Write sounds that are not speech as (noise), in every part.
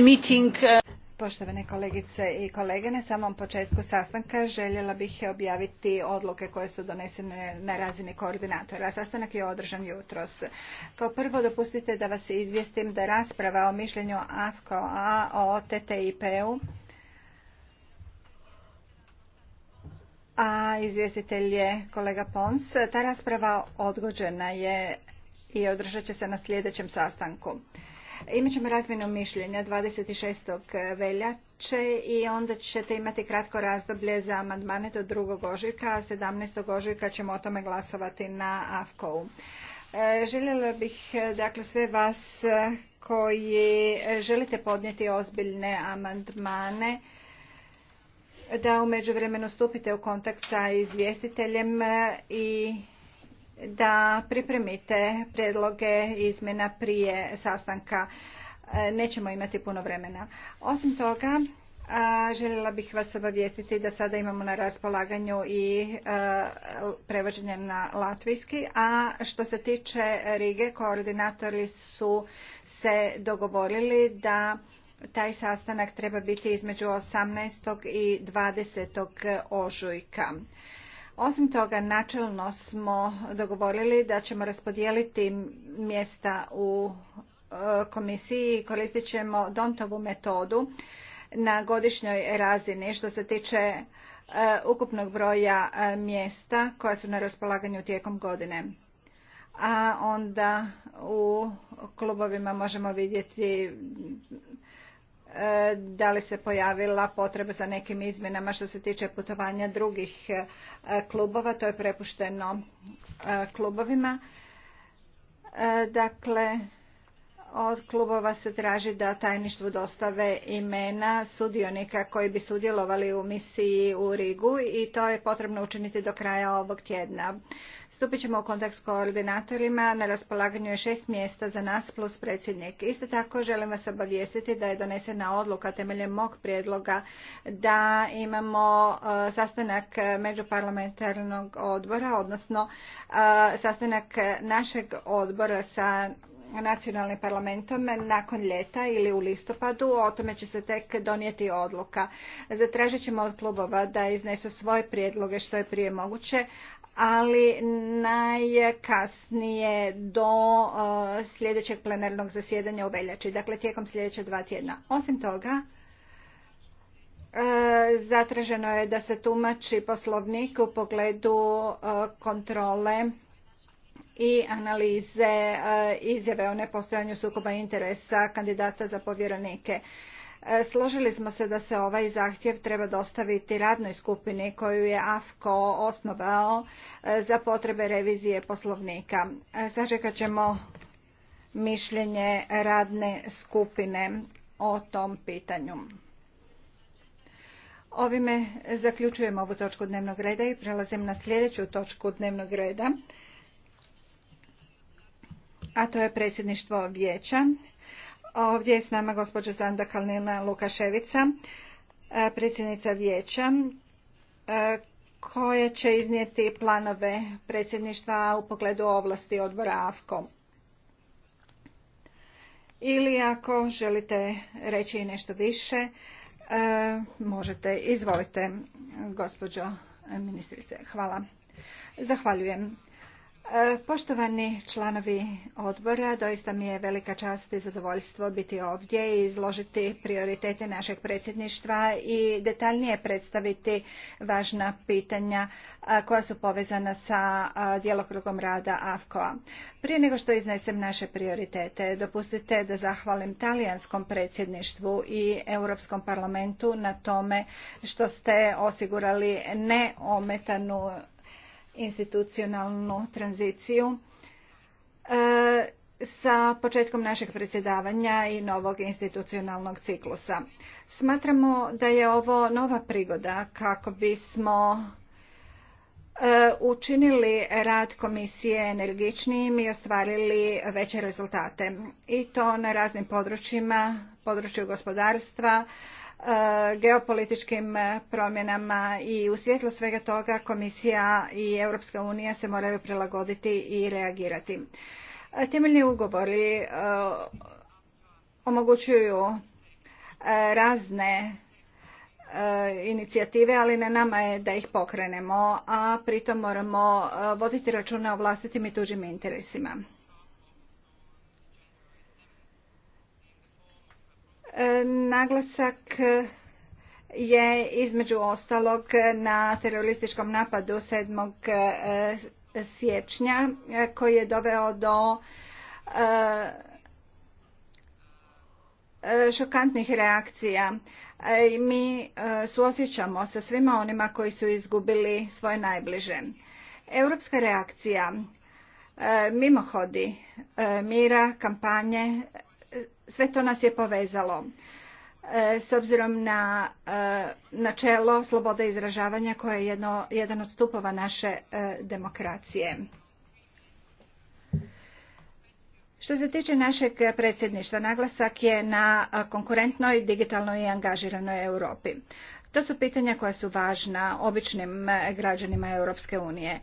meeting. Poštovane kolegice i kolege, na samom početku sastanka željela bih objaviti odluke koje su donesene na razini koordinatora. Sastanak je održan jutros. Kao prvo dopustite da vas izvijestim da rasprava o mišljenju AFKO-A o TTIP-u a izvjestitelj je kolega Pons. Ta rasprava odgođena je i održat će se na sljedećem sastanku. Imat ćemo razmjenu mišljenja 26. veljače i onda ćete imati kratko razdoblje za amandmane do 2. ožujka, a 17. ožujka ćemo o tome glasovati na AFKO-u. E, željela bih dakle sve vas koji želite podnijeti ozbiljne amandmane da u međuvremenu stupite u kontakt sa izvjestiteljem e, i da pripremite predloge izmjena prije sastanka. E, nećemo imati puno vremena. Osim toga, e, željela bih vas obavijestiti da sada imamo na raspolaganju i prevođenje na latvijski, a što se tiče Rige, koordinatori su se dogovorili da taj sastanak treba biti između 18. i 20. ožujka. Osim toga, načelno smo dogovorili da ćemo raspodijeliti mjesta u e, komisiji i koristit ćemo Dontovu metodu na godišnjoj razini što se tiče e, ukupnog broja e, mjesta koja su na raspolaganju tijekom godine. A onda u klubovima možemo vidjeti E, da li se pojavila potreba za nekim izmjenama što se tiče putovanja drugih e, klubova. To je prepušteno e, klubovima. Dakle, od klubova se traži da tajništvu dostave imena sudionika koji bi sudjelovali u misiji u Rigu i to je potrebno učiniti do kraja ovog tjedna. Stupit ćemo u kontakt s koordinatorima, na raspolaganju je šest mjesta za nas plus predsjednik. Isto tako želim vas obavijestiti da je donesena odluka temeljem mog prijedloga da imamo e, sastanak međuparlamentarnog odbora, odnosno e, sastanak našeg odbora sa nacionalnim parlamentom nakon ljeta ili u listopadu. O tome će se tek donijeti odluka. Zatražit ćemo od klubova da iznesu svoje prijedloge što je prije moguće, ali najkasnije do uh, sljedećeg plenarnog zasjedanja u veljači, dakle tijekom sljedeća dva tjedna. Osim toga, uh, zatraženo je da se tumači poslovnik u pogledu uh, kontrole i analize izjave o nepostojanju sukoba interesa kandidata za povjerenike. E, složili smo se da se ovaj zahtjev treba dostaviti radnoj skupini koju je AFKO osnovao e, za potrebe revizije poslovnika. E, Sačekat ćemo mišljenje radne skupine o tom pitanju. Ovime zaključujem ovu točku dnevnog reda i prelazim na sljedeću točku dnevnog reda, a to je predsjedništvo vijeća Ovdje je s nama gospođa Zanda Kalnina Lukaševica, e, predsjednica vijeća, e, koje će iznijeti planove predsjedništva u pogledu ovlasti odbora AFKO. Ili ako želite reći i nešto više, e, možete. Izvolite, gospođo ministrice. Hvala. Zahvaljujem. E, poštovani članovi odbora, doista mi je velika čast i zadovoljstvo biti ovdje i izložiti prioritete našeg predsjedništva i detaljnije predstaviti važna pitanja e, koja su povezana sa e, djelokrugom rada AFKO-a. Prije nego što iznesem naše prioritete, dopustite da zahvalim talijanskom predsjedništvu i Europskom parlamentu na tome što ste osigurali neometanu institucionalnu tranziciju e, sa početkom našeg predsjedavanja i novog institucionalnog ciklusa. Smatramo da je ovo nova prigoda kako bismo e, učinili rad komisije energičnijim i ostvarili veće rezultate i to na raznim područjima, području gospodarstva, E, geopolitičkim e, promjenama i u svjetlu svega toga komisija i Europska unija se moraju prilagoditi i reagirati. E, temeljni ugovori omogućuju razne inicijative, ali na nama je da ih pokrenemo, a pritom moramo voditi računa o vlastitim i tuđim interesima. Naglasak je između ostalog na terorističkom napadu 7. E, siječnja e, koji je doveo do e, šokantnih reakcija i mi suosjećamo sa svima onima koji su izgubili svoje najbliže. Europska reakcija mimohodi mira, kampanje sve to nas je povezalo e, s obzirom na e, načelo slobode izražavanja koje je jedno, jedan od stupova naše e, demokracije. Što se tiče našeg predsjedništva, naglasak je na konkurentnoj, digitalnoj i angažiranoj Europi. To su pitanja koja su važna običnim građanima Europske unije,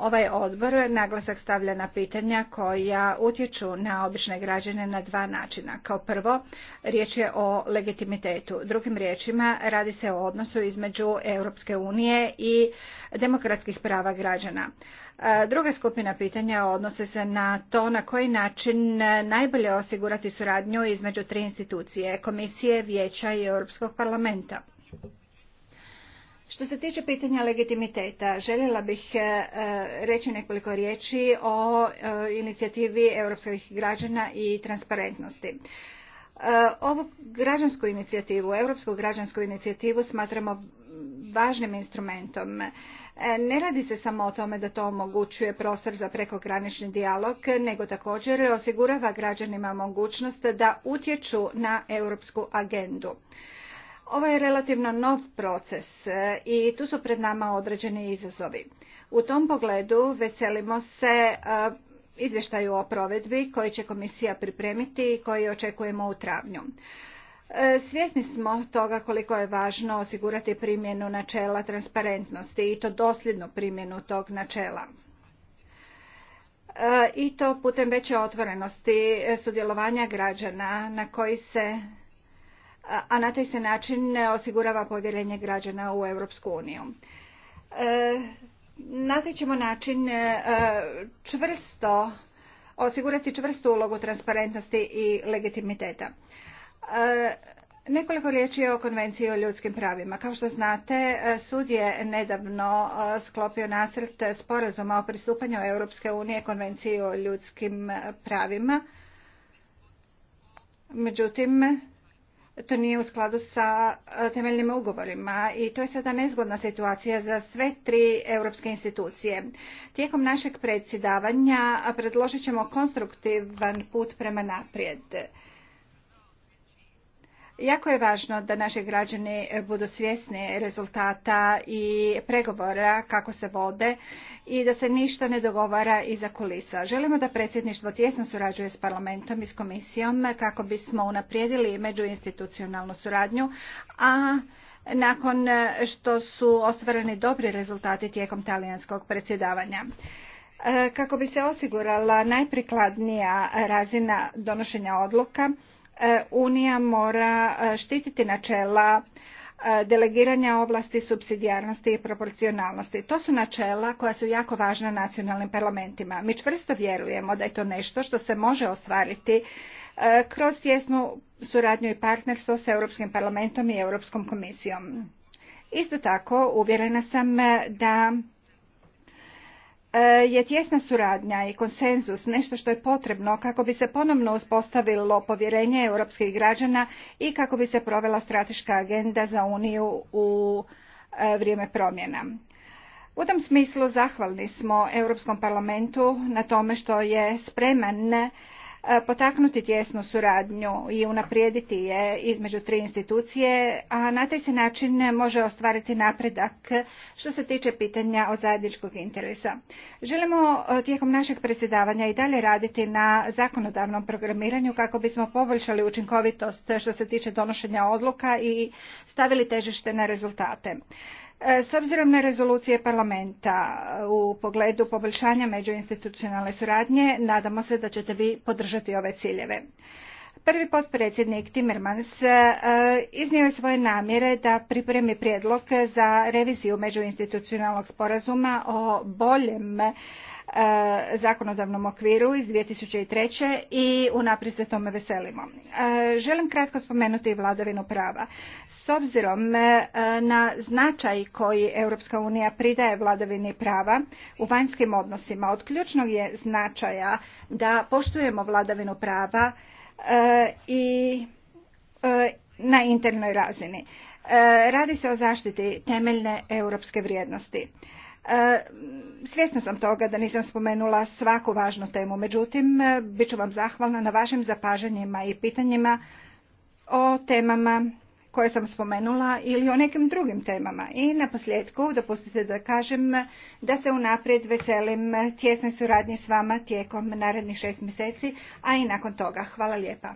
Ovaj odbor naglasak stavlja na pitanja koja utječu na obične građane na dva načina. Kao prvo, riječ je o legitimitetu. Drugim riječima, radi se o odnosu između Europske unije i demokratskih prava građana. E, druga skupina pitanja odnose se na to na koji način najbolje osigurati suradnju između tri institucije, Komisije, Vijeća i Europskog parlamenta. Što se tiče pitanja legitimiteta, željela bih e, e, reći nekoliko riječi o e, inicijativi europskih građana i transparentnosti. Ovu građansku inicijativu, europsku građansku inicijativu smatramo važnim instrumentom. Ne radi se samo o tome da to omogućuje prostor za prekogranični dijalog, nego također osigurava građanima mogućnost da utječu na europsku agendu. Ovo je relativno nov proces e, i tu su pred nama određeni izazovi. U tom pogledu veselimo se e, izvještaju o provedbi koji će komisija pripremiti i koji očekujemo u travnju. E, svjesni smo toga koliko je važno osigurati primjenu načela transparentnosti i to dosljednu primjenu tog načela i to putem veće otvorenosti sudjelovanja građana na koji se a na taj se način osigurava povjerenje građana u Europsku uniju. E, na taj ćemo način e, čvrsto osigurati čvrstu ulogu transparentnosti i legitimiteta. E, nekoliko riječi je o konvenciji o ljudskim pravima. Kao što znate, sud je nedavno sklopio nacrt sporazuma o pristupanju Europske unije konvenciji o ljudskim pravima. Međutim, to nije u skladu sa e, temeljnim ugovorima i to je sada nezgodna situacija za sve tri europske institucije. Tijekom našeg predsjedavanja predložit ćemo konstruktivan put prema naprijed. Jako je važno da naši građani e, budu svjesni rezultata i pregovora kako se vode i da se ništa ne dogovara iza kulisa. Želimo da predsjedništvo tjesno surađuje s parlamentom i s komisijom kako bismo unaprijedili međuinstitucionalnu suradnju, a nakon što su ostvareni dobri rezultati tijekom talijanskog predsjedavanja. E, kako bi se osigurala najprikladnija razina donošenja odluka, E, Unija mora e, štititi načela e, delegiranja ovlasti, supsidijarnosti i proporcionalnosti. To su načela koja su jako važna nacionalnim parlamentima. Mi čvrsto vjerujemo da je to nešto što se može ostvariti kroz tijesnu suradnju i partnerstvo s Europskim parlamentom i Europskom komisijom. Isto tako, uvjerena sam da E, je tjesna suradnja i konsenzus nešto što je potrebno kako bi se ponovno uspostavilo povjerenje europskih građana i kako bi se provela strateška agenda za uniju u e, vrijeme promjena. U tom smislu zahvalni smo Europskom parlamentu na tome što je spreman E, potaknuti tjesnu suradnju i unaprijediti je između tri institucije, a na taj se način može ostvariti napredak što se tiče pitanja od zajedničkog interesa. Želimo e, tijekom našeg predsjedavanja i dalje raditi na zakonodavnom programiranju kako bismo poboljšali učinkovitost što se tiče donošenja odluka i stavili težište na rezultate. E, s obzirom na rezolucije parlamenta e, u pogledu poboljšanja međuinstitucionalne suradnje, nadamo se da ćete vi podržati ove ciljeve. Prvi potpredsjednik Timmermans e, iznio je svoje namjere da pripremi prijedlog za reviziju međuinstitucionalnog sporazuma o boljem Eh, zakonodavnom okviru iz 2003. i unaprijed se tome veselimo. Eh, želim kratko spomenuti i vladavinu prava. S obzirom eh, na značaj koji Europska unija pridaje vladavini prava u vanjskim odnosima, od ključnog je značaja da poštujemo vladavinu prava i na internoj razini. Radi se o zaštiti temeljne europske vrijednosti. E, svjesna sam toga da nisam spomenula svaku važnu temu, međutim, e, bit ću vam zahvalna na vašim zapažanjima i pitanjima o temama koje sam spomenula ili o nekim drugim temama. I na posljedku, dopustite da kažem da se unaprijed veselim tjesnoj suradnji s vama tijekom narednih šest mjeseci, a i nakon toga. Hvala lijepa.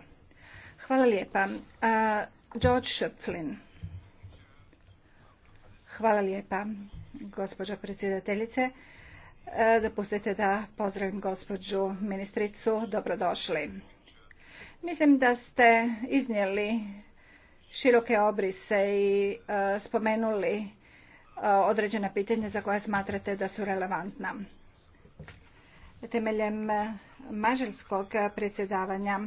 Hvala lijepa. E, George Schöpflin. Hvala lijepa, gospođo predsjedateljice. E, dopustite da pozdravim gospođu ministricu. Dobrodošli. Mislim da ste iznijeli široke obrise i e, spomenuli e, određena pitanja za koja smatrate da su relevantna. Temeljem mađarskog predsjedavanja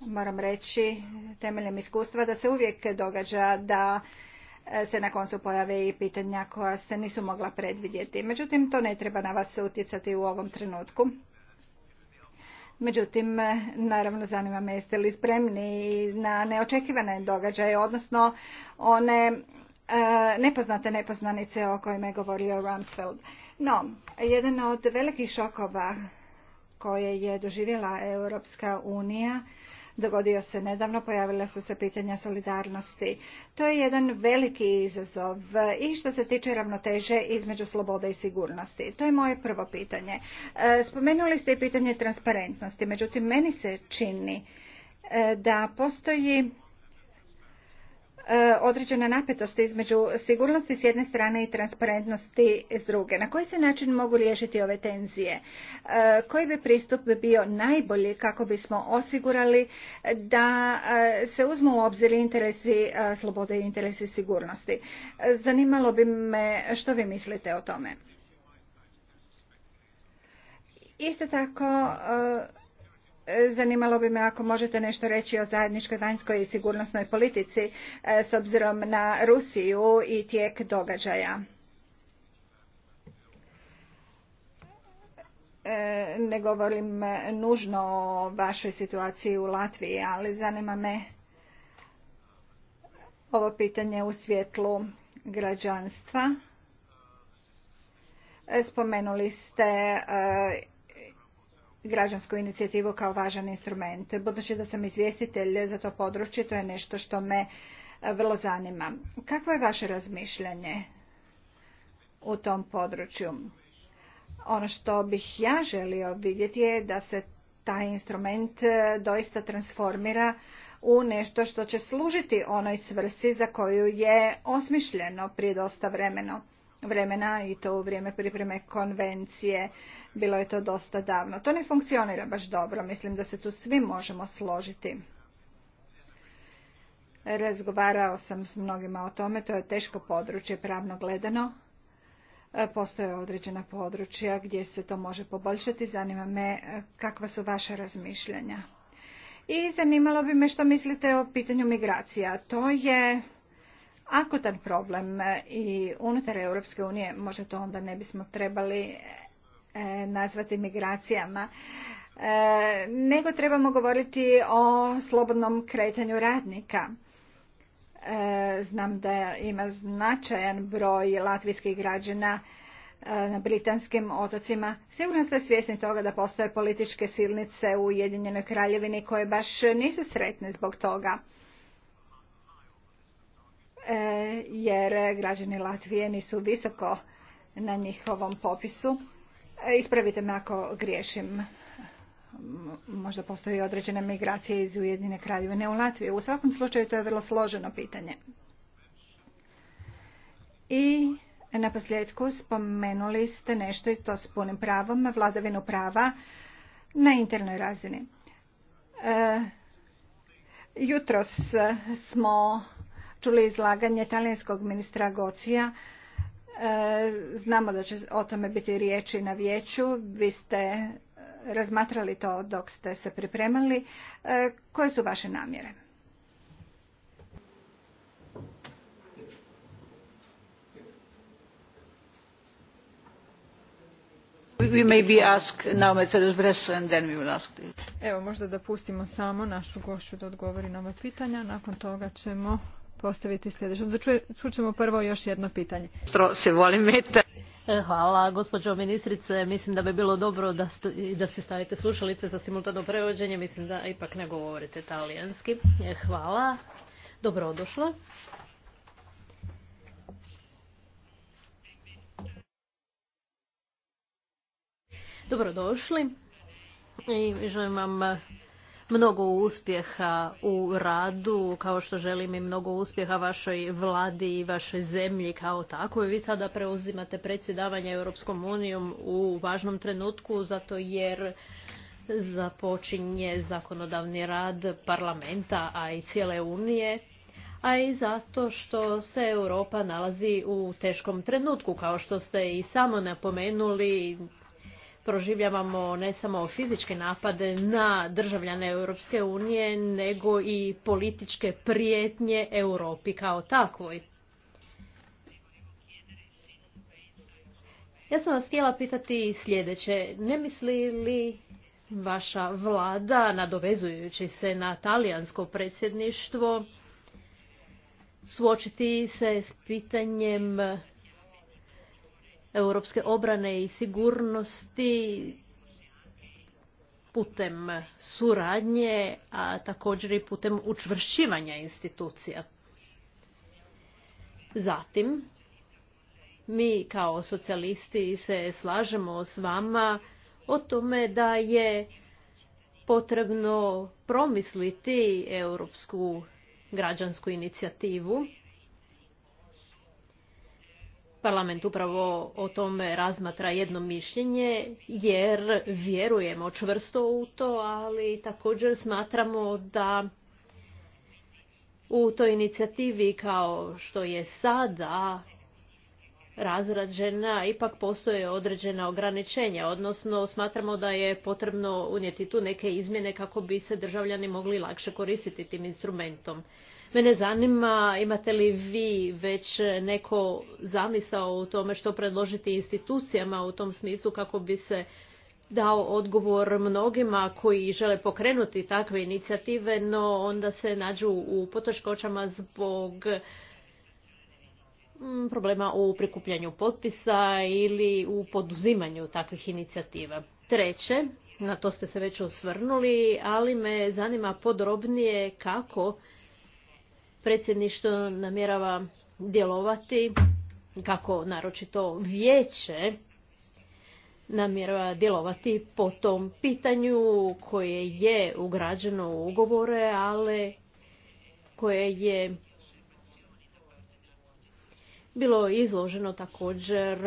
moram reći temeljem iskustva da se uvijek događa da se na koncu pojave i pitanja koja se nisu mogla predvidjeti. Međutim, to ne treba na vas utjecati u ovom trenutku. Međutim, naravno zanima me jeste li spremni na neočekivane događaje, odnosno one e, nepoznate nepoznanice o kojima je govorio Rumsfeld. No, jedan od velikih šokova koje je doživjela Europska unija dogodio se nedavno, pojavila su se pitanja solidarnosti. To je jedan veliki izazov i što se tiče ravnoteže između slobode i sigurnosti. To je moje prvo pitanje. E, spomenuli ste i pitanje transparentnosti, međutim meni se čini e, da postoji E, određena napetosti između sigurnosti s jedne strane i transparentnosti s druge. Na koji se način mogu riješiti ove tenzije? E, koji bi pristup bio najbolji kako bismo osigurali da e, se uzmu u obzir interesi slobode i interesi sigurnosti? Zanimalo bi me što vi mislite o tome. Isto tako, E, zanimalo bi me ako možete nešto reći o zajedničkoj vanjskoj i sigurnosnoj politici e, s obzirom na Rusiju i tijek događaja. E, ne govorim nužno o vašoj situaciji u Latviji, ali zanima me ovo pitanje u svjetlu građanstva. Spomenuli ste građansku inicijativu kao važan instrument. Budući da sam izvjestitelj za to područje, to je nešto što me e, vrlo zanima. Kakvo je vaše razmišljanje u tom području? Ono što bih ja želio vidjeti je da se taj instrument e, doista transformira u nešto što će služiti onoj svrsi za koju je osmišljeno prije dosta vremena vremena i to u vrijeme pripreme konvencije. Bilo je to dosta davno. To ne funkcionira baš dobro. Mislim da se tu svi možemo složiti. Razgovarao sam s mnogima o tome. To je teško područje pravno gledano. E, postoje određena područja gdje se to može poboljšati. Zanima me e, kakva su vaša razmišljanja. I zanimalo bi me što mislite o pitanju migracija. To je akutan problem e, i unutar Europske unije možda to onda ne bismo trebali e, nazvati migracijama e, nego trebamo govoriti o slobodnom kretanju radnika. Znam da ima značajan broj latvijskih građana na britanskim otocima. Sigurno ste svjesni toga da postoje političke silnice u Ujedinjenoj kraljevini koje baš nisu sretne zbog toga. E, jer građani Latvije nisu visoko na njihovom popisu. E, ispravite me ako griješim. Možda postoji određena migracija iz Ujedine kraljevine u Latviju. U svakom slučaju to je vrlo složeno pitanje. I na posljedku spomenuli ste nešto i to s punim pravom, vladavinu prava na internoj razini. E, jutros smo čuli izlaganje talijanskog ministra Gocija. E, znamo da će o tome biti riječi na vijeću. Vi ste e, razmatrali to dok ste se pripremali. E, koje su vaše namjere? Evo možda da pustimo samo našu gošću da odgovori na ova pitanja, nakon toga ćemo postaviti sljedeće. Čućemo prvo još jedno pitanje. Se e, Hvala, gospođo ministrice. Mislim da bi bilo dobro da, da se stavite slušalice za simultano prevođenje. Mislim da ipak ne govorite talijanski. E, hvala. Dobrodošla. Dobrodošli. I želim vam mnogo uspjeha u radu, kao što želim i mnogo uspjeha vašoj vladi i vašoj zemlji kao tako. vi sada preuzimate predsjedavanje Europskom unijom u važnom trenutku, zato jer započinje zakonodavni rad parlamenta, a i cijele unije a i zato što se Europa nalazi u teškom trenutku, kao što ste i samo napomenuli, proživljavamo ne samo fizičke napade na državljane Europske unije, nego i političke prijetnje Europi kao takvoj. Ja sam vas htjela pitati sljedeće. Ne misli li vaša vlada, nadovezujući se na talijansko predsjedništvo, suočiti se s pitanjem europske obrane i sigurnosti putem suradnje, a također i putem učvršćivanja institucija. Zatim, mi kao socijalisti se slažemo s vama o tome da je potrebno promisliti europsku građansku inicijativu parlament upravo o tome razmatra jedno mišljenje jer vjerujemo čvrsto u to, ali također smatramo da u toj inicijativi kao što je sada razrađena, ipak postoje određena ograničenja, odnosno smatramo da je potrebno unijeti tu neke izmjene kako bi se državljani mogli lakše koristiti tim instrumentom. Mene zanima imate li vi već neko zamisao o tome što predložiti institucijama u tom smislu kako bi se dao odgovor mnogima koji žele pokrenuti takve inicijative, no onda se nađu u poteškoćama zbog mm, problema u prikupljanju potpisa ili u poduzimanju takvih inicijativa. Treće, na to ste se već osvrnuli, ali me zanima podrobnije kako predsjedništvo namjerava djelovati, kako naročito vijeće namjerava djelovati po tom pitanju koje je ugrađeno u ugovore, ali koje je bilo izloženo također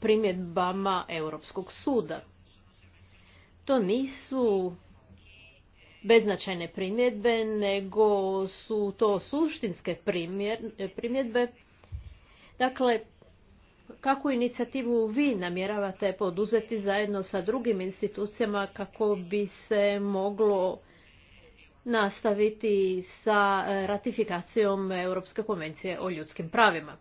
primjedbama Europskog suda. To nisu beznačajne primjedbe, nego su to suštinske primjedbe. Dakle, kakvu inicijativu vi namjeravate poduzeti zajedno sa drugim institucijama kako bi se moglo nastaviti sa ratifikacijom Europske konvencije o ljudskim pravima?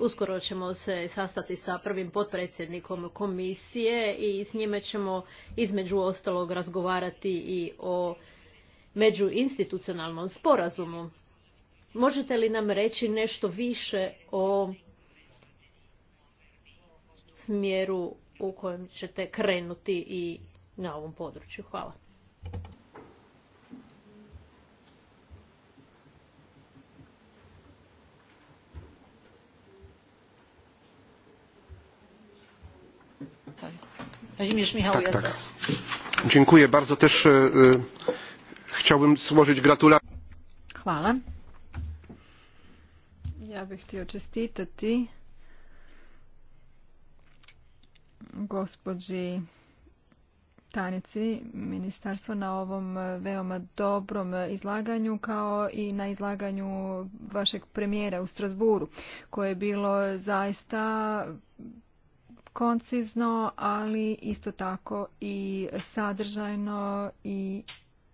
Uskoro ćemo se sastati sa prvim potpredsjednikom komisije i s njime ćemo između ostalog razgovarati i o međuinstitucionalnom sporazumu. Možete li nam reći nešto više o smjeru u kojem ćete krenuti i na ovom području? Hvala. bardzo. Też e, e, chciałbym złożyć Hvala. Ja bih htio čestitati gospođi tajnici ministarstva na ovom e, veoma dobrom izlaganju kao i na izlaganju vašeg premijera u Strasburu koje je bilo zaista koncizno, ali isto tako i sadržajno i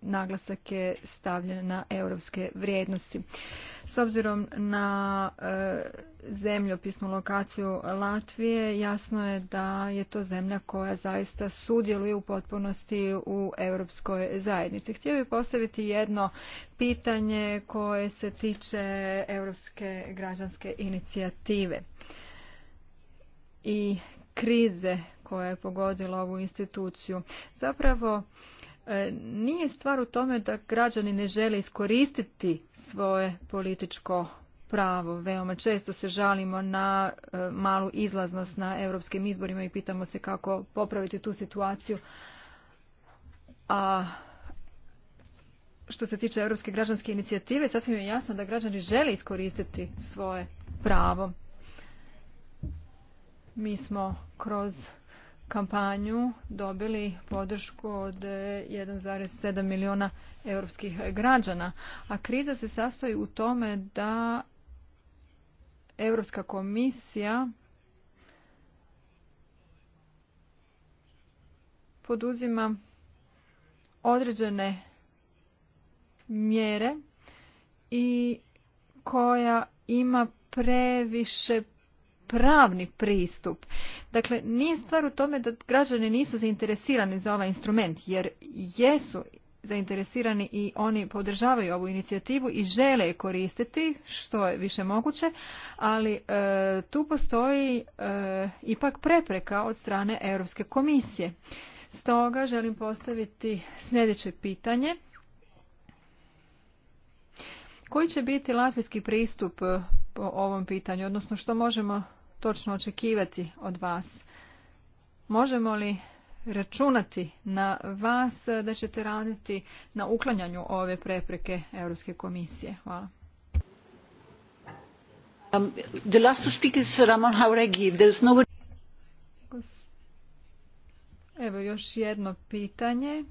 naglasak je stavljen na europske vrijednosti. S obzirom na e, zemljopisnu lokaciju Latvije, jasno je da je to zemlja koja zaista sudjeluje u potpunosti u europskoj zajednici. Htio bih postaviti jedno pitanje koje se tiče europske građanske inicijative i krize koja je pogodila ovu instituciju. Zapravo e, nije stvar u tome da građani ne žele iskoristiti svoje političko pravo. Veoma često se žalimo na e, malu izlaznost na europskim izborima i pitamo se kako popraviti tu situaciju. A što se tiče Europske građanske inicijative, sasvim je jasno da građani žele iskoristiti svoje pravo. Mi smo kroz kampanju dobili podršku od 1,7 milijuna europskih građana, a kriza se sastoji u tome da Europska komisija poduzima određene mjere i koja ima previše pravni pristup. Dakle, nije stvar u tome da građani nisu zainteresirani za ovaj instrument, jer jesu zainteresirani i oni podržavaju ovu inicijativu i žele je koristiti što je više moguće, ali e, tu postoji e, ipak prepreka od strane Europske komisije. Stoga želim postaviti sljedeće pitanje. Koji će biti latvijski pristup po ovom pitanju, odnosno što možemo točno očekivati od vas? Možemo li računati na vas da ćete raditi na uklanjanju ove prepreke Europske komisije? Hvala. Um, Evo još jedno pitanje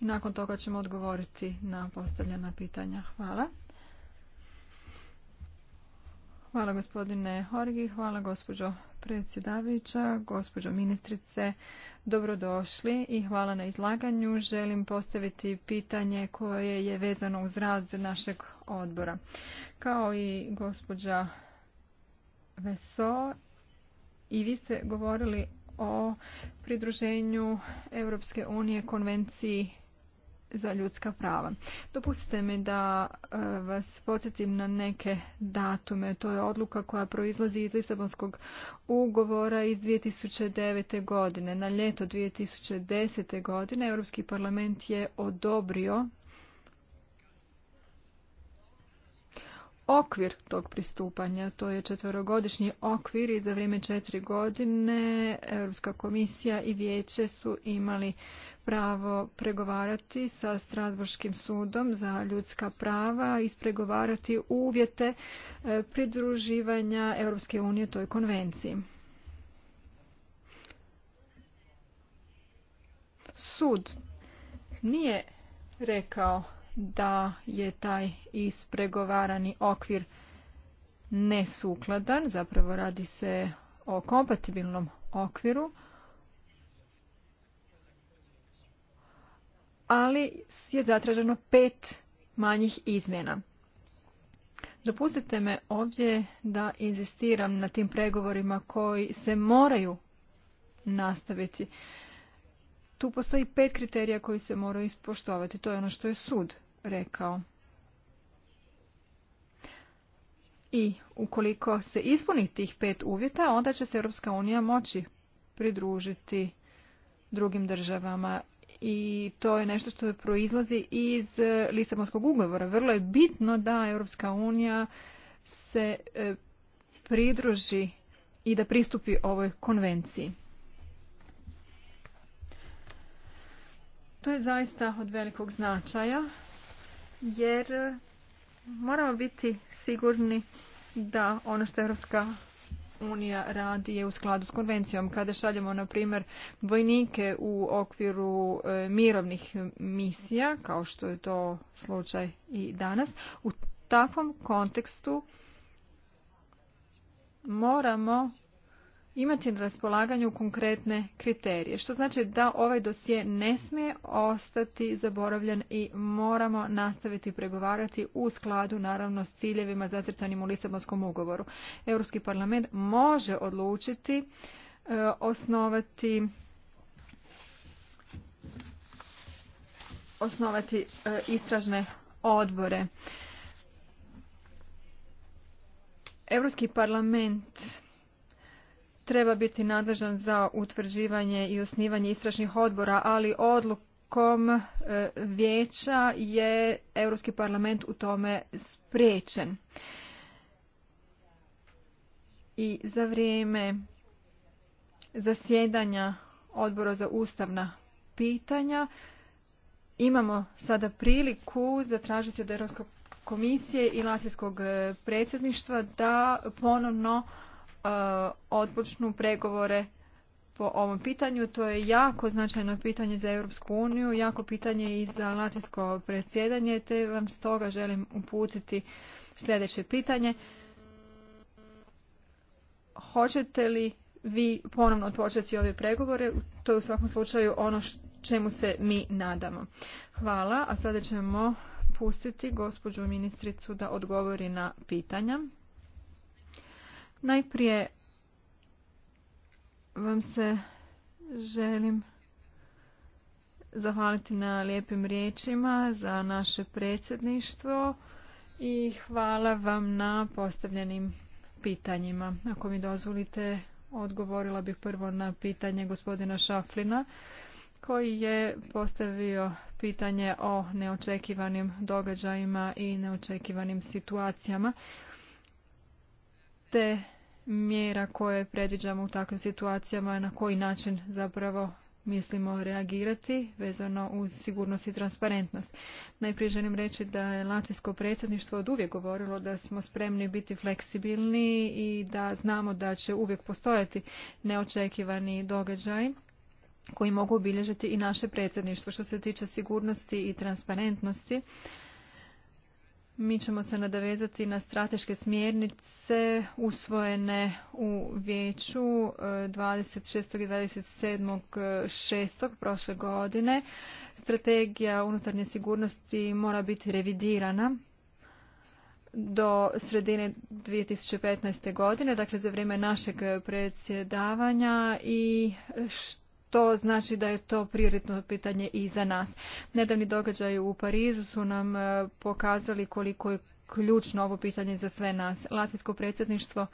i nakon toga ćemo odgovoriti na postavljena pitanja. Hvala. Hvala gospodine Horgi, hvala gospođo predsjedavajuća, gospođo ministrice, dobrodošli i hvala na izlaganju. Želim postaviti pitanje koje je vezano uz rad našeg odbora. Kao i gospođa Veso, i vi ste govorili o pridruženju Europske unije konvenciji za ljudska prava. Dopustite mi da e, vas podsjetim na neke datume. To je odluka koja proizlazi iz Lisabonskog ugovora iz 2009. godine. Na ljeto 2010. godine Europski parlament je odobrio okvir tog pristupanja. To je četverogodišnji okvir i za vrijeme četiri godine Europska komisija i vijeće su imali pravo pregovarati sa Strasburskim sudom za ljudska prava, i ispregovarati uvjete e, pridruživanja Europske unije toj konvenciji. Sud nije rekao da je taj ispregovarani okvir nesukladan, zapravo radi se o kompatibilnom okviru, ali je zatraženo pet manjih izmjena. Dopustite me ovdje da inzistiram na tim pregovorima koji se moraju nastaviti tu postoji pet kriterija koji se moraju ispoštovati. To je ono što je sud rekao. I ukoliko se ispuni tih pet uvjeta, onda će se Europska unija moći pridružiti drugim državama. I to je nešto što proizlazi iz e, Lisabonskog ugovora. Vrlo je bitno da Europska unija se e, pridruži i da pristupi ovoj konvenciji. To je zaista od velikog značaja jer moramo biti sigurni da ono što Europska unija radi je u skladu s konvencijom. Kada šaljemo, na primjer, vojnike u okviru e, mirovnih misija, kao što je to slučaj i danas, u takvom kontekstu moramo imati na raspolaganju konkretne kriterije, što znači da ovaj dosje ne smije ostati zaboravljen i moramo nastaviti pregovarati u skladu naravno s ciljevima zacrtanim u Lisabonskom ugovoru. Europski parlament može odlučiti e, osnovati osnovati e, istražne odbore. Europski parlament treba biti nadležan za utvrđivanje i osnivanje istražnih odbora, ali odlukom e, vijeća je Europski parlament u tome spriječen. I za vrijeme zasjedanja odbora za ustavna pitanja imamo sada priliku zatražiti od Europskog komisije i Latvijskog e, predsjedništva da ponovno Uh, odpočnu pregovore po ovom pitanju. To je jako značajno pitanje za Europsku uniju, jako pitanje i za latinsko predsjedanje, te vam stoga želim uputiti sljedeće pitanje. Hoćete li vi ponovno otpočeti ove pregovore? To je u svakom slučaju ono čemu se mi nadamo. Hvala, a sada ćemo pustiti gospođu ministricu da odgovori na pitanja. Najprije vam se želim zahvaliti na lijepim riječima za naše predsjedništvo i hvala vam na postavljenim pitanjima. Ako mi dozvolite, odgovorila bih prvo na pitanje gospodina Šaflina koji je postavio pitanje o neočekivanim događajima i neočekivanim situacijama te mjera koje predviđamo u takvim situacijama na koji način zapravo mislimo reagirati vezano uz sigurnost i transparentnost. Najprije želim reći da je Latvijsko predsjedništvo od uvijek govorilo da smo spremni biti fleksibilni i da znamo da će uvijek postojati neočekivani događaj koji mogu obilježiti i naše predsjedništvo. Što se tiče sigurnosti i transparentnosti, mi ćemo se nadavezati na strateške smjernice usvojene u vijeću 26. E, i 27. 6. E, prošle godine. Strategija unutarnje sigurnosti mora biti revidirana do sredine 2015. godine, dakle za vrijeme našeg predsjedavanja i što to znači da je to prioritno pitanje i za nas. Nedavni događaj u Parizu su nam e, pokazali koliko je ključno ovo pitanje za sve nas. Latvijsko predsjedništvo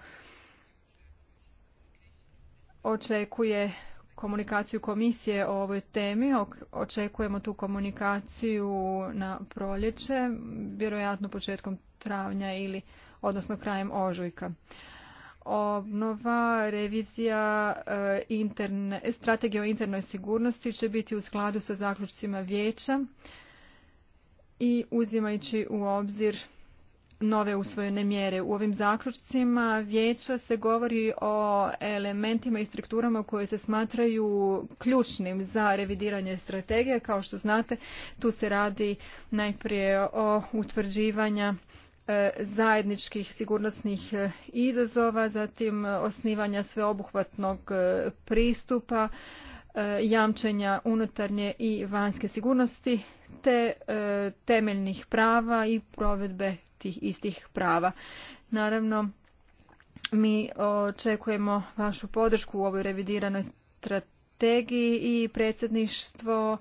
očekuje komunikaciju komisije o ovoj temi. Očekujemo tu komunikaciju na proljeće, vjerojatno početkom travnja ili odnosno krajem ožujka obnova, revizija e, strategije o internoj sigurnosti će biti u skladu sa zaključcima vijeća i uzimajući u obzir nove usvojene mjere. U ovim zaključcima vijeća se govori o elementima i strukturama koje se smatraju ključnim za revidiranje strategije. Kao što znate, tu se radi najprije o utvrđivanja E, zajedničkih sigurnosnih e, izazova, zatim osnivanja sveobuhvatnog e, pristupa, jamčenja unutarnje i vanjske sigurnosti te temeljnih prava i provedbe tih istih prava. Naravno, mi očekujemo vašu podršku u ovoj revidiranoj strategiji i predsjedništvo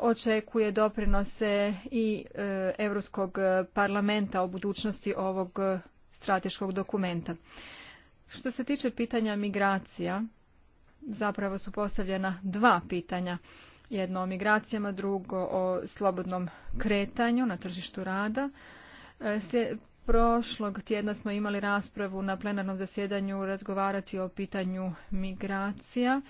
očekuje doprinose i Europskog parlamenta o budućnosti ovog strateškog dokumenta. Što se tiče pitanja migracija, zapravo su postavljena dva pitanja. Jedno o migracijama, drugo o slobodnom kretanju na tržištu rada. E, prošlog tjedna smo imali raspravu na plenarnom zasjedanju razgovarati o pitanju migracija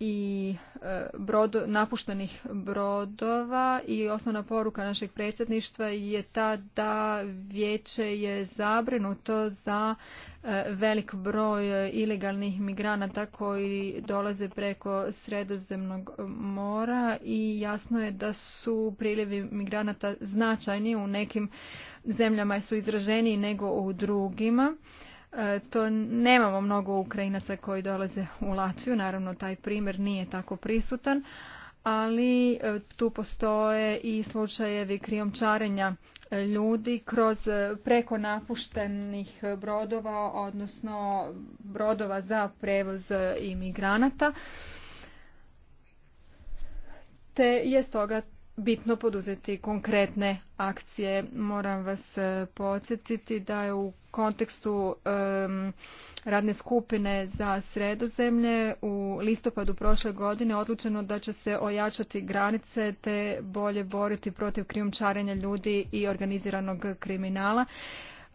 i e, brod, napuštenih brodova i osnovna poruka našeg predsjedništva je ta da vijeće je zabrinuto za e, velik broj ilegalnih migranata koji dolaze preko sredozemnog mora i jasno je da su priljevi migranata značajni u nekim zemljama su izraženiji nego u drugima E, to nemamo mnogo Ukrajinaca koji dolaze u Latviju, naravno taj primjer nije tako prisutan, ali e, tu postoje i slučajevi kriomčarenja e, ljudi kroz preko napuštenih brodova, odnosno brodova za prevoz imigranata. Te je stoga bitno poduzeti konkretne akcije. Moram vas e, podsjetiti da je u kontekstu radne skupine za sredozemlje u listopadu prošle godine odlučeno da će se ojačati granice te bolje boriti protiv krijumčarenja ljudi i organiziranog kriminala.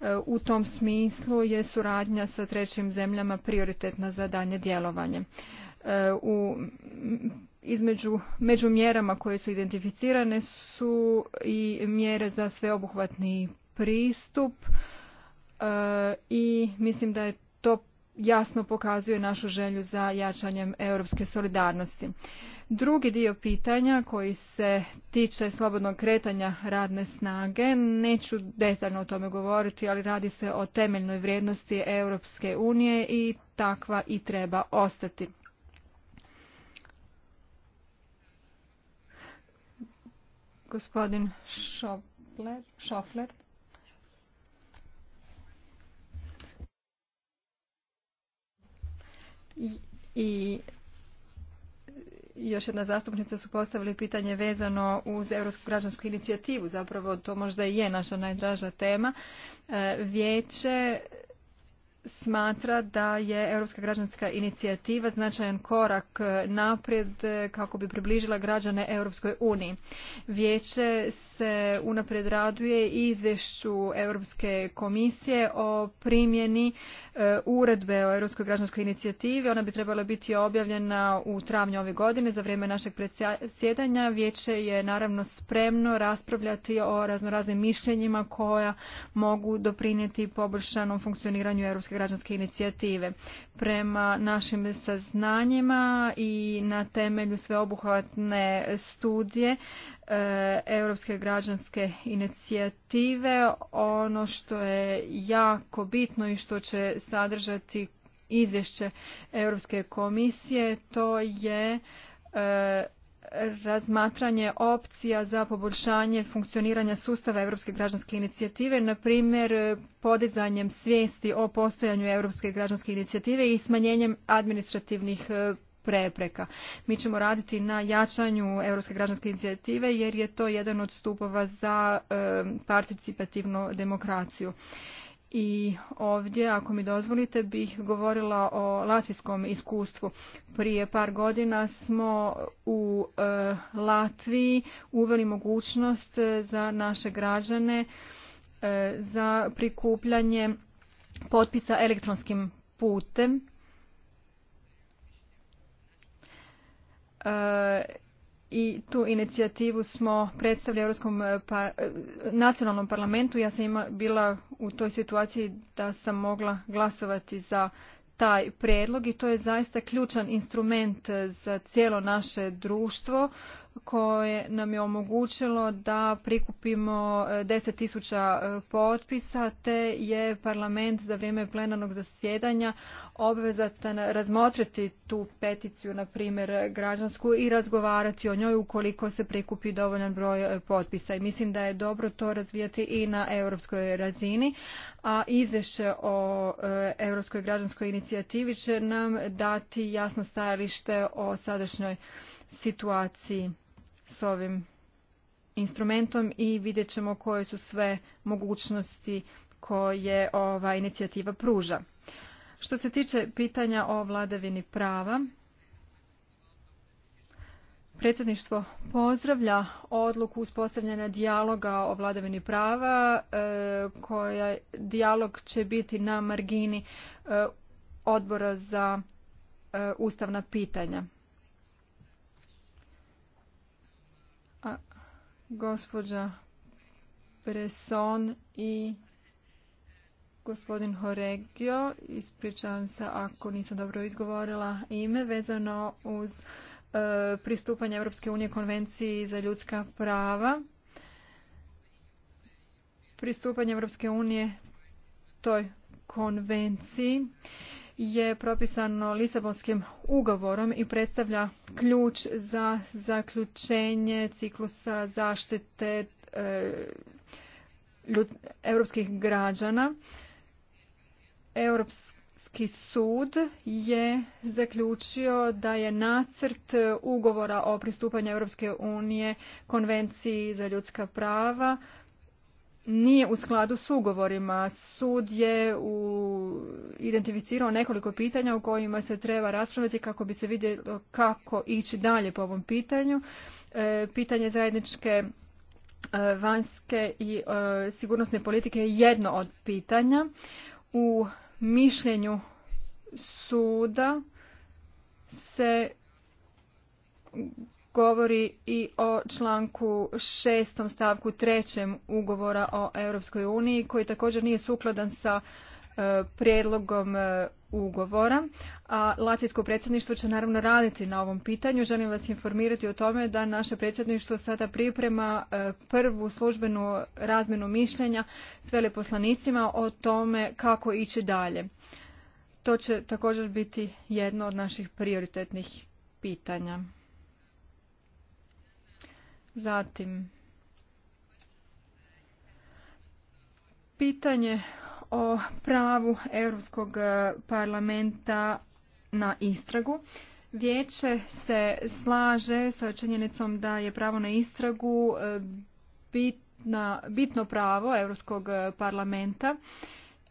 E, u tom smislu je suradnja sa trećim zemljama prioritetna za danje djelovanje. E, u između među mjerama koje su identificirane su i mjere za sveobuhvatni pristup e, i mislim da je to jasno pokazuje našu želju za jačanjem europske solidarnosti. Drugi dio pitanja koji se tiče slobodnog kretanja radne snage, neću detaljno o tome govoriti, ali radi se o temeljnoj vrijednosti Europske unije i takva i treba ostati. Gospodin Šofler. I, I još jedna zastupnica su postavili pitanje vezano uz Europsku građansku inicijativu. Zapravo to možda i je naša najdraža tema. E, vijeće smatra da je Europska građanska inicijativa značajan korak naprijed kako bi približila građane Europskoj uniji. Vijeće se unaprijed raduje i izvješću Europske komisije o primjeni e, uredbe o Europskoj građanskoj inicijativi. Ona bi trebala biti objavljena u travnju ove godine za vrijeme našeg predsjedanja. Vijeće je naravno spremno raspravljati o raznoraznim mišljenjima koja mogu doprinijeti poboljšanom funkcioniranju Europske građanske inicijative. Prema našim saznanjima i na temelju sveobuhvatne studije e, Europske građanske inicijative ono što je jako bitno i što će sadržati izvješće Europske komisije to je e, razmatranje opcija za poboljšanje funkcioniranja sustava Europske građanske inicijative, na primjer podizanjem svijesti o postojanju Europske građanske inicijative i smanjenjem administrativnih e, prepreka. Mi ćemo raditi na jačanju Europske građanske inicijative jer je to jedan od stupova za e, participativnu demokraciju i ovdje, ako mi dozvolite, bih govorila o latvijskom iskustvu. Prije par godina smo u e, Latviji uveli mogućnost e, za naše građane e, za prikupljanje potpisa elektronskim putem i tu inicijativu smo predstavili Europskom eh, pa, eh, nacionalnom parlamentu. Ja sam ima, bila u toj situaciji da sam mogla glasovati za taj prijedlog i to je zaista ključan instrument eh, za cijelo naše društvo koje nam je omogućilo da prikupimo 10.000 e, e, potpisa te je parlament za vrijeme plenarnog zasjedanja obvezatan razmotriti tu peticiju, na primjer građansku i razgovarati o njoj ukoliko se prikupi dovoljan broj e, potpisa. I mislim da je dobro to razvijati i na europskoj razini, a izvješće o europskoj građanskoj inicijativi će nam dati jasno stajalište o sadašnjoj situaciji s ovim instrumentom i vidjet ćemo koje su sve mogućnosti koje ova inicijativa pruža. Što se tiče pitanja o vladavini prava, predsjedništvo pozdravlja odluku uspostavljanja dijaloga o vladavini prava e, koja dijalog će biti na margini e, odbora za e, ustavna pitanja Gospođa Preson i gospodin Horegio, ispričavam se ako nisam dobro izgovorila ime, vezano uz e, pristupanje Europske unije konvenciji za ljudska prava. Pristupanje Europske unije toj konvenciji je propisano Lisabonskim ugovorom i predstavlja ključ za zaključenje ciklusa zaštite e, europskih građana. Europski sud je zaključio da je nacrt ugovora o pristupanju Europske unije konvenciji za ljudska prava nije u skladu s ugovorima. Sud je u... identificirao nekoliko pitanja u kojima se treba raspraviti kako bi se vidjelo kako ići dalje po ovom pitanju. E, pitanje zajedničke e, vanjske i e, sigurnosne politike je jedno od pitanja. U mišljenju suda se govori i o članku šestom stavku trećem ugovora o Europskoj uniji koji također nije sukladan sa e, prijedlogom e, ugovora, a Latvijsko predsjedništvo će naravno raditi na ovom pitanju. Želim vas informirati o tome da naše predsjedništvo sada priprema e, prvu službenu razmjenu mišljenja s veleposlanicima o tome kako ići dalje. To će također biti jedno od naših prioritetnih pitanja. Zatim, pitanje o pravu Europskog e, parlamenta na istragu. Vijeće se slaže sa činjenicom da je pravo na istragu e, bitno pravo Europskog e, parlamenta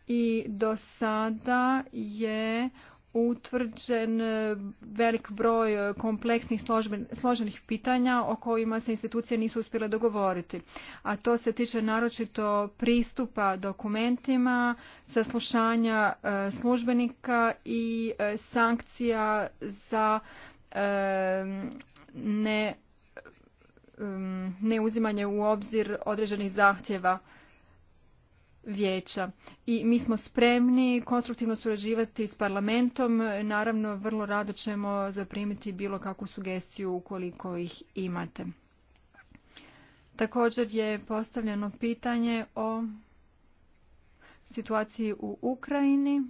i do sada je utvrđen e, velik broj e, kompleksnih složenih pitanja o kojima se institucije nisu uspjele dogovoriti. A to se tiče naročito pristupa dokumentima, saslušanja e, službenika i sankcija za neuzimanje u obzir određenih zahtjeva vijeća i mi smo spremni konstruktivno surađivati s parlamentom. Naravno, vrlo rado ćemo zaprimiti bilo kakvu sugestiju ukoliko ih imate. Također je postavljeno pitanje o situaciji u Ukrajini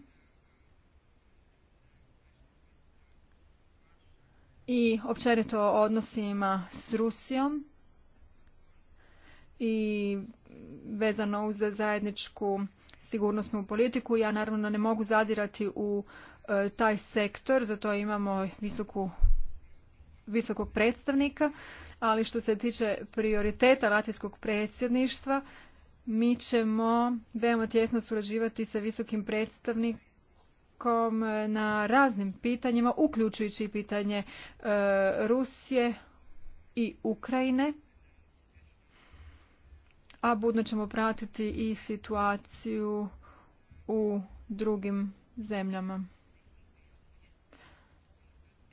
i općenito o odnosima s Rusijom i vezano uz zajedničku sigurnosnu politiku. Ja naravno ne mogu zadirati u e, taj sektor, zato imamo visokog predstavnika, ali što se tiče prioriteta latvijskog predsjedništva, mi ćemo veoma tjesno surađivati sa visokim predstavnikom na raznim pitanjima, uključujući pitanje e, Rusije i Ukrajine a budno ćemo pratiti i situaciju u drugim zemljama.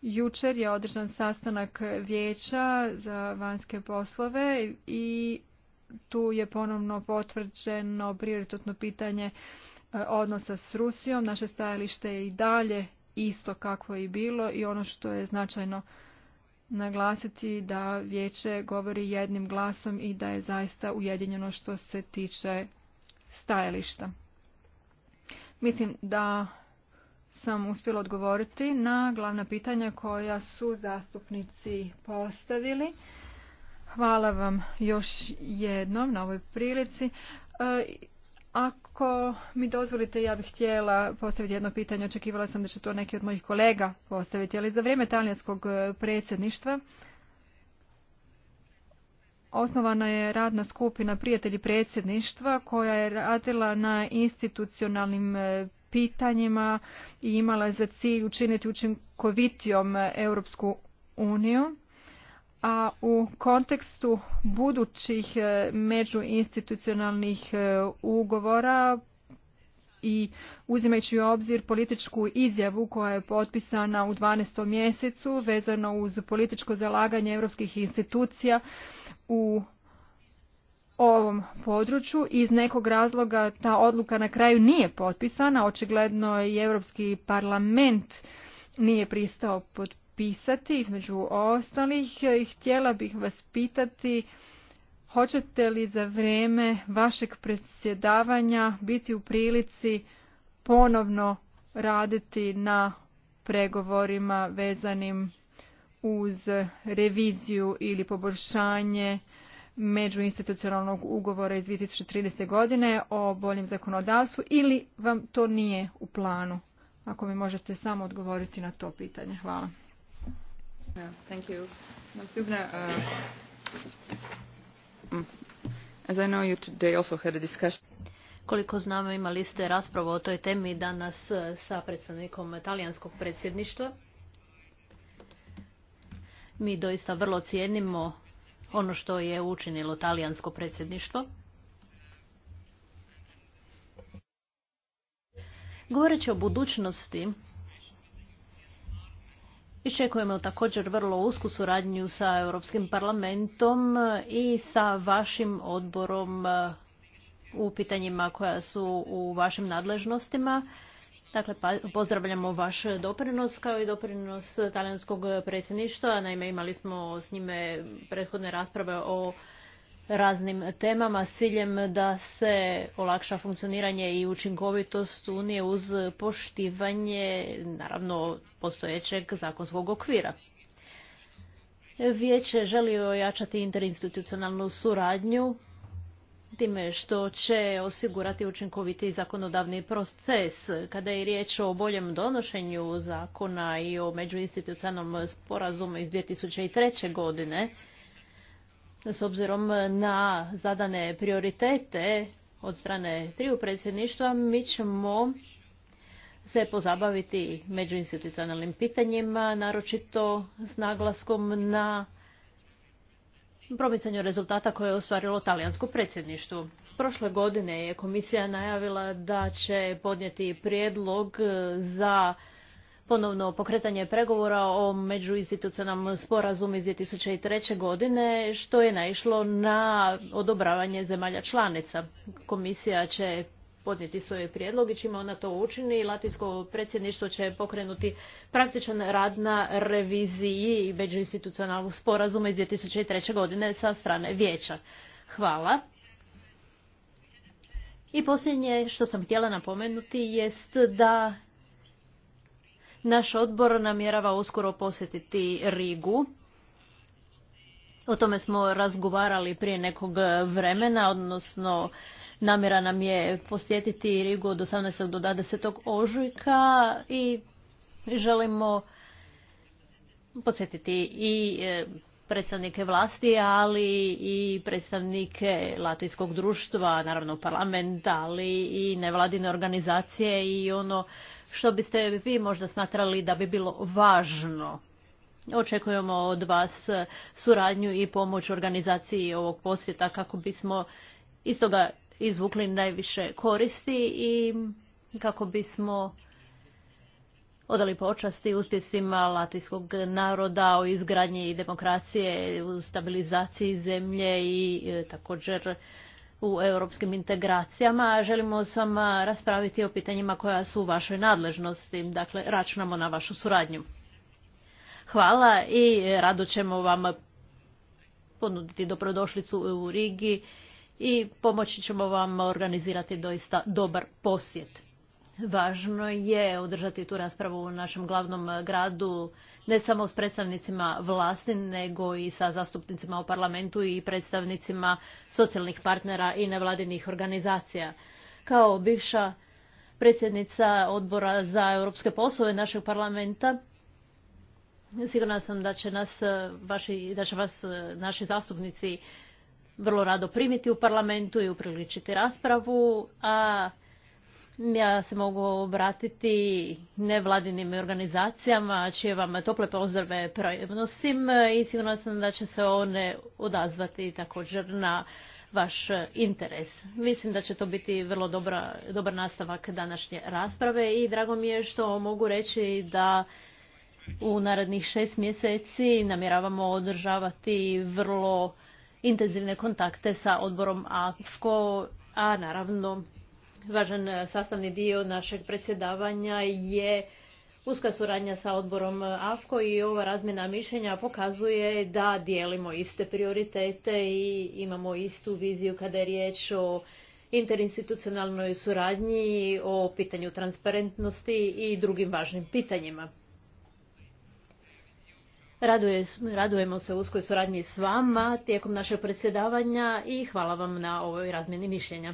Jučer je održan sastanak vijeća za vanjske poslove i tu je ponovno potvrđeno prioritetno pitanje e, odnosa s Rusijom. Naše stajalište je i dalje isto kakvo je i bilo i ono što je značajno naglasiti da vijeće govori jednim glasom i da je zaista ujedinjeno što se tiče stajališta. Mislim da sam uspjela odgovoriti na glavna pitanja koja su zastupnici postavili. Hvala vam još jednom na ovoj prilici. E, ako mi dozvolite, ja bih htjela postaviti jedno pitanje. Očekivala sam da će to neki od mojih kolega postaviti, ali za vrijeme talijanskog e, predsjedništva osnovana je radna skupina Prijatelji predsjedništva koja je radila na institucionalnim e, pitanjima i imala za cilj učiniti učinkovitijom Europsku uniju a u kontekstu budućih e, međuinstitucionalnih e, ugovora i uzimajući u obzir političku izjavu koja je potpisana u 12. mjesecu vezano uz političko zalaganje europskih institucija u ovom području. Iz nekog razloga ta odluka na kraju nije potpisana. Očigledno i Europski parlament nije pristao pod pisati između ostalih, i htjela bih vas pitati hoćete li za vrijeme vašeg predsjedavanja biti u prilici ponovno raditi na pregovorima vezanim uz reviziju ili poboljšanje međuinstitucionalnog ugovora iz 2013. godine o boljem zakonodavstvu ili vam to nije u planu? Ako mi možete samo odgovoriti na to pitanje. Hvala. Thank Koliko znamo imali ste raspravu o toj temi danas uh, sa predstavnikom talijanskog predsjedništva. Mi doista vrlo cijenimo ono što je učinilo talijansko predsjedništvo. Govoreći o budućnosti, Iščekujemo također vrlo usku suradnju sa Europskim parlamentom i sa vašim odborom e, u pitanjima koja su u vašim nadležnostima. Dakle, pa, pozdravljamo vaš doprinos kao i doprinos talijanskog predsjedništva. Naime, imali smo s njime prethodne rasprave o raznim temama s ciljem da se olakša funkcioniranje i učinkovitost Unije uz poštivanje naravno postojećeg zakonskog okvira. Vijeće želi ojačati interinstitucionalnu suradnju time što će osigurati učinkoviti zakonodavni proces. Kada je riječ o boljem donošenju zakona i o međuinstitucionalnom sporazumu iz 2003. godine, s obzirom na zadane prioritete od strane triju predsjedništva, mi ćemo se pozabaviti međuinstitucionalnim pitanjima, naročito s naglaskom na promicanju rezultata koje je ostvarilo talijansko predsjedništvo. Prošle godine je komisija najavila da će podnijeti prijedlog za ponovno pokretanje pregovora o međuinstitucionalnom sporazumu iz 2003. godine, što je naišlo na odobravanje zemalja članica. Komisija će podnijeti svoje prijedloge, čime ona to učini. Latinsko predsjedništvo će pokrenuti praktičan rad na reviziji međuinstitucionalnog sporazuma iz 2003. godine sa strane vijeća. Hvala. I posljednje što sam htjela napomenuti jest da naš odbor namjerava uskoro posjetiti Rigu. O tome smo razgovarali prije nekog vremena, odnosno namjera nam je posjetiti Rigu od 18. do 20. ožujka i želimo posjetiti i e, predstavnike vlasti, ali i predstavnike latvijskog društva, naravno parlamenta, ali i nevladine organizacije i ono što biste vi možda smatrali da bi bilo važno? Očekujemo od vas suradnju i pomoć organizaciji ovog posjeta kako bismo iz toga izvukli najviše koristi i kako bismo odali počasti uspjesima latinskog naroda o izgradnji demokracije, u stabilizaciji zemlje i e, također u europskim integracijama. Želimo s vama raspraviti o pitanjima koja su u vašoj nadležnosti. Dakle, računamo na vašu suradnju. Hvala i rado ćemo vam ponuditi dobrodošlicu u Rigi i pomoći ćemo vam organizirati doista dobar posjet. Važno je održati tu raspravu u našem glavnom eh, gradu, ne samo s predstavnicima vlasti, nego i sa zastupnicima u parlamentu i predstavnicima socijalnih partnera i nevladinih organizacija. Kao bivša predsjednica odbora za europske poslove našeg parlamenta, sigurna sam da će, nas, eh, vaši, da će vas eh, naši zastupnici vrlo rado primiti u parlamentu i upriličiti raspravu, a ja se mogu obratiti nevladinim organizacijama čije vam tople pozdrave prenosim i sigurno sam da će se one odazvati također na vaš interes. Mislim da će to biti vrlo dobra, dobar nastavak današnje rasprave i drago mi je što mogu reći da u narednih šest mjeseci namjeravamo održavati vrlo intenzivne kontakte sa odborom AFKO, a naravno važan e, sastavni dio našeg predsjedavanja je uska suradnja sa odborom AFKO i ova razmjena mišljenja pokazuje da dijelimo iste prioritete i imamo istu viziju kada je riječ o interinstitucionalnoj suradnji, o pitanju transparentnosti i drugim važnim pitanjima. radujemo se uskoj suradnji s vama tijekom našeg predsjedavanja i hvala vam na ovoj razmjeni mišljenja.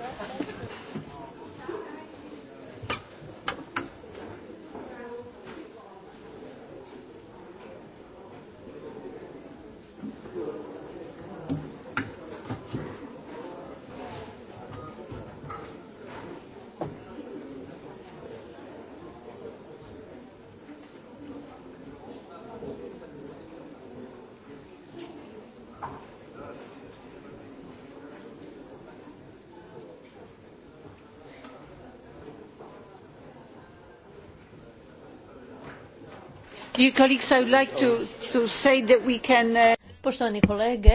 Poštovani kolege,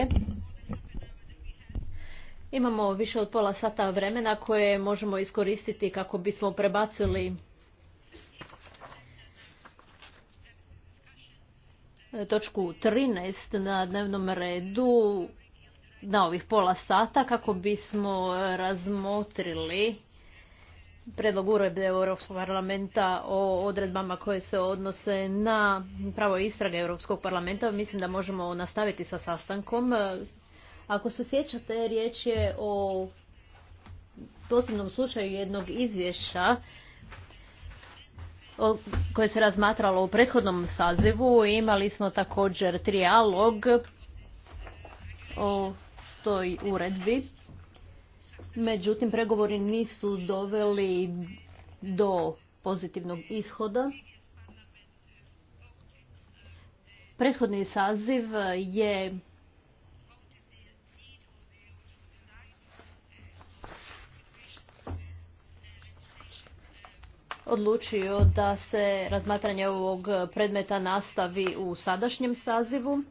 imamo više od pola sata vremena koje možemo iskoristiti kako bismo prebacili e, točku 13 na dnevnom redu na ovih pola sata kako bismo razmotrili predlog uredbe Europskog parlamenta o odredbama koje se odnose na pravo istrage Europskog parlamenta. Mislim da možemo nastaviti sa sastankom. Ako se sjećate, riječ je o posebnom slučaju jednog izvješća koje se razmatralo u prethodnom sazivu. Imali smo također trijalog o toj uredbi Međutim, pregovori nisu doveli do pozitivnog ishoda. Prethodni saziv je odlučio da se razmatranje ovog predmeta nastavi u sadašnjem sazivu.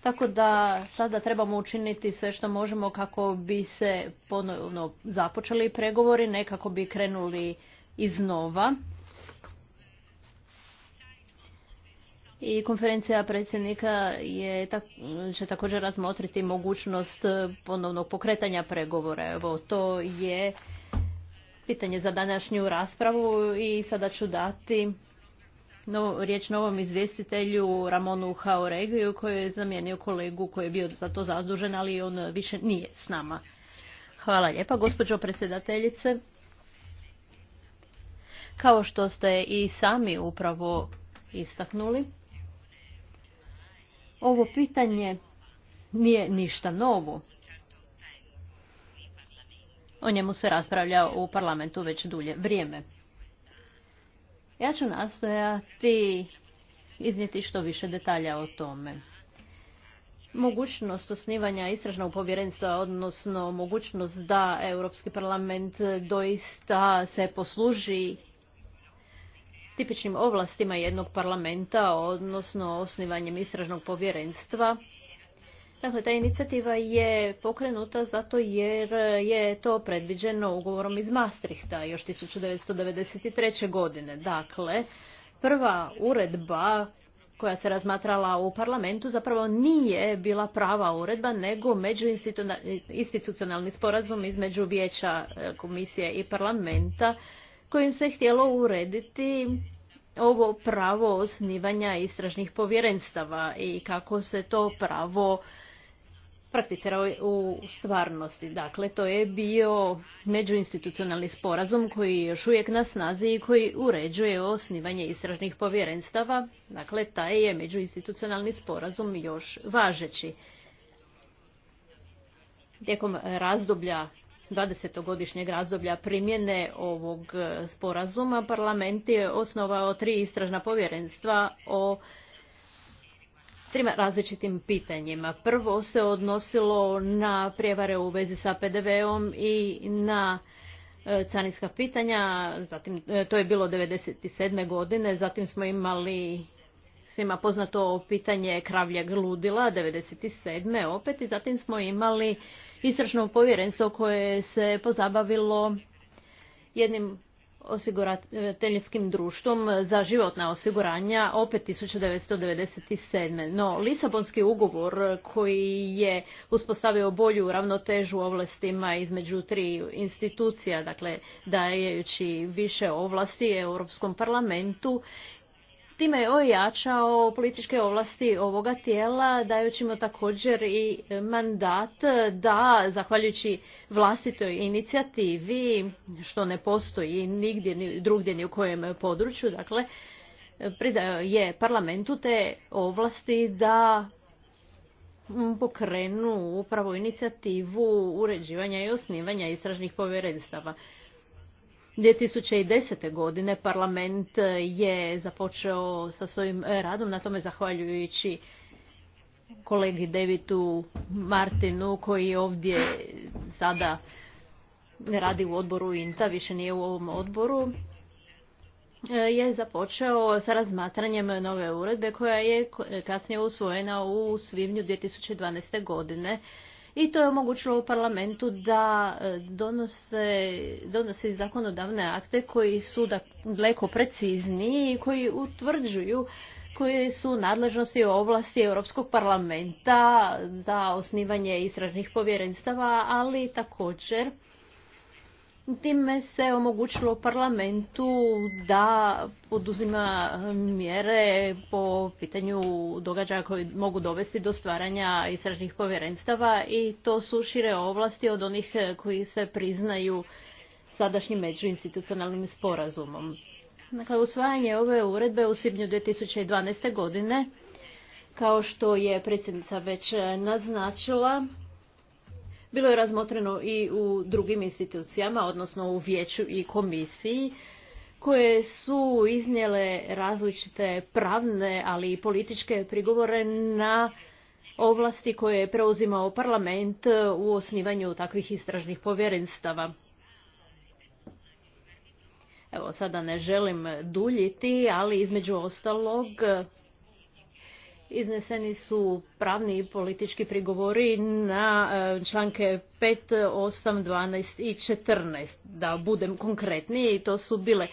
Tako da sada trebamo učiniti sve što možemo kako bi se ponovno započeli pregovori, ne kako bi krenuli iznova. I konferencija predsjednika je, će također razmotriti mogućnost ponovnog pokretanja pregovora. Evo, to je pitanje za današnju raspravu i sada ću dati riječ novom izvjestitelju Ramonu Haoregiju koji je zamijenio kolegu koji je bio za to zadužen, ali on više nije s nama. Hvala lijepa, gospođo predsjedateljice. Kao što ste i sami upravo istaknuli, ovo pitanje nije ništa novo. O njemu se raspravlja u parlamentu već dulje vrijeme. Ja ću nastojati iznijeti što više detalja o tome. Mogućnost osnivanja istražnog povjerenstva, odnosno mogućnost da Europski parlament doista se posluži tipičnim ovlastima jednog parlamenta, odnosno osnivanjem istražnog povjerenstva, Dakle, ta inicijativa je pokrenuta zato jer je to predviđeno ugovorom iz Maastrichta još 1993. godine. Dakle, prva uredba koja se razmatrala u parlamentu zapravo nije bila prava uredba nego međuinstitucionalni sporazum između vijeća e, komisije i parlamenta kojim se htjelo urediti ovo pravo osnivanja istražnih povjerenstava i kako se to pravo prakticirao u stvarnosti. Dakle, to je bio međuinstitucionalni sporazum koji je još uvijek na snazi i koji uređuje osnivanje istražnih povjerenstava. Dakle, taj je međuinstitucionalni sporazum još važeći. Tijekom razdoblja 20-godišnjeg razdoblja primjene ovog sporazuma parlament je osnovao tri istražna povjerenstva o trima različitim pitanjima. Prvo se odnosilo na prijevare u vezi sa PDV-om i na e, carinska pitanja, zatim e, to je bilo 1997. godine, zatim smo imali svima poznato pitanje kravljeg ludila 1997. opet i zatim smo imali istražno povjerenstvo koje se pozabavilo jednim osigurateljskim društvom za životna osiguranja opet 1997. No, Lisabonski ugovor koji je uspostavio bolju ravnotežu ovlastima između tri institucija, dakle dajeći više ovlasti Europskom parlamentu Time je ojačao političke ovlasti ovoga tijela, dajući mu također i mandat da, zahvaljujući vlastitoj inicijativi, što ne postoji nigdje, ni drugdje, ni u kojem području, dakle, pridao je parlamentu te ovlasti da pokrenu upravo inicijativu uređivanja i osnivanja istražnih povjerenstava. 2010. godine parlament je započeo sa svojim radom, na tome zahvaljujući kolegi Davidu Martinu koji ovdje sada radi u odboru INTA, više nije u ovom odboru, je započeo sa razmatranjem nove uredbe koja je kasnije usvojena u svibnju 2012. godine i to je omogućilo u parlamentu da e, donose, donose zakonodavne akte koji su daleko precizniji i koji utvrđuju koje su nadležnosti i ovlasti Europskog parlamenta za osnivanje istražnih povjerenstava, ali također Time se omogućilo parlamentu da poduzima mjere po pitanju događaja koji mogu dovesti do stvaranja istražnih povjerenstava i to su šire ovlasti od onih koji se priznaju sadašnjim međuinstitucionalnim sporazumom. Dakle, usvajanje ove uredbe u svibnju 2012. godine, kao što je predsjednica već naznačila, bilo je razmotreno i u drugim institucijama, odnosno u vijeću i komisiji, koje su iznijele različite pravne, ali i političke prigovore na ovlasti koje je preuzimao parlament u osnivanju takvih istražnih povjerenstava. Evo, sada ne želim duljiti, ali između ostalog Izneseni su pravni i politički prigovori na e, članke 5, 8, 12 i 14. Da budem konkretniji, to su bile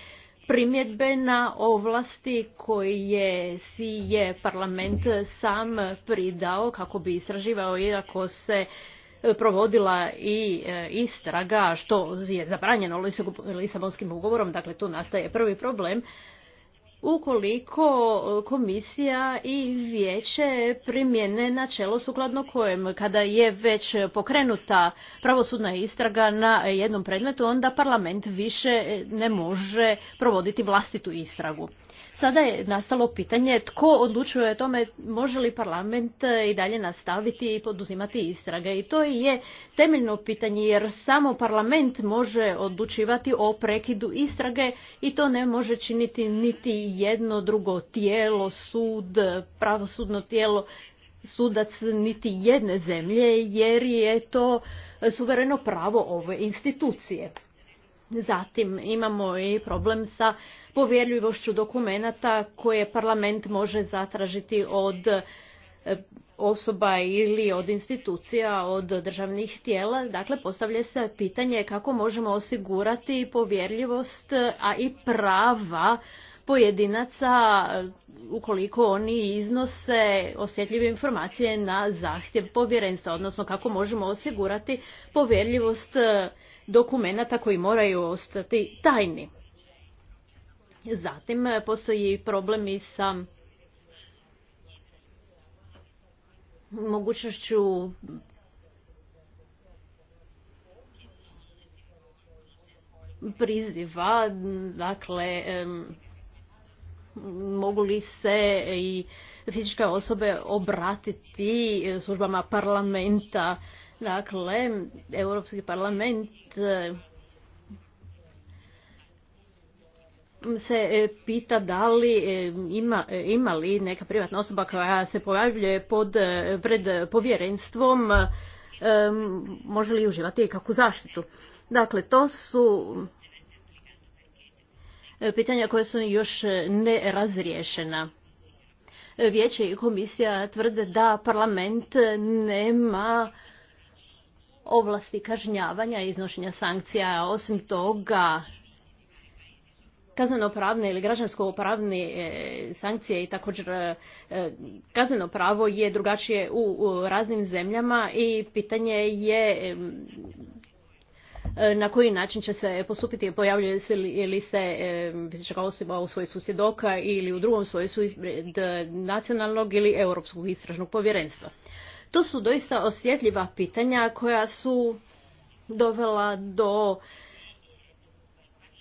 primjedbe na ovlasti koje si je parlament sam pridao kako bi istraživao iako se e, provodila i e, istraga što je zabranjeno Lisabonskim ugovorom, dakle tu nastaje prvi problem ukoliko e, komisija i vijeće primjene načelo sukladno kojem kada je već pokrenuta pravosudna istraga na jednom predmetu onda parlament više ne može provoditi vlastitu istragu. Sada je nastalo pitanje tko odlučuje o tome može li parlament e, i dalje nastaviti i poduzimati istrage. I to je temeljno pitanje jer samo parlament može odlučivati o prekidu istrage i to ne može činiti niti jedno drugo tijelo, sud, pravosudno tijelo, sudac niti jedne zemlje jer je to suvereno pravo ove institucije. Zatim imamo i problem sa povjerljivošću dokumenata koje parlament može zatražiti od e, osoba ili od institucija, od državnih tijela. Dakle, postavlja se pitanje kako možemo osigurati povjerljivost, a i prava pojedinaca ukoliko oni iznose osjetljive informacije na zahtjev povjerenstva, odnosno kako možemo osigurati povjerljivost dokumenata koji moraju ostati tajni. Zatim e, postoji problem i sa mogućnošću priziva, dakle, mogu li se i fizičke osobe obratiti e, službama parlamenta Dakle, Europski parlament eh, se eh, pita da li eh, ima, li neka privatna osoba koja se pojavljuje pod, pred povjerenstvom može li uživati i kakvu zaštitu. Dakle, to su pitanja koja su još nerazriješena. Vijeće i komisija tvrde da parlament nema ovlasti kažnjavanja i iznošenja sankcija. Osim toga, kaznenopravne ili građansko-pravne e, sankcije i također e, e, kazneno pravo je drugačije u raznim zemljama i pitanje je na koji način će se postupiti, pojavljuje se li se fizička osoba u svoj susjedoka ili u drugom svojstvu nacionalnog ili europskog istražnog povjerenstva. To su doista osjetljiva pitanja koja su dovela do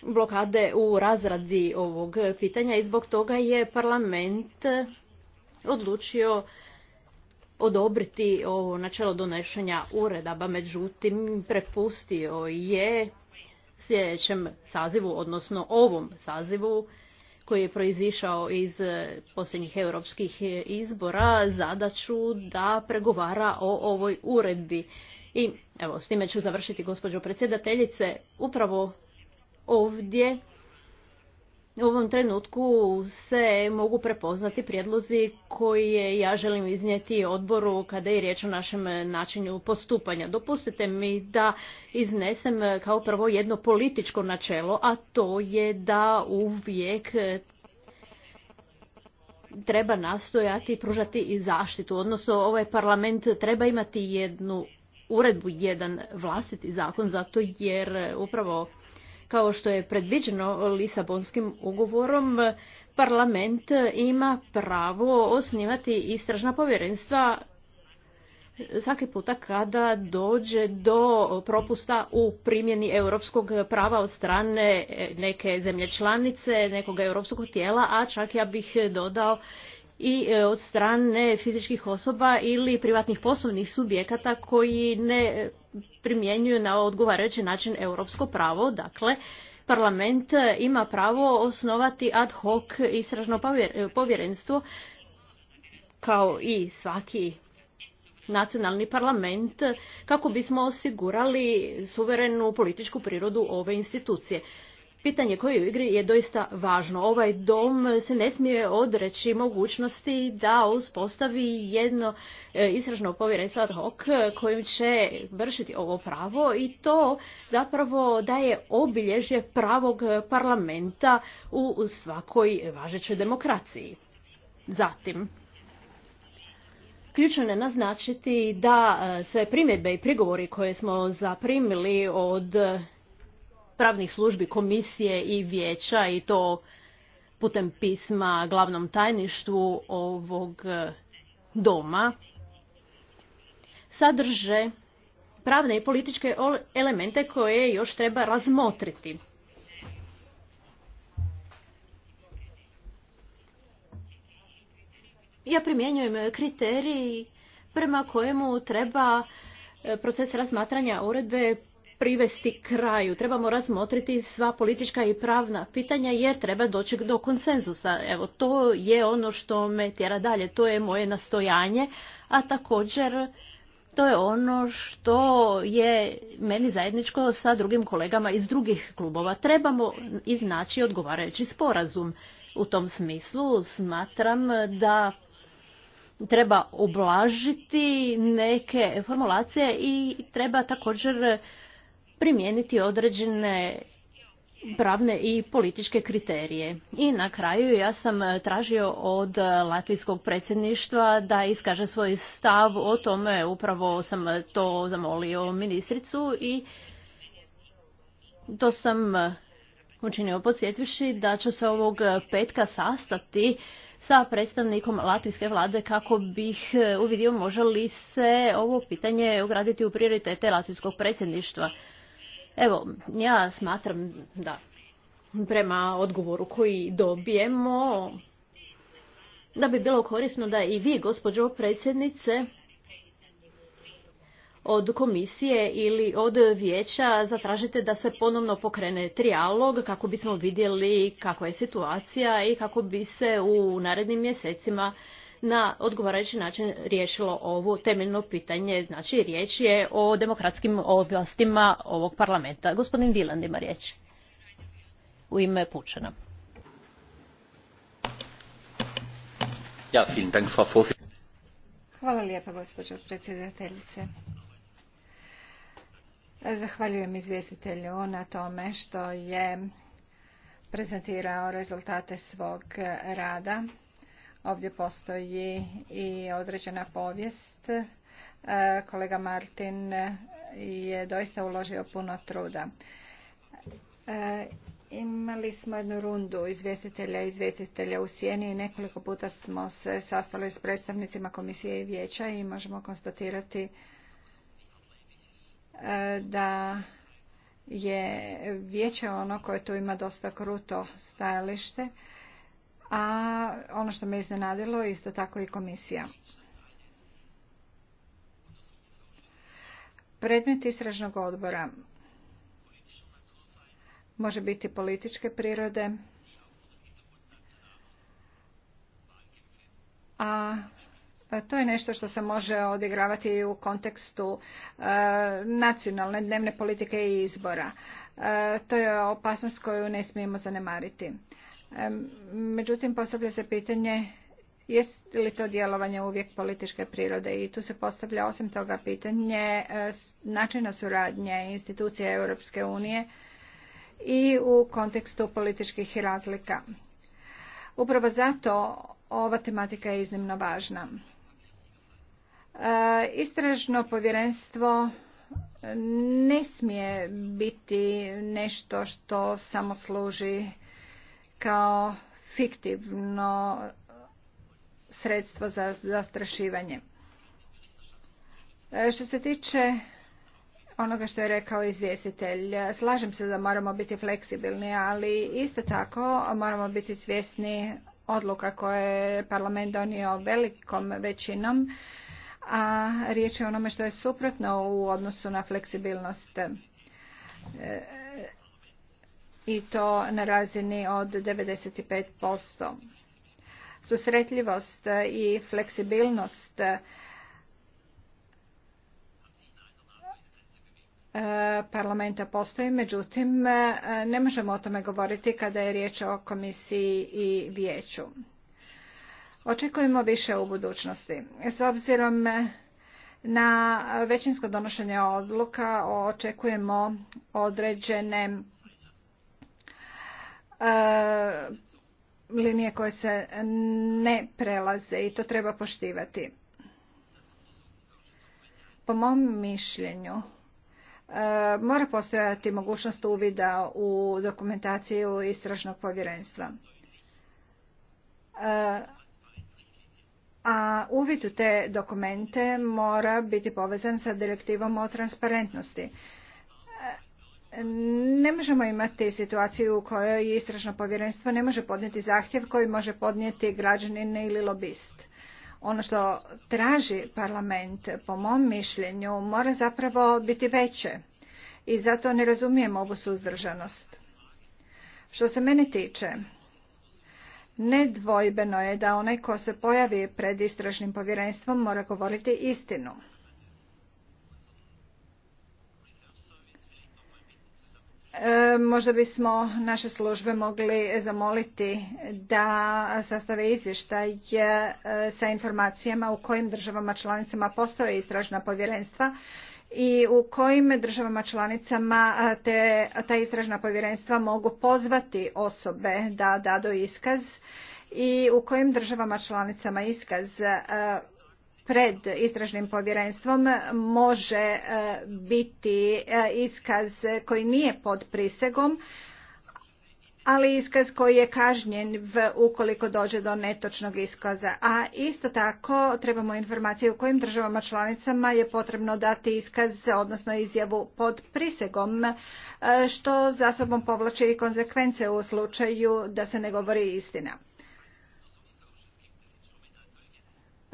blokade u razradi ovog pitanja i zbog toga je parlament odlučio odobriti ovo načelo donošenja uredaba, međutim prepustio je sljedećem sazivu, odnosno ovom sazivu, koji je proizišao iz e, posljednjih europskih e, izbora zadaću da pregovara o ovoj uredbi. I evo, s time ću završiti gospođo predsjedateljice. Upravo ovdje u ovom trenutku se mogu prepoznati prijedlozi koje ja želim iznijeti odboru kada je riječ o našem načinu postupanja. Dopustite mi da iznesem kao prvo jedno političko načelo, a to je da uvijek treba nastojati i pružati i zaštitu, odnosno ovaj parlament treba imati jednu uredbu, jedan vlastiti zakon, zato jer upravo kao što je predviđeno Lisabonskim ugovorom, parlament ima pravo osnivati istražna povjerenstva svaki puta kada dođe do propusta u primjeni europskog prava od strane neke zemlje članice, nekog europskog tijela, a čak ja bih dodao i e, od strane fizičkih osoba ili privatnih poslovnih subjekata koji ne e, primjenjuju na odgovarajući način europsko pravo. Dakle, parlament e, ima pravo osnovati ad hoc istražno povjerenstvo kao i svaki nacionalni parlament kako bismo osigurali suverenu političku prirodu ove institucije pitanje koje u igri je doista važno. Ovaj dom se ne smije odreći mogućnosti da uspostavi jedno e, istražno povjerenstvo ad hoc kojim će vršiti ovo pravo i to zapravo daje obilježje pravog parlamenta u svakoj važećoj demokraciji. Zatim, ključno je naznačiti da e, sve primjedbe i prigovori koje smo zaprimili od pravnih službi komisije i vijeća i to putem pisma glavnom tajništvu ovog e, doma sadrže pravne i političke elemente koje još treba razmotriti. Ja primjenjujem kriteriji prema kojemu treba e, proces razmatranja uredbe privesti kraju. Trebamo razmotriti sva politička i pravna pitanja jer treba doći do konsenzusa. Evo, to je ono što me tjera dalje. To je moje nastojanje, a također to je ono što je meni zajedničko sa drugim kolegama iz drugih klubova. Trebamo iznaći odgovarajući sporazum. U tom smislu smatram da treba oblažiti neke formulacije i treba također primijeniti određene pravne i političke kriterije. I na kraju ja sam e, tražio od latvijskog predsjedništva da iskaže svoj stav o tome, upravo sam e, to zamolio ministricu i to sam e, učinio posjetivši da ću se ovog petka sastati sa predstavnikom latvijske vlade kako bih uvidio može li se ovo pitanje ugraditi u prioritete latvijskog predsjedništva. Evo, ja smatram da prema odgovoru koji dobijemo, da bi bilo korisno da i vi, gospođo predsjednice, od komisije ili od vijeća zatražite da se ponovno pokrene trijalog kako bismo vidjeli kakva je situacija i kako bi se u narednim mjesecima na odgovarajući način riješilo ovo temeljno pitanje. Znači, riječ je o demokratskim oblastima ovog parlamenta. Gospodin Viland ima riječ u ime Pučana. Hvala lijepa, gospođo predsjedateljice. Zahvaljujem izvjestitelju na tome što je prezentirao rezultate svog rada Ovdje postoji i određena povijest. E, kolega Martin je doista uložio puno truda. E, imali smo jednu rundu izvjestitelja i izvjestitelja u Sjeni i nekoliko puta smo se sastali s predstavnicima komisije i vijeća i možemo konstatirati e, da je vijeće ono koje tu ima dosta kruto stajalište a ono što me iznenadilo isto tako i komisija. Predmet istražnog odbora može biti političke prirode, a to je nešto što se može odigravati u kontekstu e, nacionalne dnevne politike i izbora. E, to je opasnost koju ne smijemo zanemariti. Međutim, postavlja se pitanje jest li to djelovanje uvijek političke prirode i tu se postavlja osim toga pitanje e, načina suradnje institucija Europske unije i u kontekstu političkih razlika. Upravo zato ova tematika je iznimno važna. E, istražno povjerenstvo ne smije biti nešto što samo služi kao fiktivno sredstvo za zastrašivanje. E, što se tiče onoga što je rekao izvjestitelj, slažem se da moramo biti fleksibilni, ali isto tako moramo biti svjesni odluka koje je parlament donio velikom većinom, a riječ je onome što je suprotno u odnosu na fleksibilnost. E, i to na razini od 95%. Susretljivost i fleksibilnost e, parlamenta postoji, međutim e, ne možemo o tome govoriti kada je riječ o komisiji i vijeću. Očekujemo više u budućnosti. S obzirom na većinsko donošenje odluka očekujemo određene E, linije koje se ne prelaze i to treba poštivati. Po mom mišljenju e, mora postojati mogućnost uvida u dokumentaciju istražnog povjerenstva. E, a uvid u te dokumente mora biti povezan sa direktivom o transparentnosti ne možemo imati situaciju u kojoj istražno povjerenstvo ne može podnijeti zahtjev koji može podnijeti građanin ili lobist. Ono što traži parlament, po mom mišljenju, mora zapravo biti veće i zato ne razumijem ovu suzdržanost. Što se mene tiče, nedvojbeno je da onaj ko se pojavi pred istražnim povjerenstvom mora govoriti istinu. E, možda bismo naše službe mogli zamoliti da sastave izvještaj e, sa informacijama u kojim državama članicama postoje istražna povjerenstva i u kojim državama članicama e, ta istražna povjerenstva mogu pozvati osobe da dadu iskaz i u kojim državama članicama iskaz pred istražnim povjerenstvom može e, biti e, iskaz koji nije pod prisegom, ali iskaz koji je kažnjen ukoliko dođe do netočnog iskaza. A isto tako trebamo informacije u kojim državama članicama je potrebno dati iskaz, odnosno izjavu pod prisegom, e, što za sobom povlači i konsekvence u slučaju da se ne govori istina.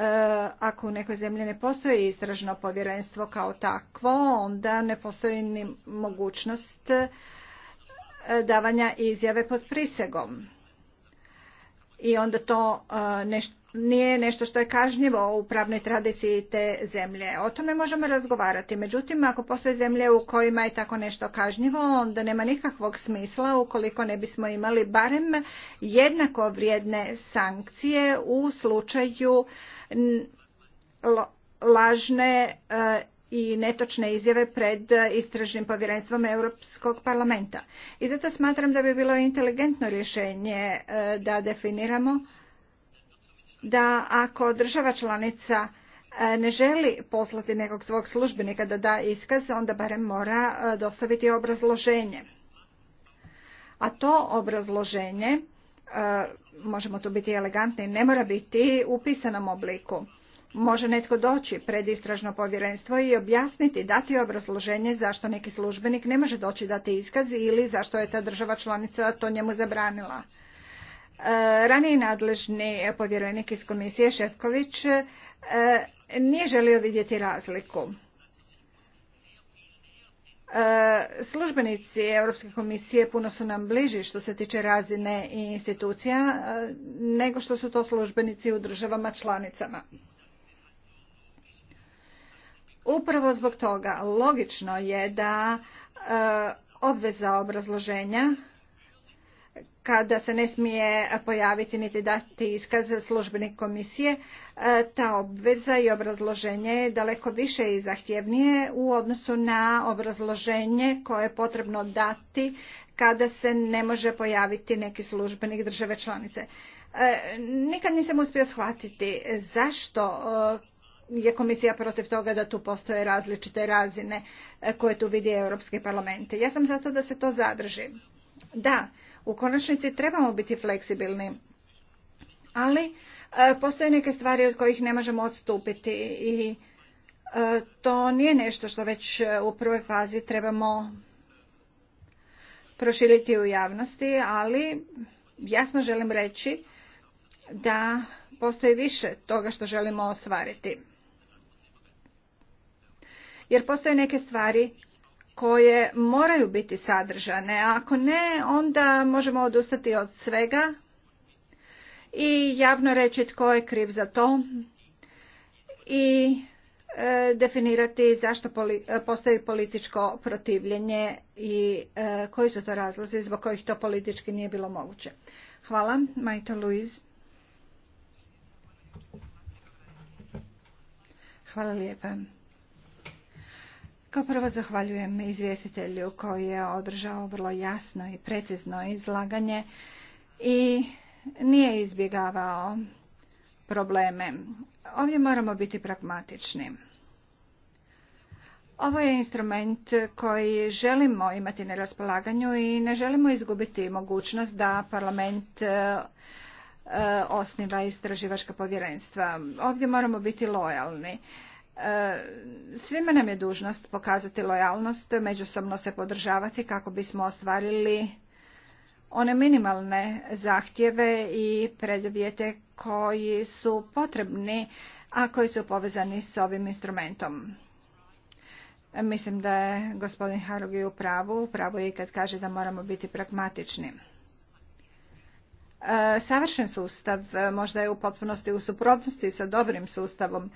E, ako u nekoj zemlji ne postoji istražno povjerenstvo kao takvo, onda ne postoji ni mogućnost e, davanja izjave pod prisegom. I onda to e, nešto nije nešto što je kažnjivo u pravnoj tradiciji te zemlje. O tome možemo razgovarati. Međutim, ako postoje zemlje u kojima je tako nešto kažnjivo, onda nema nikakvog smisla ukoliko ne bismo imali barem jednako vrijedne sankcije u slučaju lažne e, i netočne izjave pred istražnim povjerenstvom Europskog parlamenta. I zato smatram da bi bilo inteligentno rješenje e, da definiramo da ako država članica e, ne želi poslati nekog svog službenika da da iskaz, onda barem mora e, dostaviti obrazloženje. A to obrazloženje, e, možemo tu biti elegantni, ne mora biti u pisanom obliku. Može netko doći pred istražno povjerenstvo i objasniti, dati obrazloženje zašto neki službenik ne može doći dati iskaz ili zašto je ta država članica to njemu zabranila. E, raniji nadležni povjerenik iz komisije Šefković e, nije želio vidjeti razliku. E, službenici Europske komisije puno su nam bliži što se tiče razine i institucija nego što su to službenici u državama članicama. Upravo zbog toga logično je da obveza obrazloženja kada se ne smije pojaviti niti dati iskaz službenik komisije, e, ta obveza i obrazloženje je daleko više i zahtjevnije u odnosu na obrazloženje koje je potrebno dati kada se ne može pojaviti neki službenik države članice. E, nikad nisam uspio shvatiti zašto e, je komisija protiv toga da tu postoje različite razine koje tu vidi Europski parlament. Ja sam zato da se to zadrži. Da, u konačnici trebamo biti fleksibilni, ali e, postoje neke stvari od kojih ne možemo odstupiti i e, to nije nešto što već e, u prvoj fazi trebamo proširiti u javnosti, ali jasno želim reći da postoji više toga što želimo ostvariti. Jer postoje neke stvari koje moraju biti sadržane. A ako ne, onda možemo odustati od svega i javno reći tko je kriv za to i e, definirati zašto e, postoji političko protivljenje i e, koji su to razlozi zbog kojih to politički nije bilo moguće. Hvala. Majta Luiz. Hvala lijepa. Kao prvo zahvaljujem izvjestitelju koji je održao vrlo jasno i precizno izlaganje i nije izbjegavao probleme. Ovdje moramo biti pragmatični. Ovo je instrument koji želimo imati na raspolaganju i ne želimo izgubiti mogućnost da parlament e, e, osniva istraživačka povjerenstva. Ovdje moramo biti lojalni. E, svima nam je dužnost pokazati lojalnost, međusobno se podržavati kako bismo ostvarili one minimalne zahtjeve i preduvjete koji su potrebni, a koji su povezani s ovim instrumentom. Mislim da je gospodin Harugi u pravu, u pravu je i kad kaže da moramo biti pragmatični. E, savršen sustav možda je u potpunosti u suprotnosti sa dobrim sustavom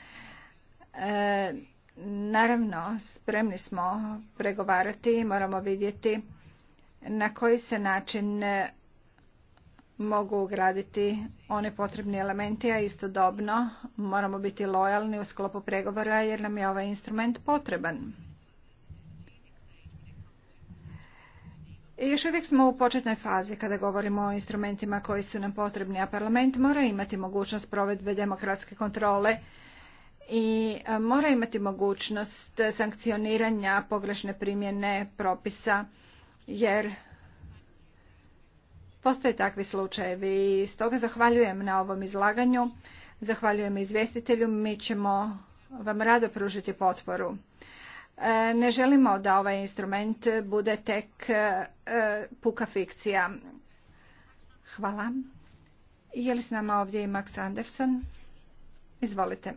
E, naravno, spremni smo pregovarati i moramo vidjeti na koji se način mogu ugraditi one potrebni elementi, a istodobno moramo biti lojalni u sklopu pregovora jer nam je ovaj instrument potreban. još uvijek smo u početnoj fazi kada govorimo o instrumentima koji su nam potrebni, a parlament mora imati mogućnost provedbe demokratske kontrole i e, mora imati mogućnost sankcioniranja pogrešne primjene propisa jer postoje takvi slučajevi i stoga zahvaljujem na ovom izlaganju. Zahvaljujem izvjestitelju, mi ćemo vam rado pružiti potporu. E, ne želimo da ovaj instrument bude tek e, puka fikcija. Hvala. Je li s nama ovdje i Max Anderson? Izvolite.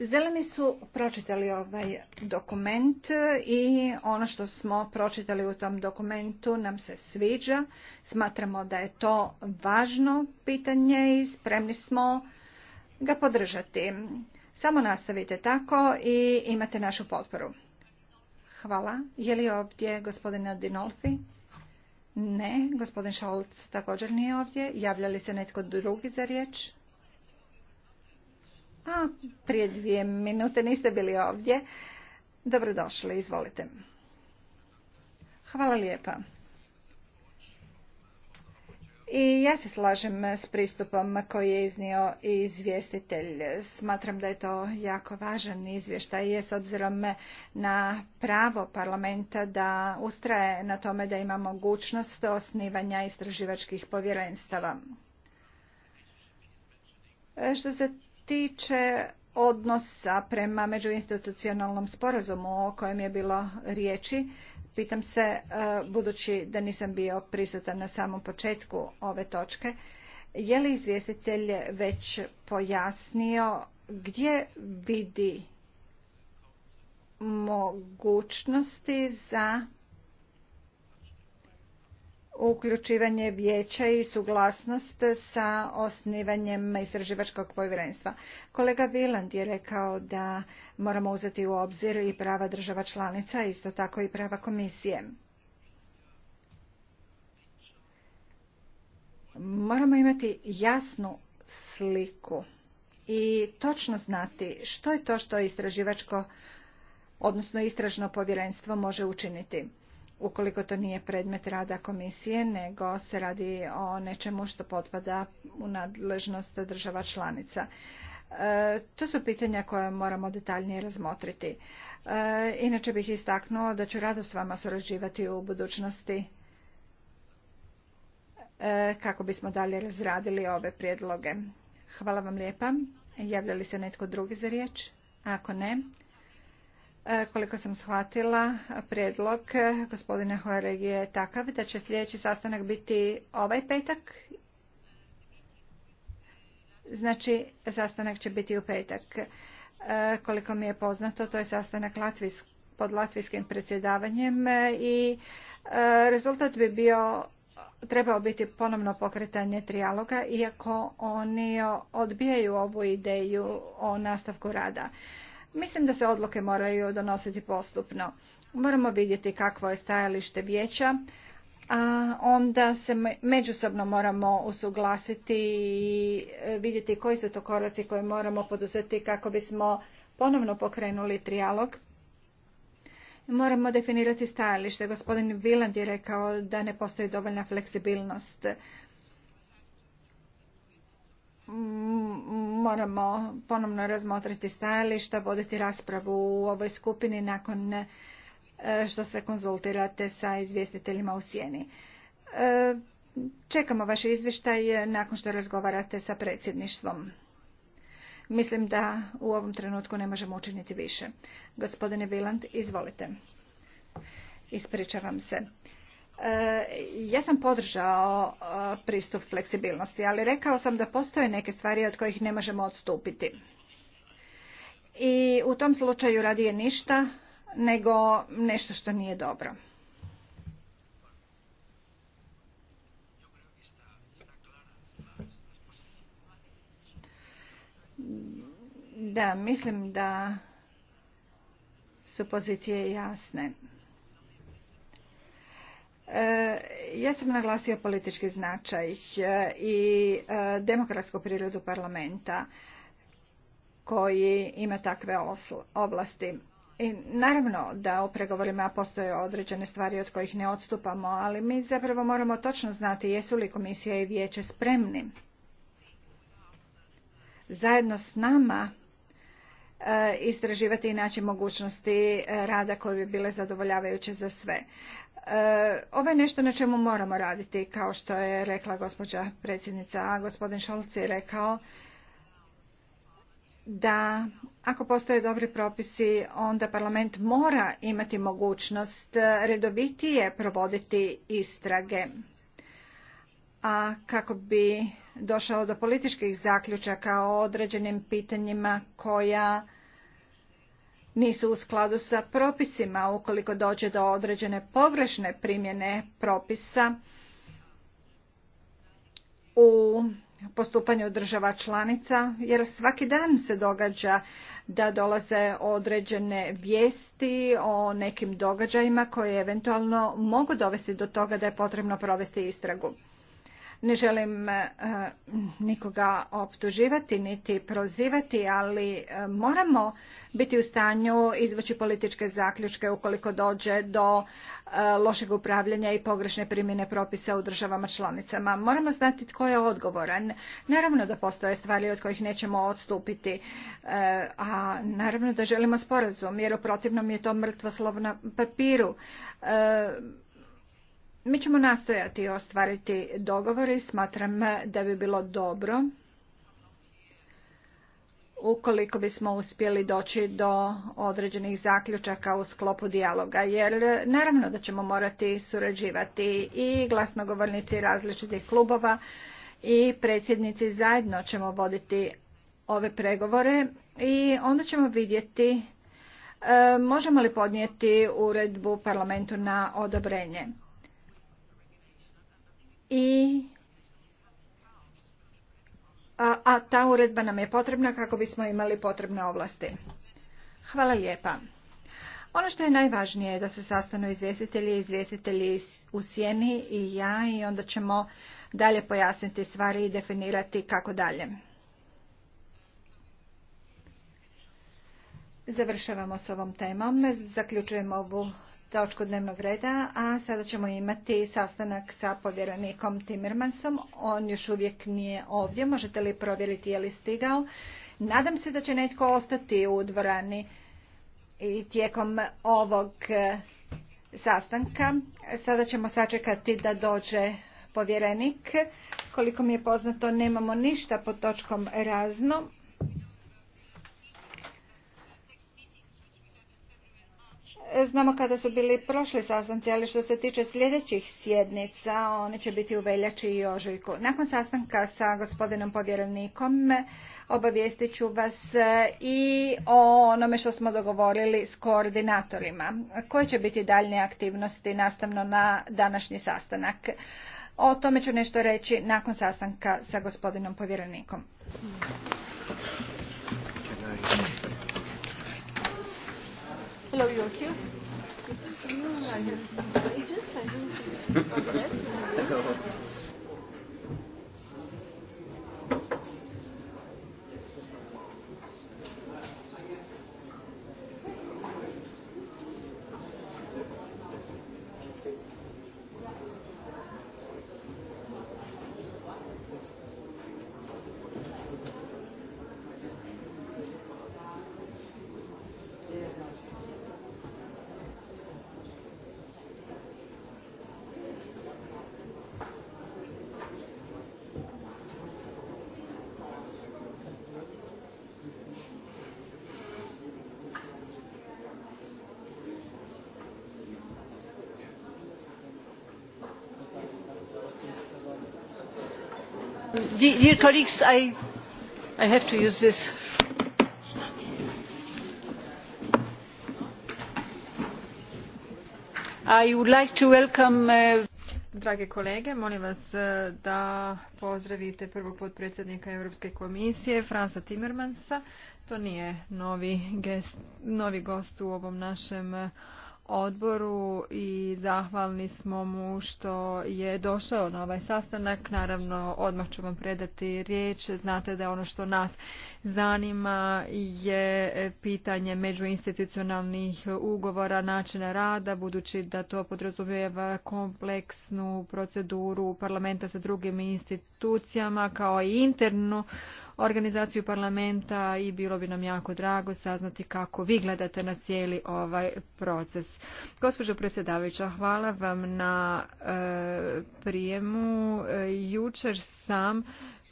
Zeleni su pročitali ovaj dokument i ono što smo pročitali u tom dokumentu nam se sviđa. Smatramo da je to važno pitanje i spremni smo ga podržati. Samo nastavite tako i imate našu potporu. Hvala. Je li ovdje gospodin Dinolfi? Ne. Gospodin Šolc također nije ovdje. Javlja li se netko drugi za riječ? A, prije dvije minute niste bili ovdje. Dobrodošli, izvolite. Hvala lijepa. I ja se slažem s pristupom koji je iznio izvjestitelj. Smatram da je to jako važan izvještaj je s obzirom na pravo parlamenta da ustraje na tome da ima mogućnost osnivanja istraživačkih povjerenstava. Što se tiče odnosa prema međuinstitucionalnom sporazumu o kojem je bilo riječi, pitam se, e, budući da nisam bio prisutan na samom početku ove točke, je li izvjestitelj već pojasnio gdje vidi mogućnosti za uključivanje vijeća i suglasnost sa osnivanjem istraživačkog povjerenstva. Kolega Viland je rekao da moramo uzeti u obzir i prava država članica, isto tako i prava komisije. Moramo imati jasnu sliku i točno znati što je to što istraživačko, odnosno istražno povjerenstvo može učiniti ukoliko to nije predmet rada komisije, nego se radi o nečemu što potpada u nadležnost država članica. E, to su pitanja koje moramo detaljnije razmotriti. E, inače bih istaknuo da ću rado s vama surađivati u budućnosti e, kako bismo dalje razradili ove prijedloge. Hvala vam lijepa. Javlja li se netko drugi za riječ? Ako ne, E, koliko sam shvatila, prijedlog e, gospodine Hoaregije je takav da će sljedeći sastanak biti ovaj petak. Znači, sastanak će biti u petak. E, koliko mi je poznato, to je sastanak pod latvijskim predsjedavanjem i rezultat bi bio trebao biti ponovno pokretanje trijaloga, iako oni odbijaju ovu ideju o nastavku rada. Mislim da se odluke moraju donositi postupno. Moramo vidjeti kakvo je stajalište vijeća, a onda se međusobno moramo usuglasiti i e, vidjeti koji su to koraci koje moramo poduzeti kako bismo ponovno pokrenuli trijalog. Moramo definirati stajalište. Gospodin Viland je rekao da ne postoji dovoljna fleksibilnost moramo ponovno razmotriti stajališta, voditi raspravu u ovoj skupini nakon e, što se konzultirate sa izvjestiteljima u sjeni. E, čekamo vaš izvještaj nakon što razgovarate sa predsjedništvom. Mislim da u ovom trenutku ne možemo učiniti više. Gospodine Viland, izvolite. Ispričavam se. Eh, ja sam podržao eh, pristup fleksibilnosti, ali rekao sam da postoje neke stvari od kojih ne možemo odstupiti. I u tom slučaju radije ništa nego nešto što nije dobro. Da, mislim da su pozicije jasne. E, ja sam naglasio politički značaj e, i e, demokratsku prirodu parlamenta koji ima takve ovlasti. I naravno da u pregovorima postoje određene stvari od kojih ne odstupamo, ali mi zapravo moramo točno znati jesu li komisija i vijeće spremni zajedno s nama istraživati i naći mogućnosti rada koje bi bile zadovoljavajuće za sve. Eh, ovo je nešto na čemu moramo raditi, kao što je rekla gospođa predsjednica, a gospodin Šolc je rekao da ako postoje dobri propisi, onda parlament mora imati mogućnost redovitije provoditi istrage. A kako bi došao do političkih zaključaka o određenim pitanjima koja nisu u skladu sa propisima ukoliko dođe do određene pogrešne primjene propisa u postupanju država članica jer svaki dan se događa da dolaze određene vijesti o nekim događajima koje eventualno mogu dovesti do toga da je potrebno provesti istragu. Ne želim e, nikoga optuživati niti prozivati, ali e, moramo biti u stanju izvući političke zaključke ukoliko dođe do e, lošeg upravljanja i pogrešne primjene propisa u državama članicama. Moramo znati tko je odgovoran. Naravno da postoje stvari od kojih nećemo odstupiti, e, a naravno da želimo sporazum, jer u protivnom je to mrtvo slovo na papiru. E, mi ćemo nastojati ostvariti dogovor i smatram da bi bilo dobro ukoliko bismo uspjeli doći do određenih zaključaka u sklopu dijaloga jer naravno da ćemo morati surađivati i glasnogovornici različitih klubova i predsjednici zajedno ćemo voditi ove pregovore i onda ćemo vidjeti e, možemo li podnijeti uredbu parlamentu na odobrenje i a ta uredba nam je potrebna kako bismo imali potrebne ovlasti. Hvala lijepa. Ono što je najvažnije je da se sastanu izvjestitelji, i izvjestitelji u sjeni i ja i onda ćemo dalje pojasniti stvari i definirati kako dalje. Završavamo s ovom temom, zaključujemo ovu točku dnevnog reda, a sada ćemo imati sastanak sa povjerenikom Timmermansom. On još uvijek nije ovdje. Možete li provjeriti je li stigao? Nadam se da će netko ostati u dvorani i tijekom ovog e, sastanka. Sada ćemo sačekati da dođe povjerenik. Koliko mi je poznato, nemamo ništa pod točkom razno. Znamo kada su bili prošli sastanci, ali što se tiče sljedećih sjednica, oni će biti u veljači i ožujku. Nakon sastanka sa gospodinom povjerenikom obavijestit ću vas e, i o onome što smo dogovorili s koordinatorima. Koje će biti daljne aktivnosti nastavno na današnji sastanak? O tome ću nešto reći nakon sastanka sa gospodinom povjerenikom. Hello, you're here? I dear colleagues I, have to use this i would like to welcome uh, drage kolege molim vas uh, da pozdravite prvog potpredsjednika europske komisije fransa timmermansa to nije novi, gest, novi gost u ovom našem uh, odboru i zahvalni smo mu što je došao na ovaj sastanak. Naravno, odmah ću vam predati riječ. Znate da ono što nas zanima je pitanje međuinstitucionalnih ugovora, načina rada, budući da to podrazumijeva kompleksnu proceduru parlamenta sa drugim institucijama kao i internu organizaciju parlamenta i bilo bi nam jako drago saznati kako vi gledate na cijeli ovaj proces. Gospođo predsjedavajuća, hvala vam na e, prijemu. E, jučer sam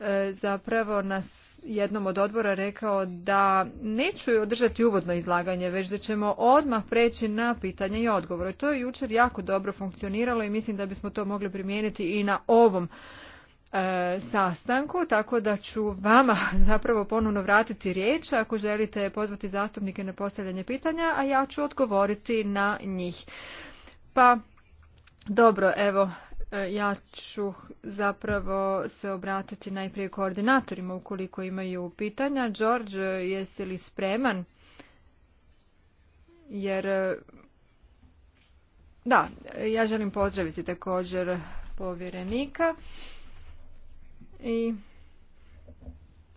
e, zapravo na jednom od odbora rekao da neću održati uvodno izlaganje, već da ćemo odmah preći na pitanje i odgovore. To je jučer jako dobro funkcioniralo i mislim da bismo to mogli primijeniti i na ovom E, sastanku, tako da ću vama (laughs) zapravo ponovno vratiti riječ ako želite pozvati zastupnike na postavljanje pitanja, a ja ću odgovoriti na njih. Pa dobro, evo, e, ja ću zapravo se obratiti najprije koordinatorima ukoliko imaju pitanja. George, jesi li spreman? Jer, e, da, ja želim pozdraviti također povjerenika. I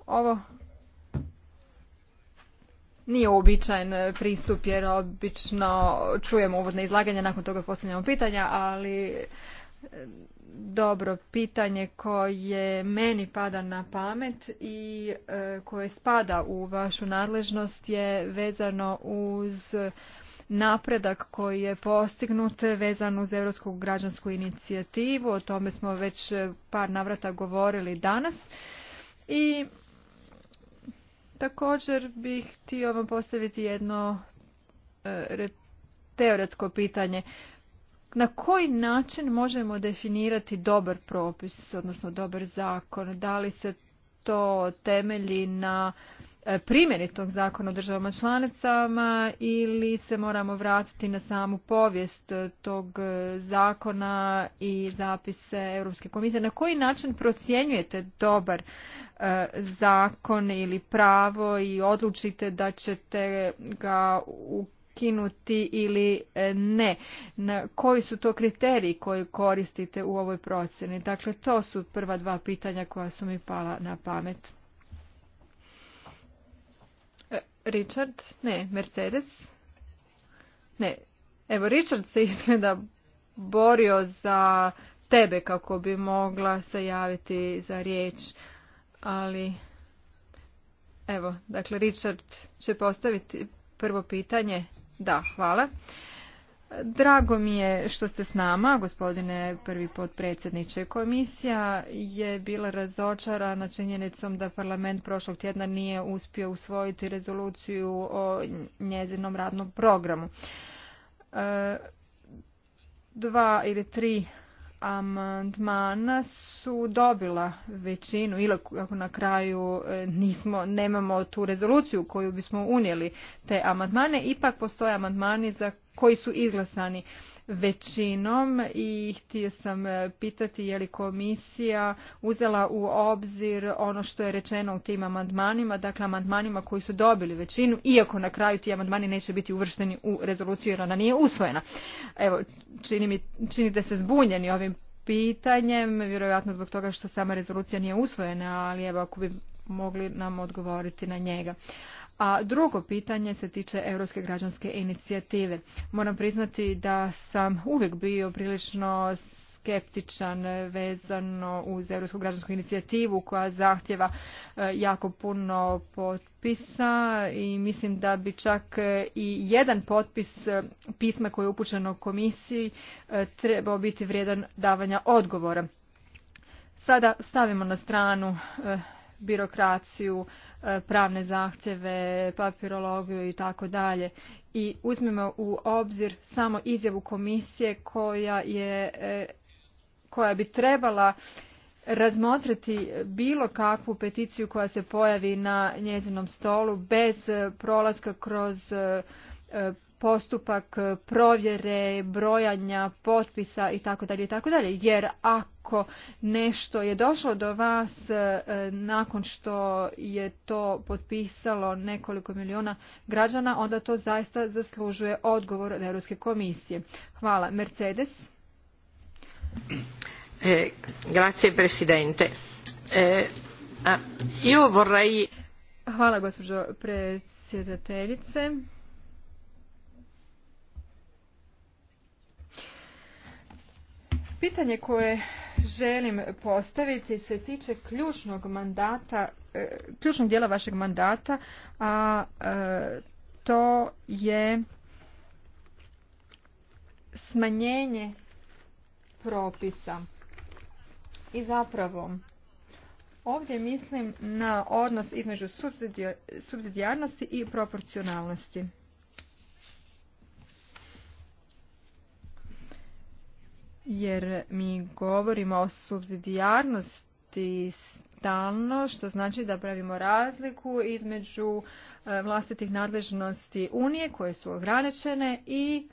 ovo nije uobičajen pristup jer obično čujemo uvodne izlaganja, nakon toga postavljamo pitanja, ali e, dobro pitanje koje meni pada na pamet i e, koje spada u vašu nadležnost je vezano uz napredak koji je postignut vezan uz Europsku građansku inicijativu. O tome smo već par navrata govorili danas. I također bih htio vam postaviti jedno e, teoretsko pitanje. Na koji način možemo definirati dobar propis, odnosno dobar zakon? Da li se to temelji na E, primjeni tog zakona u državama članicama ili se moramo vratiti na samu povijest tog e, zakona i zapise Europske komisije. Na koji način procjenjujete dobar e, zakon ili pravo i odlučite da ćete ga ukinuti ili ne? Na koji su to kriteriji koji koristite u ovoj procjeni? Dakle, to su prva dva pitanja koja su mi pala na pamet. Richard, ne, Mercedes. Ne, evo Richard se izgleda borio za tebe kako bi mogla se javiti za riječ, ali evo, dakle Richard će postaviti prvo pitanje. Da, hvala. Drago mi je što ste s nama, gospodine prvi potpredsjedniče. Komisija je bila razočarana činjenicom da parlament prošlog tjedna nije uspio usvojiti rezoluciju o njezinom radnom programu. E, dva ili tri amandmana su dobila većinu ili ako na kraju e, nismo, nemamo tu rezoluciju koju bismo unijeli te amandmane, ipak postoje amandmani za koji su izglasani većinom i htio sam e, pitati je li komisija uzela u obzir ono što je rečeno u tim amandmanima, dakle amandmanima koji su dobili većinu, iako na kraju ti amandmani neće biti uvršteni u rezoluciju jer ona nije usvojena. Evo, čini mi, činite se zbunjeni ovim pitanjem, vjerojatno zbog toga što sama rezolucija nije usvojena, ali evo ako bi mogli nam odgovoriti na njega. A drugo pitanje se tiče Europske građanske inicijative. Moram priznati da sam uvijek bio prilično skeptičan vezano uz Europsku građansku inicijativu koja zahtjeva e, jako puno potpisa i mislim da bi čak e, i jedan potpis e, pisma koje je upućeno komisiji trebao biti vrijedan davanja odgovora. Sada stavimo na stranu birokraciju, e, pravne zahtjeve, papirologiju i tako dalje. I uzmemo u obzir samo izjavu komisije koja je e, koja bi trebala razmotriti bilo kakvu peticiju koja se pojavi na njezinom stolu bez prolaska kroz e, postupak provjere, brojanja, potpisa i tako dalje i tako dalje. Jer ako ako nešto je došlo do vas e, nakon što je to potpisalo nekoliko miliona građana, onda to zaista zaslužuje odgovor od Europske komisije. Hvala. Mercedes. Eh, grazie, presidente. Eh, ah, Hvala, gospođo predsjedateljice. Pitanje koje želim postaviti se tiče ključnog mandata, e, ključnog dijela vašeg mandata, a e, to je smanjenje propisa. I zapravo ovdje mislim na odnos između subsidijarnosti i proporcionalnosti. jer mi govorimo o subsidijarnosti stalno, što znači da pravimo razliku između e, vlastitih nadležnosti Unije koje su ograničene i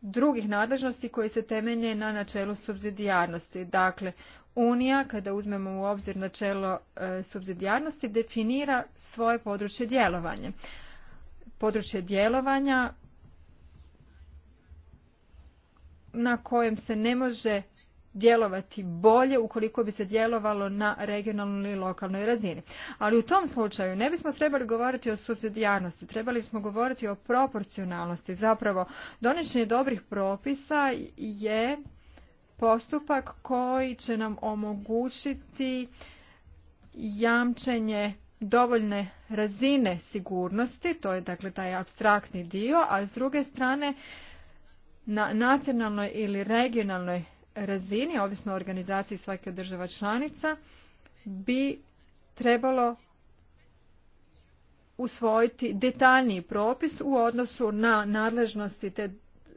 drugih nadležnosti koje se temelje na načelu subsidijarnosti. Dakle, Unija, kada uzmemo u obzir načelo e, subsidijarnosti, definira svoje područje djelovanja područje djelovanja na kojem se ne može djelovati bolje ukoliko bi se djelovalo na regionalnoj i lokalnoj razini. Ali u tom slučaju ne bismo trebali govoriti o subsidijarnosti, trebali smo govoriti o proporcionalnosti. Zapravo, donošenje dobrih propisa je postupak koji će nam omogućiti jamčenje dovoljne razine sigurnosti, to je dakle taj abstraktni dio, a s druge strane na nacionalnoj ili regionalnoj razini, ovisno o organizaciji svake od država članica, bi trebalo usvojiti detaljniji propis u odnosu na nadležnosti te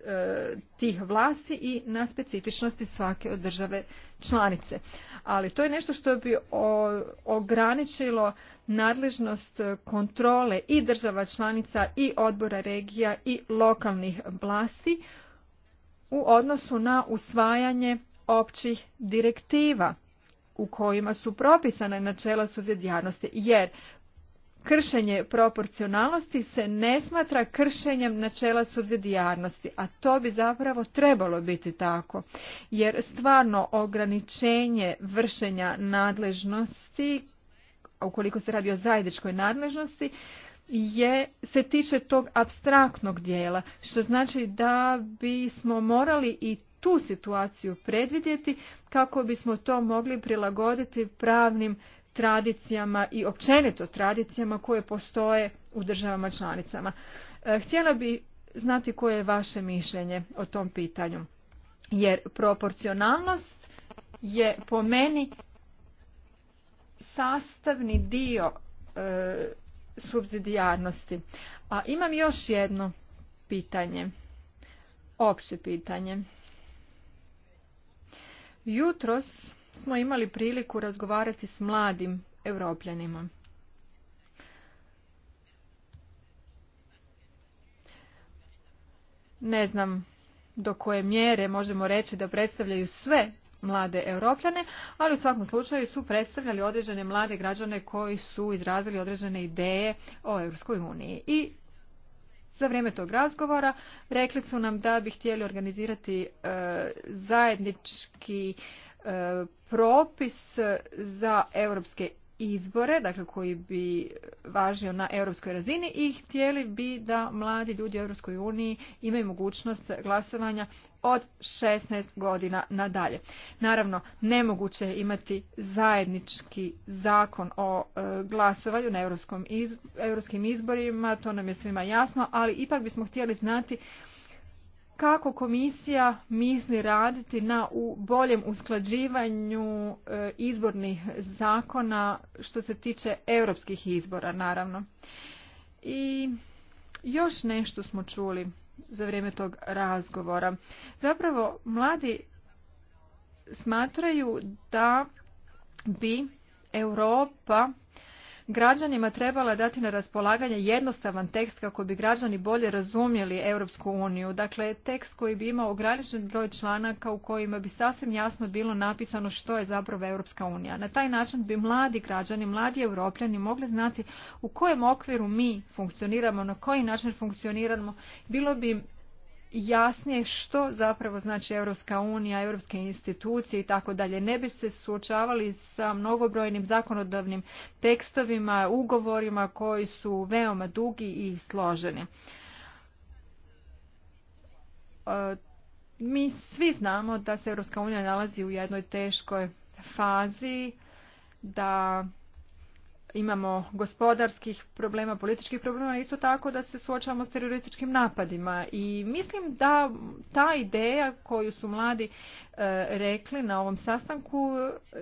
E, tih vlasti i na specifičnosti svake od države članice. Ali to je nešto što bi ograničilo nadležnost kontrole i država članica i odbora regija i lokalnih vlasti u odnosu na usvajanje općih direktiva u kojima su propisane načela subsidijarnosti jer kršenje proporcionalnosti se ne smatra kršenjem načela subsidijarnosti, a to bi zapravo trebalo biti tako, jer stvarno ograničenje vršenja nadležnosti, ukoliko se radi o zajedničkoj nadležnosti, je se tiče tog abstraktnog dijela, što znači da bismo morali i tu situaciju predvidjeti kako bismo to mogli prilagoditi pravnim tradicijama i općenito tradicijama koje postoje u državama članicama. E, htjela bi znati koje je vaše mišljenje o tom pitanju. Jer proporcionalnost je po meni sastavni dio e, subsidijarnosti. A imam još jedno pitanje, opće pitanje. Jutros smo imali priliku razgovarati s mladim europljanima. Ne znam do koje mjere možemo reći da predstavljaju sve mlade europljane, ali u svakom slučaju su predstavljali određene mlade građane koji su izrazili određene ideje o Europskoj uniji. I za vrijeme tog razgovora rekli su nam da bi htjeli organizirati e, zajednički E, propis za europske izbore, dakle koji bi važio na europskoj razini i htjeli bi da mladi ljudi u Europskoj uniji imaju mogućnost glasovanja od 16 godina nadalje. Naravno, nemoguće je imati zajednički zakon o e, glasovanju na europskim izborima, to nam je svima jasno, ali ipak bismo htjeli znati kako komisija misli raditi na u boljem usklađivanju e, izbornih zakona što se tiče europskih izbora naravno. I još nešto smo čuli za vrijeme tog razgovora. Zapravo mladi smatraju da bi Europa građanima trebala dati na raspolaganje jednostavan tekst kako bi građani bolje razumjeli Europsku uniju. Dakle, tekst koji bi imao ograničen broj članaka u kojima bi sasvim jasno bilo napisano što je zapravo Europska unija. Na taj način bi mladi građani, mladi europljani mogli znati u kojem okviru mi funkcioniramo, na koji način funkcioniramo. Bilo bi jasnije što zapravo znači Europska unija, europske institucije i tako dalje. Ne bi se suočavali sa mnogobrojnim zakonodavnim tekstovima, ugovorima koji su veoma dugi i složeni. E, mi svi znamo da se Europska unija nalazi u jednoj teškoj fazi, da imamo gospodarskih problema, političkih problema, isto tako da se suočavamo s terorističkim napadima. I mislim da ta ideja koju su mladi e, rekli na ovom sastanku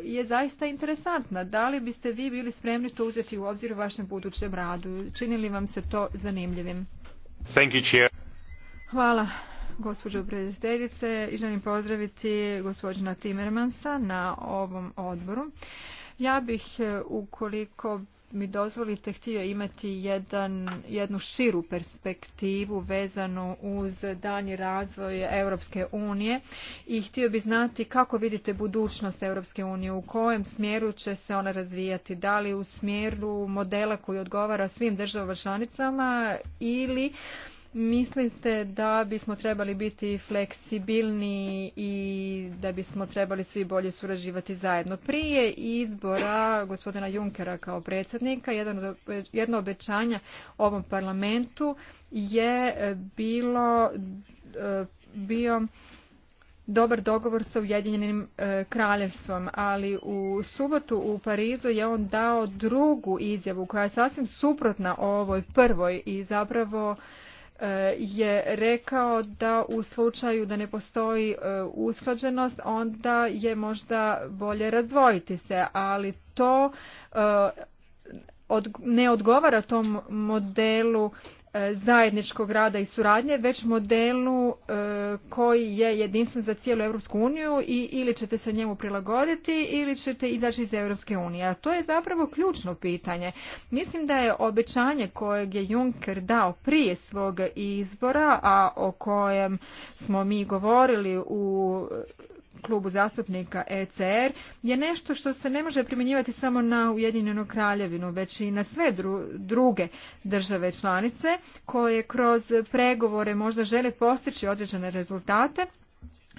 je zaista interesantna. Da li biste vi bili spremni to uzeti u obzir u vašem budućem radu? Čini li vam se to zanimljivim? Thank you, chair. Hvala gospođo predsjedateljice i želim pozdraviti gospođina Timmermansa na ovom odboru. Ja bih, e, ukoliko mi dozvolite, htio imati jedan, jednu širu perspektivu vezanu uz danji razvoj Europske unije i htio bih znati kako vidite budućnost Europske unije, u kojem smjeru će se ona razvijati, da li u smjeru modela koji odgovara svim državama članicama ili Mislite da bismo trebali biti fleksibilni i da bismo trebali svi bolje surađivati zajedno. Prije izbora gospodina Junkera kao predsjednika, jedno obećanje ovom parlamentu je e, bilo e, bio dobar dogovor sa Ujedinjenim e, kraljevstvom, ali u subotu u Parizu je on dao drugu izjavu koja je sasvim suprotna ovoj prvoj i zapravo E, je rekao da u slučaju da ne postoji e, usklađenost onda je možda bolje razdvojiti se, ali to e, ne odgovara tom modelu E, zajedničkog rada i suradnje, već modelu e, koji je jedinstven za cijelu Europsku uniju i ili ćete se njemu prilagoditi ili ćete izaći iz Europske unije. A to je zapravo ključno pitanje. Mislim da je obećanje kojeg je Juncker dao prije svog izbora, a o kojem smo mi govorili u klubu zastupnika ECR je nešto što se ne može primjenjivati samo na Ujedinjenu kraljevinu, već i na sve druge države članice koje kroz pregovore možda žele postići određene rezultate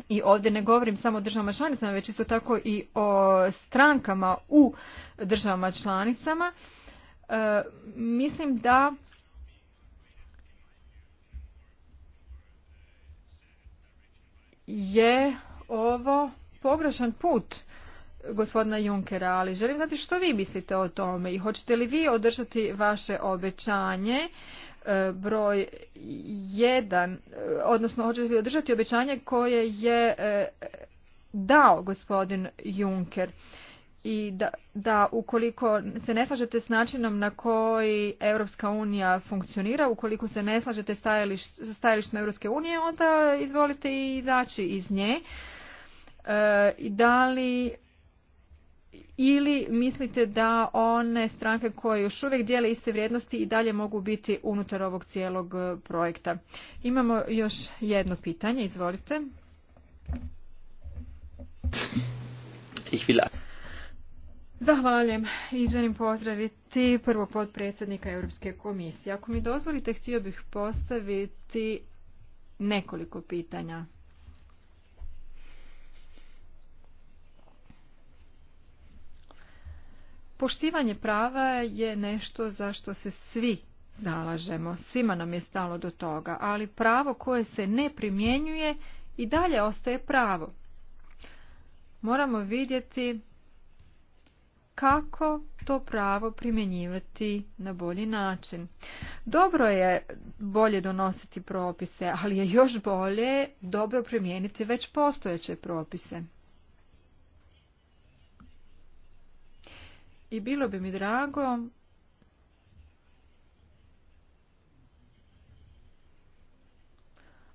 i ovdje ne govorim samo o državama članicama, već isto tako i o strankama u državama članicama. E, mislim da je ovo pogrešan put gospodina Junkera, ali želim znati što vi mislite o tome i hoćete li vi održati vaše obećanje e, broj jedan, e, odnosno hoćete li održati obećanje koje je e, dao gospodin Juncker i da, da ukoliko se ne slažete s načinom na koji Europska unija funkcionira, ukoliko se ne slažete sa stajalištem Europske unije, onda izvolite i izaći iz nje. E, da li ili mislite da one stranke koje još uvijek dijele iste vrijednosti i dalje mogu biti unutar ovog cijelog e, projekta? Imamo još jedno pitanje, izvolite. Zahvaljujem i želim pozdraviti prvog potpredsjednika Europske komisije. Ako mi dozvolite, htio bih postaviti nekoliko pitanja. Poštivanje prava je nešto za što se svi zalažemo, svima nam je stalo do toga, ali pravo koje se ne primjenjuje i dalje ostaje pravo. Moramo vidjeti kako to pravo primjenjivati na bolji način. Dobro je bolje donositi propise, ali je još bolje dobro primijeniti već postojeće propise. i bilo bi mi drago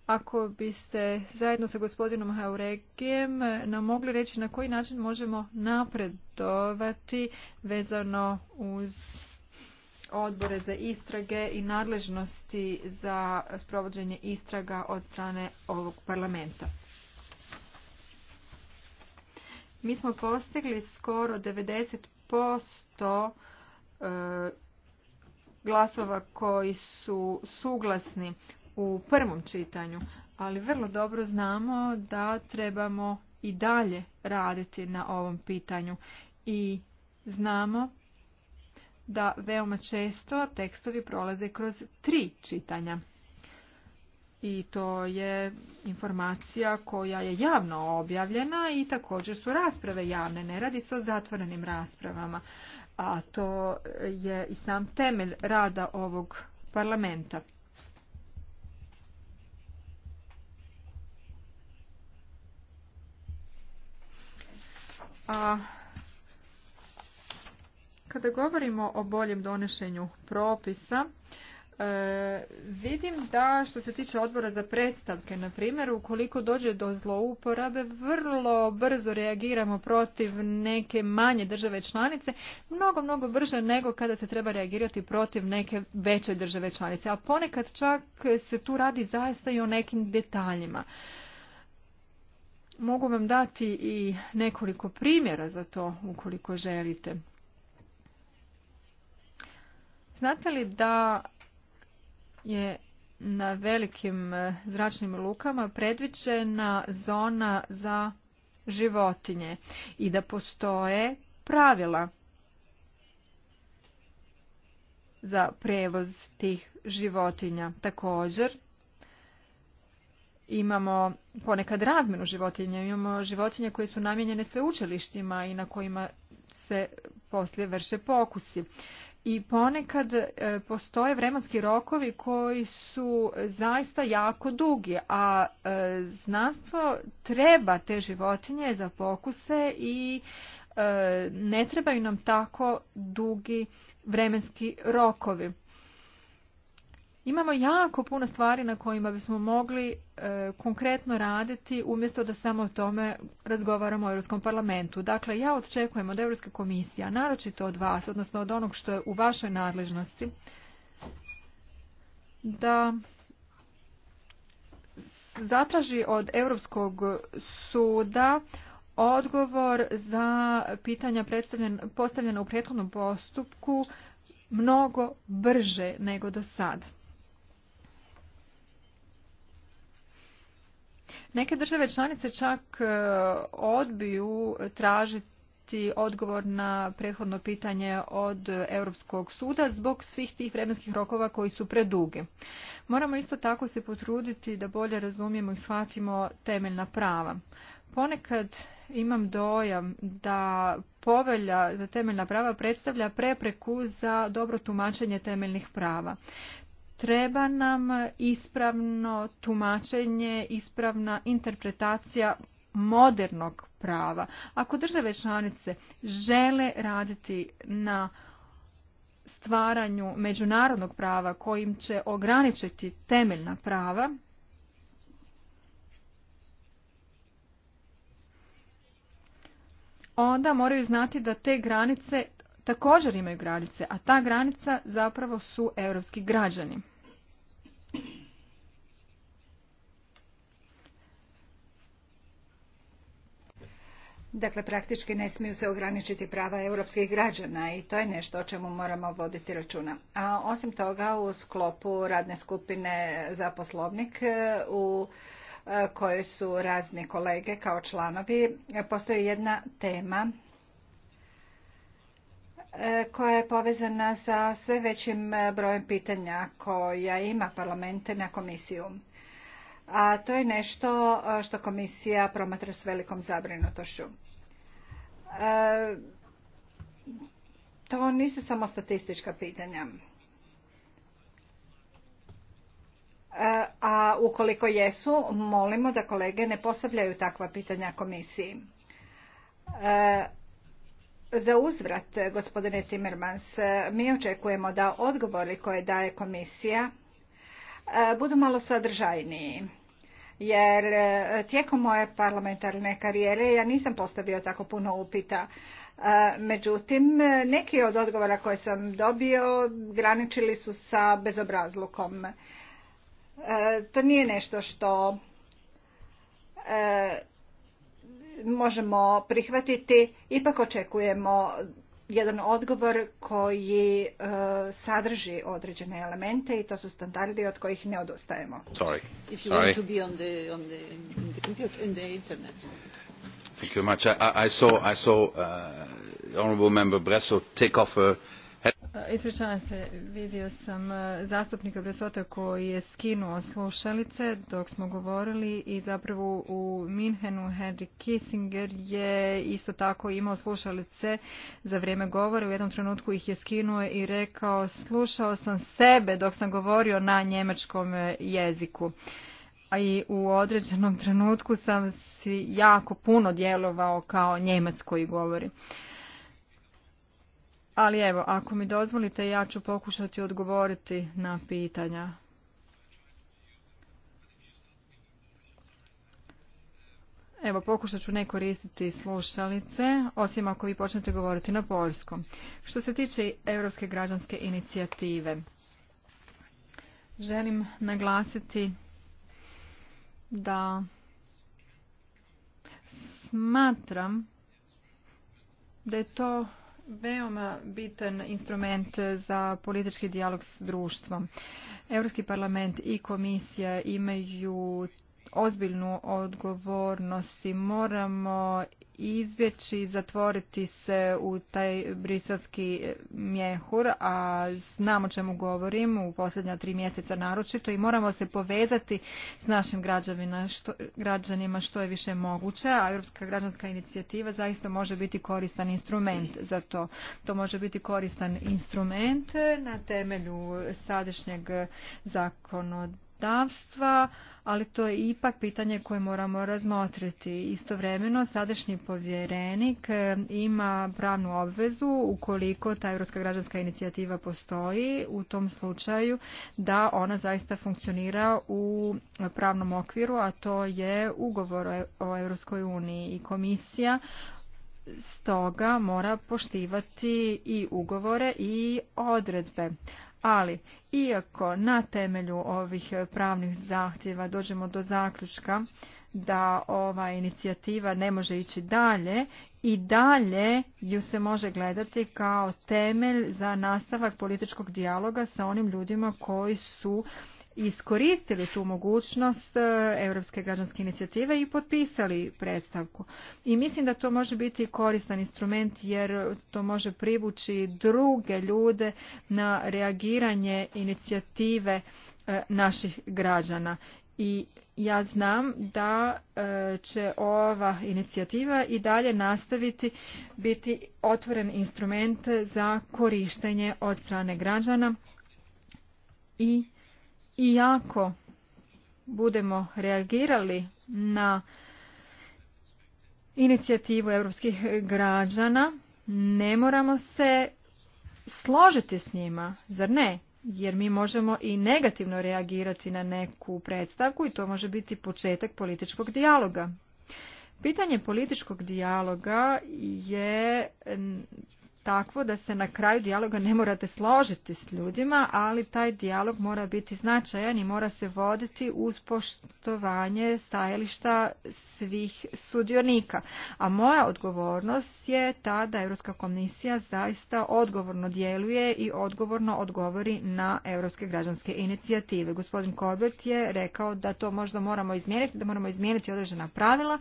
ako biste zajedno sa gospodinom Hauregijem nam mogli reći na koji način možemo napredovati vezano uz odbore za istrage i nadležnosti za sprovođenje istraga od strane ovog parlamenta. Mi smo postigli skoro 90 posto e, glasova koji su suglasni u prvom čitanju ali vrlo dobro znamo da trebamo i dalje raditi na ovom pitanju i znamo da veoma često tekstovi prolaze kroz tri čitanja i to je informacija koja je javno objavljena i također su rasprave javne, ne radi se o zatvorenim raspravama, a to je i sam temelj rada ovog parlamenta. A kada govorimo o boljem donošenju propisa, E, vidim da što se tiče odbora za predstavke, na primjer, ukoliko dođe do zlouporabe, vrlo brzo reagiramo protiv neke manje države članice, mnogo, mnogo brže nego kada se treba reagirati protiv neke veće države članice, a ponekad čak se tu radi zaista i o nekim detaljima. Mogu vam dati i nekoliko primjera za to ukoliko želite. Znate li da je na velikim e, zračnim lukama predviđena zona za životinje i da postoje pravila za prevoz tih životinja. Također imamo ponekad razmenu životinja, imamo životinje koje su namijenjene sveučilištima i na kojima se poslije vrše pokusi i ponekad e, postoje vremenski rokovi koji su zaista jako dugi, a e, znanstvo treba te životinje za pokuse i e, ne trebaju nam tako dugi vremenski rokovi. Imamo jako puno stvari na kojima bismo mogli e, konkretno raditi umjesto da samo o tome razgovaramo u Europskom parlamentu. Dakle, ja očekujem od Europske komisije, naročito od vas, odnosno od onog što je u vašoj nadležnosti, da zatraži od Europskog suda odgovor za pitanja postavljena u prethodnom postupku mnogo brže nego do sada. Neke države članice čak e, odbiju tražiti odgovor na prethodno pitanje od Europskog suda zbog svih tih vremenskih rokova koji su preduge. Moramo isto tako se potruditi da bolje razumijemo i shvatimo temeljna prava. Ponekad imam dojam da povelja za temeljna prava predstavlja prepreku za dobro tumačenje temeljnih prava. Treba nam ispravno tumačenje, ispravna interpretacija modernog prava. Ako države članice žele raditi na stvaranju međunarodnog prava kojim će ograničiti temeljna prava, onda moraju znati da te granice također imaju granice, a ta granica zapravo su europski građani. Dakle, praktički ne smiju se ograničiti prava europskih građana i to je nešto o čemu moramo voditi računa. A osim toga, u sklopu radne skupine za poslovnik e, u e, kojoj su razni kolege kao članovi, e, postoji jedna tema koja je povezana sa sve većim brojem pitanja koja ima parlamente na komisiju a to je nešto e, što komisija promatra s velikom zabrinutošću. E, to nisu samo statistička pitanja. E, a ukoliko jesu, molimo da kolege ne postavljaju takva pitanja komisiji. Za uzvrat, gospodine Timmermans, mi očekujemo da odgovori koje daje komisija budu malo sadržajniji jer e, tijekom moje parlamentarne karijere ja nisam postavio tako puno upita. E, međutim, neki od odgovora koje sam dobio graničili su sa bezobrazlukom. E, to nije nešto što možemo prihvatiti, ipak očekujemo jedan odgovor koji e, sadrži određene elemente i to su standardi od kojih ne odustajemo. Sorry. If you Sorry. want to be on the, on the, in the computer, in the internet. Thank you much. I, I saw, I saw uh, honorable member Bresso take off her E, ispričavam se, vidio sam e, zastupnika Bresota koji je skinuo slušalice dok smo govorili i zapravo u Minhenu Henry Kissinger je isto tako imao slušalice za vrijeme govora. U jednom trenutku ih je skinuo i rekao slušao sam sebe dok sam govorio na njemačkom e, jeziku. A i u određenom trenutku sam si jako puno djelovao kao njemac koji govori. Ali evo, ako mi dozvolite, ja ću pokušati odgovoriti na pitanja. Evo, pokušat ću ne koristiti slušalice, osim ako vi počnete govoriti na poljskom. Što se tiče Europske građanske inicijative, želim naglasiti da smatram da je to veoma bitan instrument za politički dijalog s društvom. Europski parlament i komisija imaju ozbiljnu odgovornost i moramo izvjeći i zatvoriti se u taj briselski mjehur, a znamo o čemu govorim u posljednja tri mjeseca naročito i moramo se povezati s našim građanima što je više moguće, a Europska građanska inicijativa zaista može biti koristan instrument za to. To može biti koristan instrument na temelju sadašnjeg zakonodavstva zakonodavstva, ali to je ipak pitanje koje moramo razmotriti. Istovremeno, sadašnji povjerenik e, ima pravnu obvezu ukoliko ta Europska građanska inicijativa postoji u tom slučaju da ona zaista funkcionira u pravnom okviru, a to je ugovor o Evropskoj uniji i komisija stoga mora poštivati i ugovore i odredbe. Ali, iako na temelju ovih pravnih zahtjeva dođemo do zaključka da ova inicijativa ne može ići dalje i dalje ju se može gledati kao temelj za nastavak političkog dijaloga sa onim ljudima koji su iskoristili tu mogućnost e, Europske građanske inicijative i potpisali predstavku. I mislim da to može biti koristan instrument jer to može privući druge ljude na reagiranje inicijative e, naših građana. I ja znam da e, će ova inicijativa i dalje nastaviti biti otvoren instrument za korištenje od strane građana i i ako budemo reagirali na inicijativu europskih građana, ne moramo se složiti s njima, zar ne? Jer mi možemo i negativno reagirati na neku predstavku i to može biti početak političkog dijaloga. Pitanje političkog dijaloga je takvo da se na kraju dijaloga ne morate složiti s ljudima, ali taj dijalog mora biti značajan i mora se voditi uz poštovanje stajališta svih sudionika. A moja odgovornost je ta da Europska komisija zaista odgovorno djeluje i odgovorno odgovori na europske građanske inicijative. Gospodin Korbert je rekao da to možda moramo izmijeniti, da moramo izmijeniti određena pravila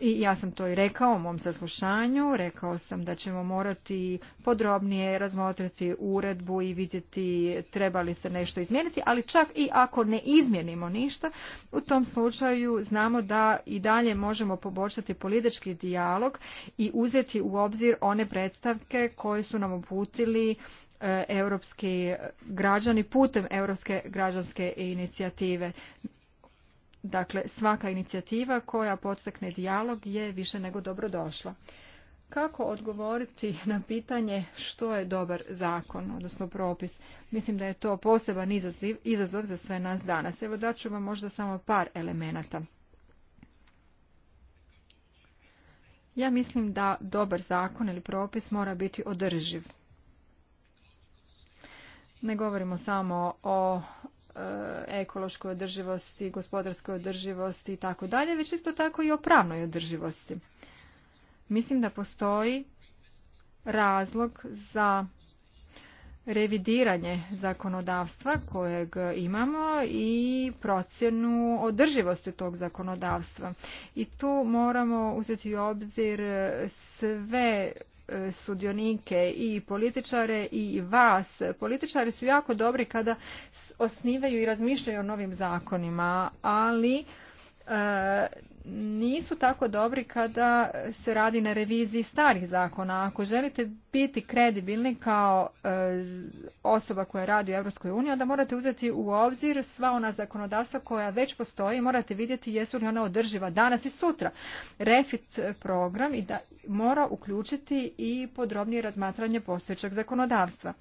i ja sam to i rekao u mom saslušanju. Rekao sam da ćemo morati podrobnije razmotriti uredbu i vidjeti treba li se nešto izmijeniti, ali čak i ako ne izmijenimo ništa, u tom slučaju znamo da i dalje možemo poboljšati politički dijalog i uzeti u obzir one predstavke koje su nam uputili e, europski građani putem europske građanske inicijative Dakle, svaka inicijativa koja podstakne dijalog je više nego dobrodošla. Kako odgovoriti na pitanje što je dobar zakon, odnosno propis? Mislim da je to poseban izazov za sve nas danas. Evo daću vam možda samo par elemenata. Ja mislim da dobar zakon ili propis mora biti održiv. Ne govorimo samo o E, ekološkoj održivosti, gospodarskoj održivosti i tako dalje, već isto tako i o pravnoj održivosti. Mislim da postoji razlog za revidiranje zakonodavstva kojeg imamo i procjenu održivosti tog zakonodavstva. I tu moramo uzeti u obzir sve E, sudionike i političare i vas. Političari su jako dobri kada osnivaju i razmišljaju o novim zakonima, ali E, nisu tako dobri kada se radi na reviziji starih zakona. Ako želite biti kredibilni kao e, osoba koja radi u EU, onda morate uzeti u obzir sva ona zakonodavstva koja već postoji i morate vidjeti jesu li ona održiva danas i sutra. Refit program i da mora uključiti i podrobnije razmatranje postojećeg zakonodavstva.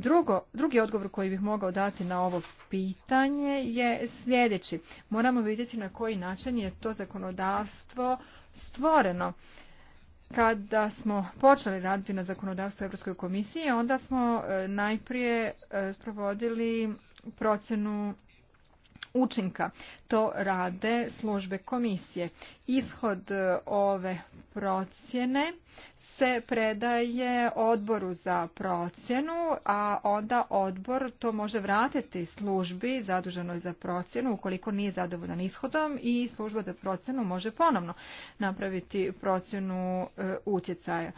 Drugo, drugi odgovor koji bih mogao dati na ovo pitanje je sljedeći. Moramo vidjeti na koji način je to zakonodavstvo stvoreno. Kada smo počeli raditi na zakonodavstvu Europskoj komisiji, onda smo e, najprije e, sprovodili procjenu učinka. To rade službe komisije. Ishod e, ove procjene se predaje odboru za procjenu, a onda odbor to može vratiti službi zaduženoj za procjenu ukoliko nije zadovoljan ishodom i služba za procjenu može ponovno napraviti procjenu e, utjecaja.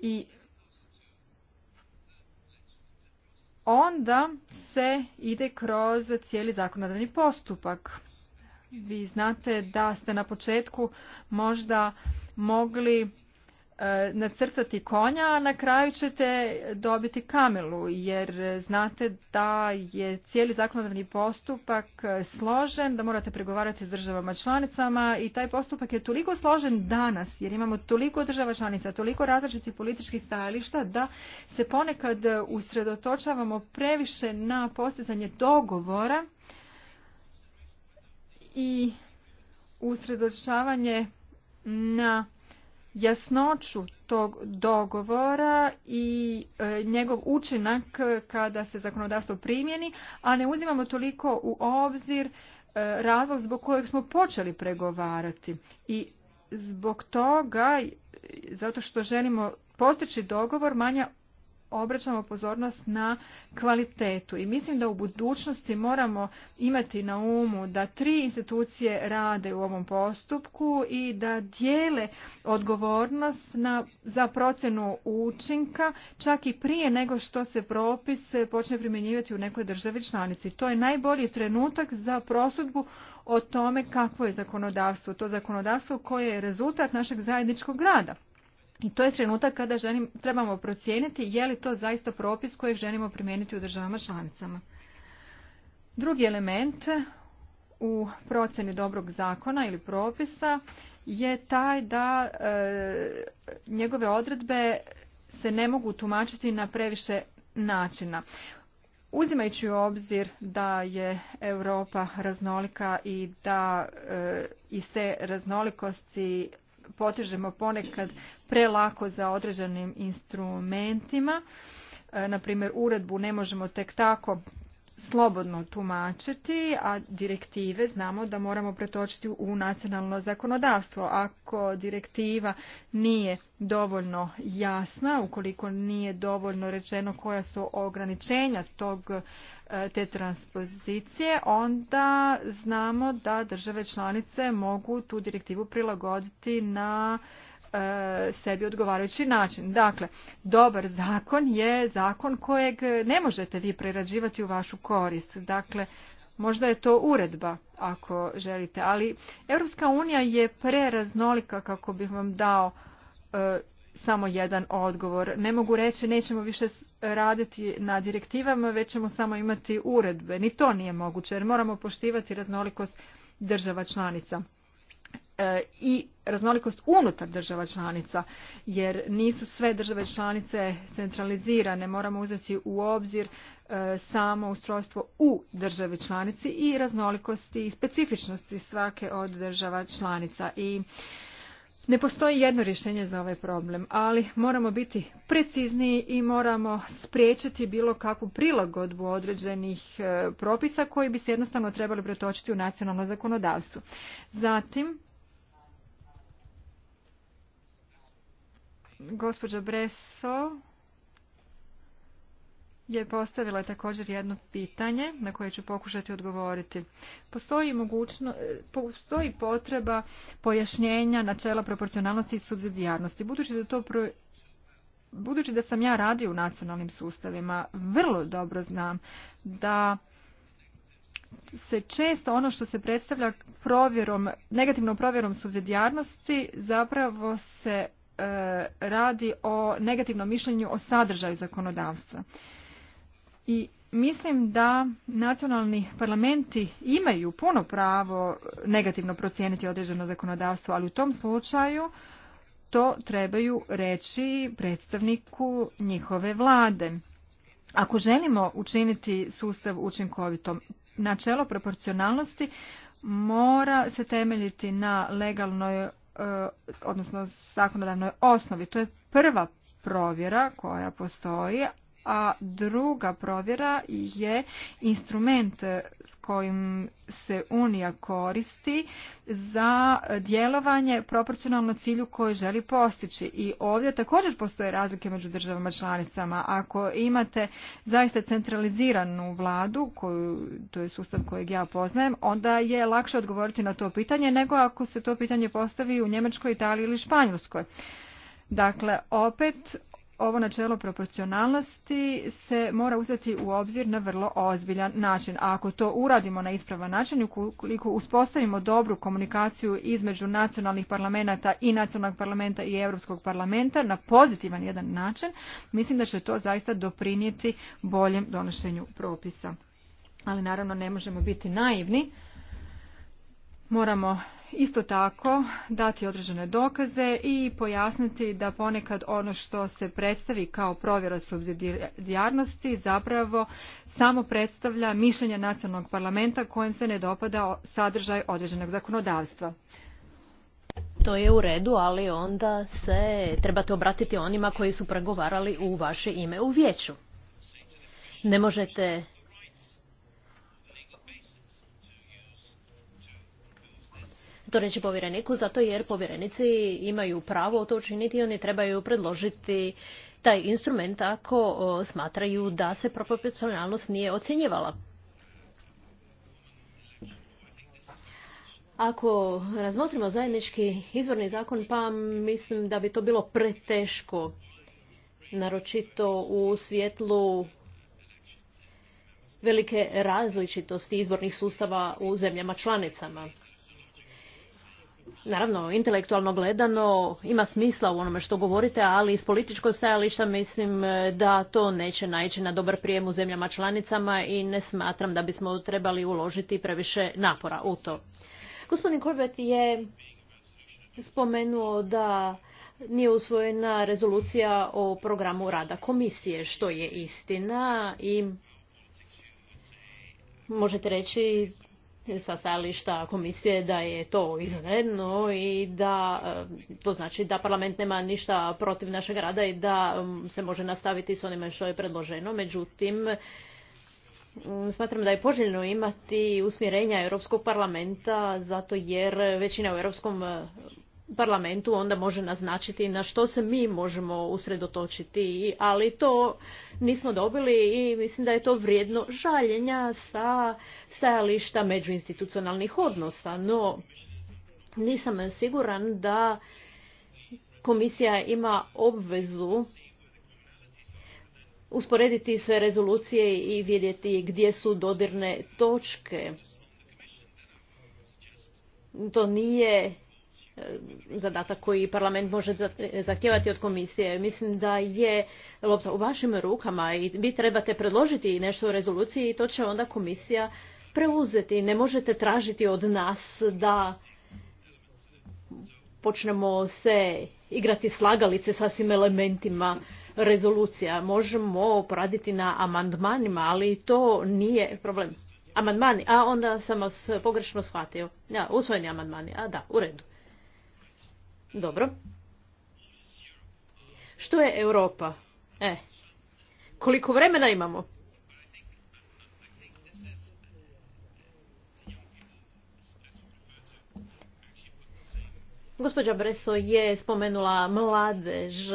I onda se ide kroz cijeli zakonodavni postupak. Vi znate da ste na početku možda mogli nacrcati konja, a na kraju ćete dobiti kamelu, jer znate da je cijeli zakonodavni postupak složen, da morate pregovarati s državama članicama i taj postupak je toliko složen danas, jer imamo toliko država članica, toliko različitih političkih stajališta, da se ponekad usredotočavamo previše na postizanje dogovora i usredotočavanje na jasnoću tog dogovora i e, njegov učinak kada se zakonodavstvo primjeni, a ne uzimamo toliko u obzir e, razlog zbog kojeg smo počeli pregovarati. I zbog toga, e, zato što želimo postići dogovor, manja obraćamo pozornost na kvalitetu i mislim da u budućnosti moramo imati na umu da tri institucije rade u ovom postupku i da dijele odgovornost na, za procjenu učinka čak i prije nego što se propis počne primjenjivati u nekoj državi članici. To je najbolji trenutak za prosudbu o tome kakvo je zakonodavstvo. To zakonodavstvo koje je rezultat našeg zajedničkog rada. I to je trenutak kada trebamo procijeniti je li to zaista propis kojeg želimo primijeniti u državama članicama. Drugi element u procjeni dobrog zakona ili propisa je taj da e, njegove odredbe se ne mogu tumačiti na previše načina. Uzimajući u obzir da je Europa raznolika i da e, iz te raznolikosti potižemo ponekad prelako za određenim instrumentima. E, na primjer, uredbu ne možemo tek tako slobodno tumačiti, a direktive znamo da moramo pretočiti u nacionalno zakonodavstvo. Ako direktiva nije dovoljno jasna, ukoliko nije dovoljno rečeno koja su ograničenja tog e, te transpozicije, onda znamo da države članice mogu tu direktivu prilagoditi na E, sebi odgovarajući način. Dakle, dobar zakon je zakon kojeg ne možete vi prerađivati u vašu korist. Dakle, možda je to uredba ako želite, ali Europska unija je preraznolika kako bih vam dao e, samo jedan odgovor. Ne mogu reći nećemo više raditi na direktivama, već ćemo samo imati uredbe. Ni to nije moguće jer moramo poštivati raznolikost država članica. E, i raznolikost unutar država članica jer nisu sve države članice centralizirane moramo uzeti u obzir e, samo ustrojstvo u državi članici i raznolikosti i specifičnosti svake od država članica i ne postoji jedno rješenje za ovaj problem, ali moramo biti precizniji i moramo spriječiti bilo kakvu prilagodbu određenih e, propisa koji bi se jednostavno trebali pretočiti u nacionalno zakonodavstvo. Zatim, gospođa Bresso je postavila također jedno pitanje na koje ću pokušati odgovoriti. Postoji, e, potreba pojašnjenja načela proporcionalnosti i subzidijarnosti. Budući da to Budući da sam ja radio u nacionalnim sustavima, vrlo dobro znam da se često ono što se predstavlja provjerom, negativnom provjerom subzidijarnosti zapravo se e, radi o negativnom mišljenju o sadržaju zakonodavstva. I mislim da nacionalni parlamenti imaju puno pravo negativno procijeniti određeno zakonodavstvo, ali u tom slučaju to trebaju reći predstavniku njihove vlade. Ako želimo učiniti sustav učinkovitom, načelo proporcionalnosti mora se temeljiti na legalnoj, e, odnosno zakonodavnoj osnovi. To je prva provjera koja postoji, a druga provjera je instrument s kojim se Unija koristi za djelovanje proporcionalno cilju koji želi postići. I ovdje također postoje razlike među državama članicama. Ako imate zaista centraliziranu vladu, koju, to je sustav kojeg ja poznajem, onda je lakše odgovoriti na to pitanje nego ako se to pitanje postavi u Njemačkoj, Italiji ili Španjolskoj. Dakle, opet ovo načelo proporcionalnosti se mora uzeti u obzir na vrlo ozbiljan način. A ako to uradimo na ispravan način, ukoliko uspostavimo dobru komunikaciju između nacionalnih parlamenta i nacionalnog parlamenta i Europskog parlamenta na pozitivan jedan način, mislim da će to zaista doprinijeti boljem donošenju propisa. Ali naravno ne možemo biti naivni moramo isto tako dati određene dokaze i pojasniti da ponekad ono što se predstavi kao provjera subsidijarnosti zapravo samo predstavlja mišljenje nacionalnog parlamenta kojem se ne dopada sadržaj određenog zakonodavstva to je u redu, ali onda se trebate obratiti onima koji su pregovarali u vaše ime u vijeću. Ne možete to reći povjereniku, zato jer povjerenici imaju pravo to učiniti i oni trebaju predložiti taj instrument ako smatraju da se proporcionalnost nije ocjenjivala. Ako razmotrimo zajednički izvorni zakon, pa mislim da bi to bilo preteško, naročito u svjetlu velike različitosti izbornih sustava u zemljama članicama naravno intelektualno gledano ima smisla u onome što govorite, ali iz političkog stajališta mislim e, da to neće naići na dobar prijem u zemljama članicama i ne smatram da bismo trebali uložiti previše napora u to. Gospodin Corbett je spomenuo da nije usvojena rezolucija o programu rada komisije, što je istina i možete reći sa stajališta komisije da je to izvanredno i da e, to znači da parlament nema ništa protiv našeg rada i da se može nastaviti s onime što je predloženo. Međutim, smatram da je poželjno imati usmjerenja Europskog parlamenta zato jer većina u Europskom parlamentu onda može naznačiti na što se mi možemo usredotočiti, ali to nismo dobili i mislim da je to vrijedno žaljenja sa stajališta međuinstitucionalnih odnosa, no nisam siguran da komisija ima obvezu usporediti sve rezolucije i vidjeti gdje su dodirne točke. To nije zadatak koji parlament može zahtijevati od komisije. Mislim da je lopta u vašim rukama i vi trebate predložiti nešto u rezoluciji i to će onda komisija preuzeti. Ne možete tražiti od nas da počnemo se igrati slagalice sa svim elementima rezolucija. Možemo poraditi na amandmanima, ali to nije problem. Amandmani, a onda sam vas pogrešno shvatio. Ja, usvojeni amandmani, a da, u redu. Dobro. Što je Europa? E, koliko vremena imamo? Gospođa Breso je spomenula mladež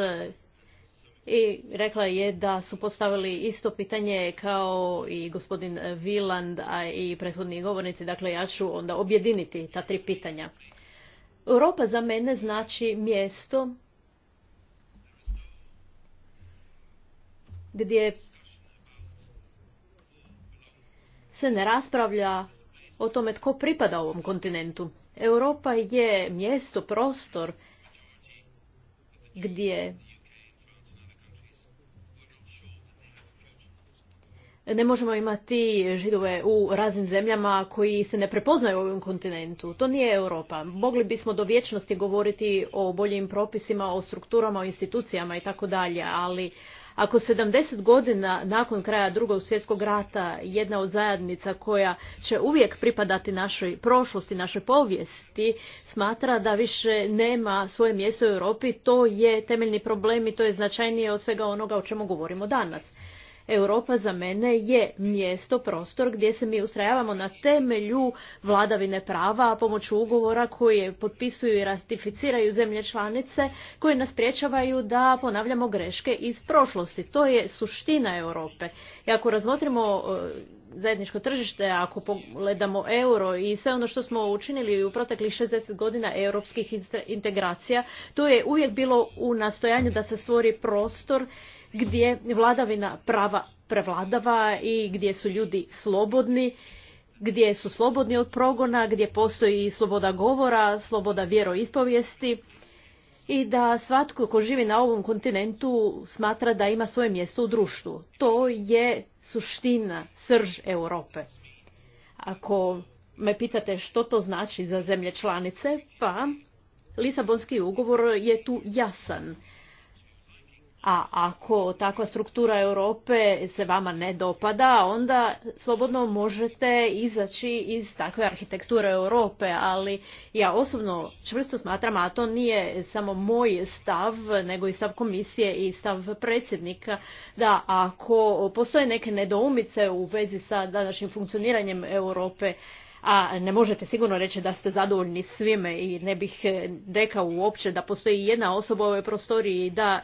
i rekla je da su postavili isto pitanje kao i gospodin Viland, a i prethodni govornici. Dakle, ja ću onda objediniti ta tri pitanja. Europa za mene znači mjesto gdje se ne raspravlja o tome tko pripada ovom kontinentu. Europa je mjesto, prostor gdje ne možemo imati židove u raznim zemljama koji se ne prepoznaju u ovom kontinentu. To nije Europa. Mogli bismo do vječnosti govoriti o boljim propisima, o strukturama, o institucijama i tako dalje, ali ako 70 godina nakon kraja drugog svjetskog rata jedna od zajednica koja će uvijek pripadati našoj prošlosti, našoj povijesti, smatra da više nema svoje mjesto u Europi, to je temeljni problem i to je značajnije od svega onoga o čemu govorimo danas. Europa za mene je mjesto, prostor gdje se mi ustrajavamo na temelju vladavine prava pomoću ugovora koje potpisuju i ratificiraju zemlje članice koje nas priječavaju da ponavljamo greške iz prošlosti. To je suština Europe. I ako razmotrimo e, zajedničko tržište, ako pogledamo euro i sve ono što smo učinili u proteklih 60 godina europskih integracija, to je uvijek bilo u nastojanju da se stvori prostor gdje vladavina prava prevladava i gdje su ljudi slobodni, gdje su slobodni od progona, gdje postoji sloboda govora, sloboda vjeroispovijesti i da svatko ko živi na ovom kontinentu smatra da ima svoje mjesto u društvu. To je suština, srž Europe. Ako me pitate što to znači za zemlje članice, pa Lisabonski ugovor je tu jasan. A ako takva struktura Europe se vama ne dopada, onda slobodno možete izaći iz takve arhitekture Europe, ali ja osobno čvrsto smatram, a to nije samo moj stav, nego i stav komisije i stav predsjednika, da ako postoje neke nedoumice u vezi sa današnjim funkcioniranjem Europe, a ne možete sigurno reći da ste zadovoljni svime i ne bih rekao uopće da postoji jedna osoba u ovoj prostoriji da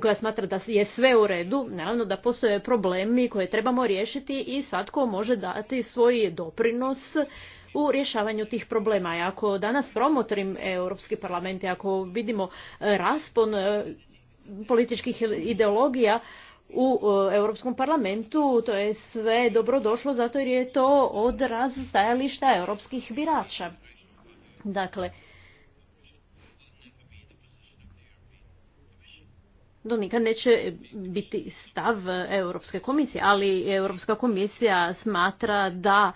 koja smatra da je sve u redu, naravno da postoje problemi koje trebamo riješiti i svatko može dati svoj doprinos u rješavanju tih problema. I ako danas promotrim Europski parlament i ako vidimo raspon e, političkih ideologija u e, Europskom parlamentu, to je sve došlo zato jer je to od razstajališta europskih birača. Dakle, do nikad neće biti stav Europske komisije, ali Europska komisija smatra da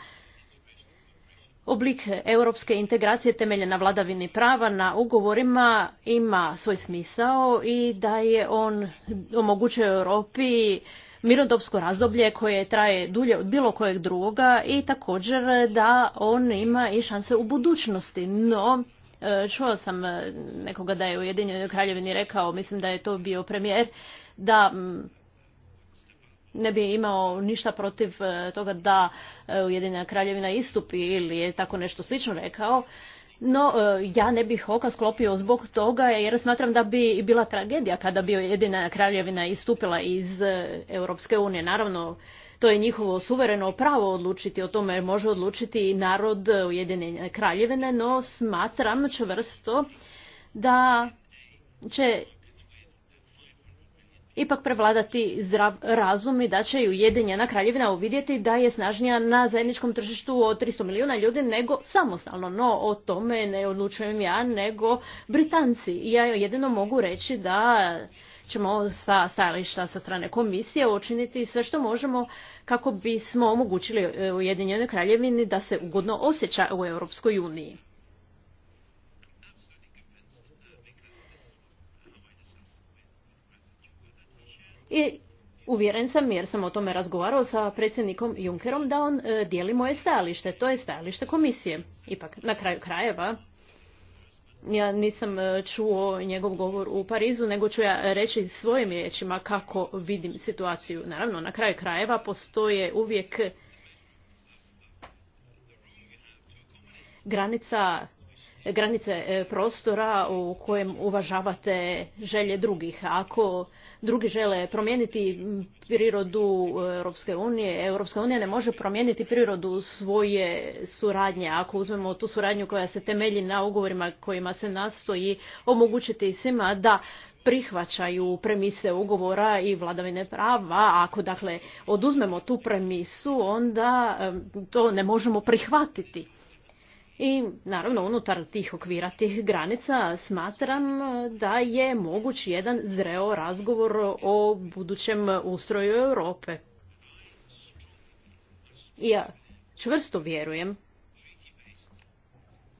oblik europske integracije temeljena na vladavini prava na ugovorima ima svoj smisao i da je on omogućuje Europi mirodopsko razdoblje koje traje dulje od bilo kojeg drugoga i također da on ima i šanse u budućnosti. No, E, čuo sam e, nekoga da je u Jedinjenoj kraljevini rekao, mislim da je to bio premijer, da ne bi imao ništa protiv e, toga da Ujedinjena kraljevina istupi ili je tako nešto slično rekao. No, ja ne bih oka sklopio zbog toga jer smatram da bi bila tragedija kada bi Ujedinjena kraljevina istupila iz Europske unije. Naravno, to je njihovo suvereno pravo odlučiti o tome, može odlučiti i narod Ujedinjene kraljevine, no smatram čvrsto da će ipak prevladati zdrav razum i da će i Ujedinjena kraljevina uvidjeti da je snažnija na zajedničkom tržištu od 300 milijuna ljudi nego samostalno. No, o tome ne odlučujem ja, nego Britanci. I ja jedino mogu reći da ćemo sa stajališta sa strane komisije učiniti sve što možemo kako bismo omogućili e, Ujedinjenoj kraljevini da se ugodno osjeća u Europskoj uniji. I uvjeren sam, jer sam o tome razgovarao sa predsjednikom Junckerom, da on e, dijeli moje stajalište. To je stajalište komisije. Ipak, na kraju krajeva, ja nisam e, čuo njegov govor u Parizu, nego ću ja reći svojim riječima kako vidim situaciju. Naravno, na kraju krajeva postoje uvijek granica granice e, prostora u kojem uvažavate želje drugih. Ako drugi žele promijeniti prirodu Europske unije, Europska unija ne može promijeniti prirodu svoje suradnje. Ako uzmemo tu suradnju koja se temelji na ugovorima kojima se nastoji omogućiti svima da prihvaćaju premise ugovora i vladavine prava, ako dakle oduzmemo tu premisu, onda e, to ne možemo prihvatiti. I naravno unutar tih okvira, tih granica smatram e, da je moguć jedan zreo razgovor o budućem ustroju Europe. Ja čvrsto vjerujem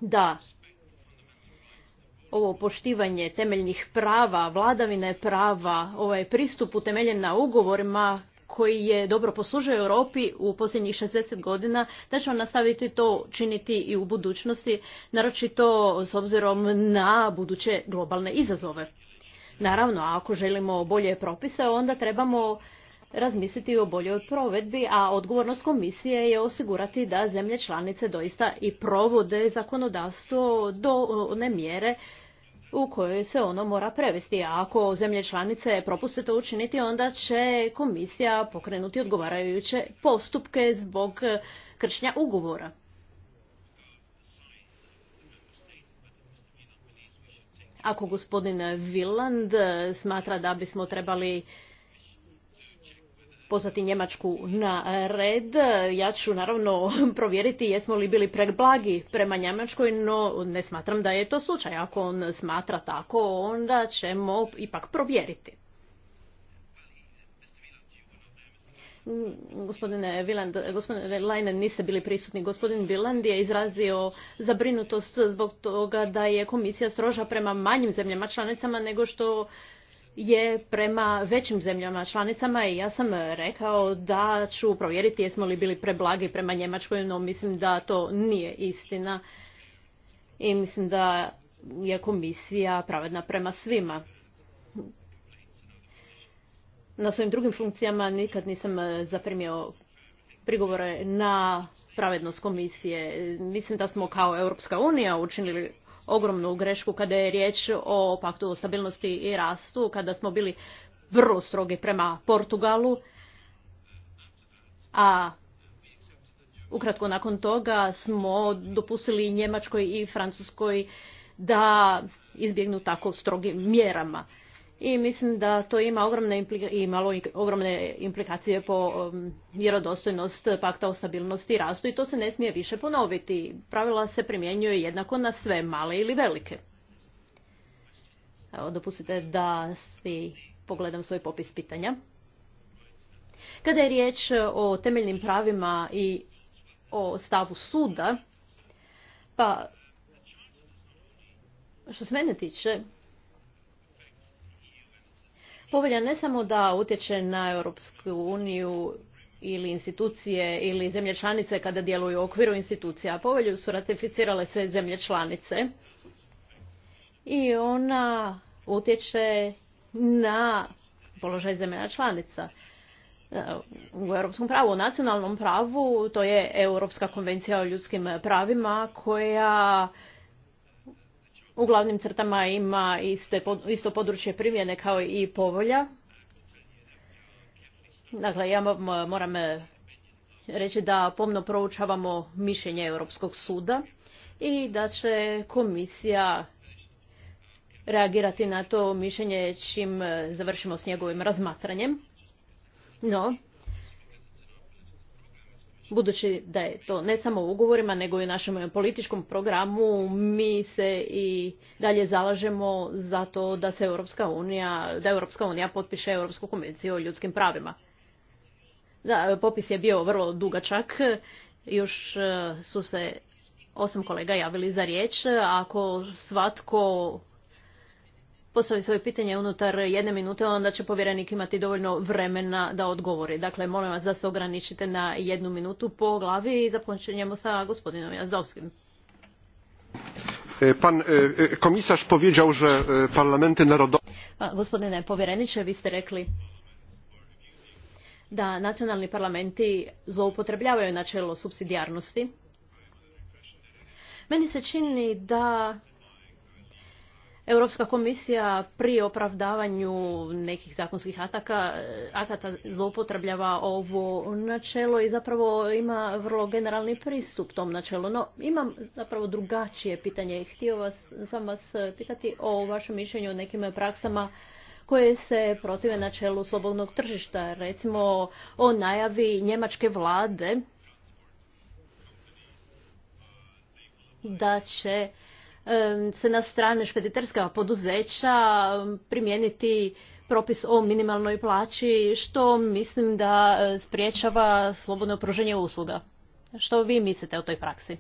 da ovo poštivanje temeljnih prava, vladavine prava, ovaj pristup utemeljen na ugovorima koji je dobro poslužio Europi u posljednjih 60 godina, da ćemo nastaviti to činiti i u budućnosti, naročito s obzirom na buduće globalne izazove. Naravno, ako želimo bolje propise, onda trebamo razmisliti o boljoj provedbi, a odgovornost komisije je osigurati da zemlje članice doista i provode zakonodavstvo do one mjere u kojoj se ono mora prevesti. A ako zemlje članice propuste to učiniti, onda će komisija pokrenuti odgovarajuće postupke zbog kršnja ugovora. Ako gospodin Villand smatra da bismo trebali pozvati Njemačku na red. Ja ću naravno (laughs) provjeriti jesmo li bili preblagi prema Njemačkoj, no ne smatram da je to slučaj. Ako on smatra tako, onda ćemo ipak provjeriti. Mm, gospodine, Viland, gospodine niste bili prisutni. Gospodin Viland je izrazio zabrinutost zbog toga da je komisija stroža prema manjim zemljama članicama nego što je prema većim zemljama članicama i ja sam rekao da ću provjeriti jesmo li bili preblagi prema Njemačkoj, no mislim da to nije istina i mislim da je komisija pravedna prema svima. Na svojim drugim funkcijama nikad nisam zaprimio prigovore na pravednost komisije. Mislim da smo kao Europska unija učinili ogromnu grešku kada je riječ o paktu o stabilnosti i rastu, kada smo bili vrlo strogi prema Portugalu, a ukratko nakon toga smo dopustili Njemačkoj i Francuskoj da izbjegnu tako strogim mjerama i mislim da to ima ogromne ogromne implikacije po um, vjerodostojnost pakta o stabilnosti i rastu i to se ne smije više ponoviti. Pravila se primjenjuju jednako na sve, male ili velike. Evo, dopustite da si pogledam svoj popis pitanja. Kada je riječ o temeljnim pravima i o stavu suda, pa što se mene tiče, povelja ne samo da utječe na Europsku uniju ili institucije ili zemlje članice kada djeluju u okviru institucija. Povelju su ratificirale sve zemlje članice i ona utječe na položaj zemlja članica. E, u europskom pravu, u nacionalnom pravu, to je Europska konvencija o ljudskim pravima koja u glavnim crtama ima isto područje primjene kao i povolja. Dakle, ja moram e, reći da pomno proučavamo mišljenje Europskog suda i da će komisija reagirati na to mišljenje čim e, završimo s njegovim razmatranjem. No, Budući da je to ne samo u ugovorima, nego i u našem političkom programu, mi se i dalje zalažemo za to da se Europska unija, da Europska unija potpiše Europsku konvenciju o ljudskim pravima. Da, popis je bio vrlo dugačak, još e, su se osam kolega javili za riječ. Ako svatko postavi svoje pitanje unutar jedne minute, onda će povjerenik imati dovoljno vremena da odgovori. Dakle, molim vas da se ograničite na jednu minutu po glavi i započinjemo sa gospodinom Jazdovskim. E, pan e, e, powiedział, że pa, Gospodine povjereniče, vi ste rekli da nacionalni parlamenti zloupotrebljavaju načelo subsidijarnosti. Meni se čini da Europska komisija pri opravdavanju nekih zakonskih ataka, akata zloupotrebljava ovo načelo i zapravo ima vrlo generalni pristup tom načelu. No, imam zapravo drugačije pitanje. Htio vas, sam vas pitati o vašem mišljenju o nekim praksama koje se protive načelu slobodnog tržišta, recimo o najavi njemačke vlade da će se na strane špediterska poduzeća primijeniti propis o minimalnoj plaći, što mislim da e, spriječava slobodno pruženje usluga. Što vi mislite o toj praksi?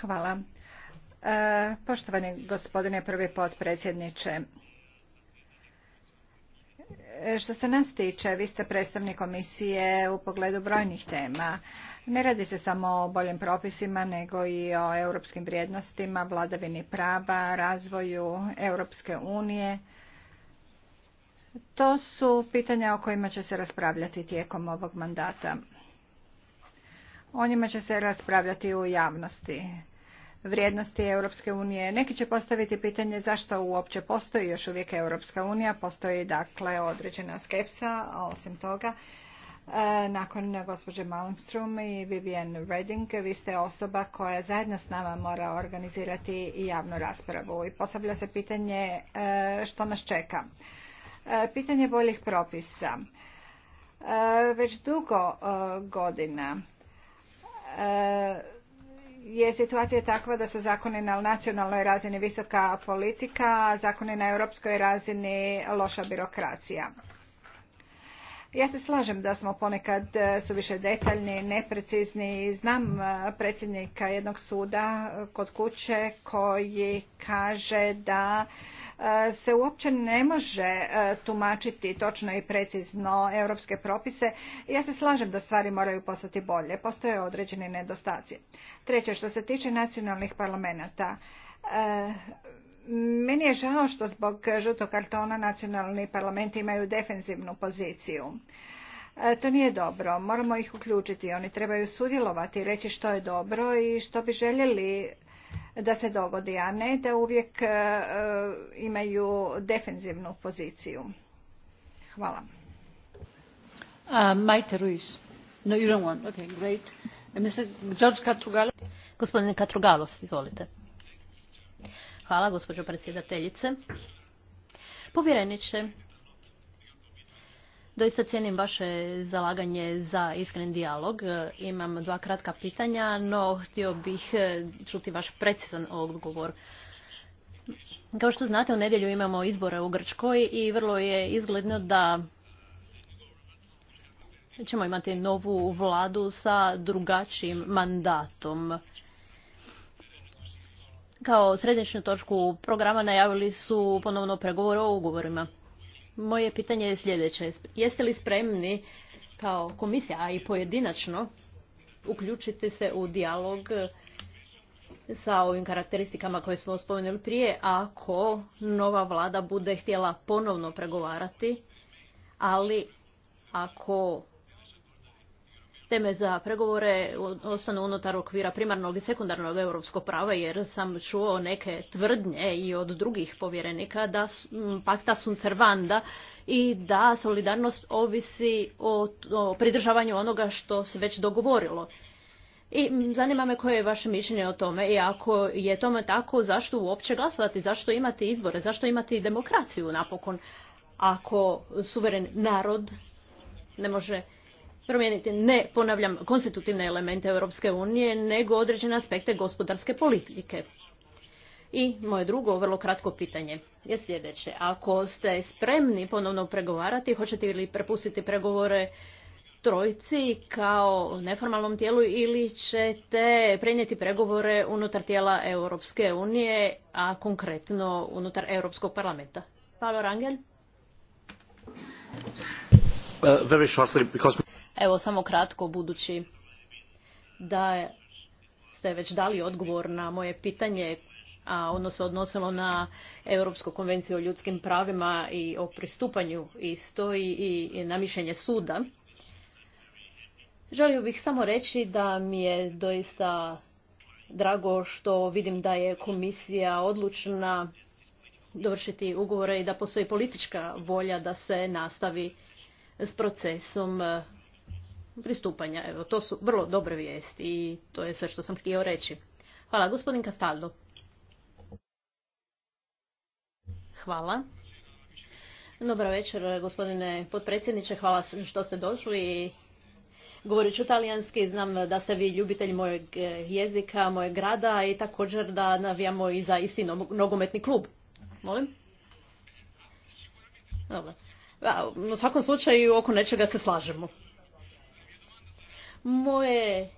Hvala. E, poštovani gospodine prvi potpredsjedniče, što se nas tiče, vi ste predstavnik komisije u pogledu brojnih tema. Ne radi se samo o boljim propisima, nego i o europskim vrijednostima, vladavini prava, razvoju Europske unije. To su pitanja o kojima će se raspravljati tijekom ovog mandata. O njima će se raspravljati u javnosti vrijednosti Europske unije. Neki će postaviti pitanje zašto uopće postoji još uvijek Europska unija, postoji dakle određena skepsa, a osim toga e, nakon gospođe Malmström i Vivian Redding, vi ste osoba koja zajedno s nama mora organizirati i javnu raspravu i postavlja se pitanje e, što nas čeka. E, pitanje boljih propisa. Već dugo godina je situacija takva da su zakoni na nacionalnoj razini visoka politika, a zakoni na europskoj razini loša birokracija. Ja se slažem da smo ponekad e, suviše detaljni, neprecizni. Znam e, predsjednika jednog suda e, kod kuće koji kaže da se uopće ne može e, tumačiti točno i precizno europske propise. Ja se slažem da stvari moraju postati bolje. Postoje određeni nedostaci. Treće, što se tiče nacionalnih parlamenta, e, meni je žao što zbog žutog kartona nacionalni parlamenti imaju defensivnu poziciju. E, to nije dobro. Moramo ih uključiti. Oni trebaju sudjelovati i reći što je dobro i što bi željeli da se dogodi, a ne da uvijek e, imaju defenzivnu poziciju. Hvala. Majte Ruiz. No, you don't want. Okay, great. George Gospodine Katrugalos, izvolite. Hvala, gospođo predsjedateljice. Povjereniče, Doista cijenim vaše zalaganje za iskren dijalog. Imam dva kratka pitanja, no htio bih e, čuti vaš precizan odgovor. Kao što znate, u nedjelju imamo izbore u Grčkoj i vrlo je izgledno da ćemo imati novu vladu sa drugačijim mandatom. Kao središnju točku programa najavili su ponovno pregovore o ugovorima. Moje pitanje je sljedeće. Jeste li spremni kao komisija, a i pojedinačno, uključiti se u dijalog sa ovim karakteristikama koje smo spomenuli prije, ako nova vlada bude htjela ponovno pregovarati, ali ako teme za pregovore ostanu unutar okvira primarnog i sekundarnog europskog prava jer sam čuo neke tvrdnje i od drugih povjerenika da pakta sunt servanda i da solidarnost ovisi o, o pridržavanju onoga što se već dogovorilo. I zanima me koje je vaše mišljenje o tome i ako je tome tako, zašto uopće glasovati, zašto imati izbore, zašto imati demokraciju napokon ako suveren narod ne može promijeniti ne, ponavljam, konstitutivne elemente Europske unije, nego određene aspekte gospodarske politike. I moje drugo, vrlo kratko pitanje je sljedeće. Ako ste spremni ponovno pregovarati, hoćete li prepustiti pregovore trojci kao neformalnom tijelu ili ćete prenijeti pregovore unutar tijela Europske unije, a konkretno unutar Europskog parlamenta? Rangel? Uh, very shortly because... Evo, samo kratko, budući da ste već dali odgovor na moje pitanje, a ono se odnosilo na Europsku konvenciju o ljudskim pravima i o pristupanju i stoji i na mišljenje suda. Želio bih samo reći da mi je doista drago što vidim da je komisija odlučna dovršiti ugovore i da postoji politička volja da se nastavi s procesom pristupanja. Evo, to su vrlo dobre vijesti i to je sve što sam htio reći. Hvala, gospodin Castaldo. Hvala. Dobar večer, gospodine potpredsjedniče. Hvala što ste došli. Govorit ću talijanski, znam da ste vi ljubitelj mojeg jezika, mojeg grada i također da navijamo i za isti nogometni klub. Molim? Dobro. U svakom slučaju oko nečega se slažemo. Moje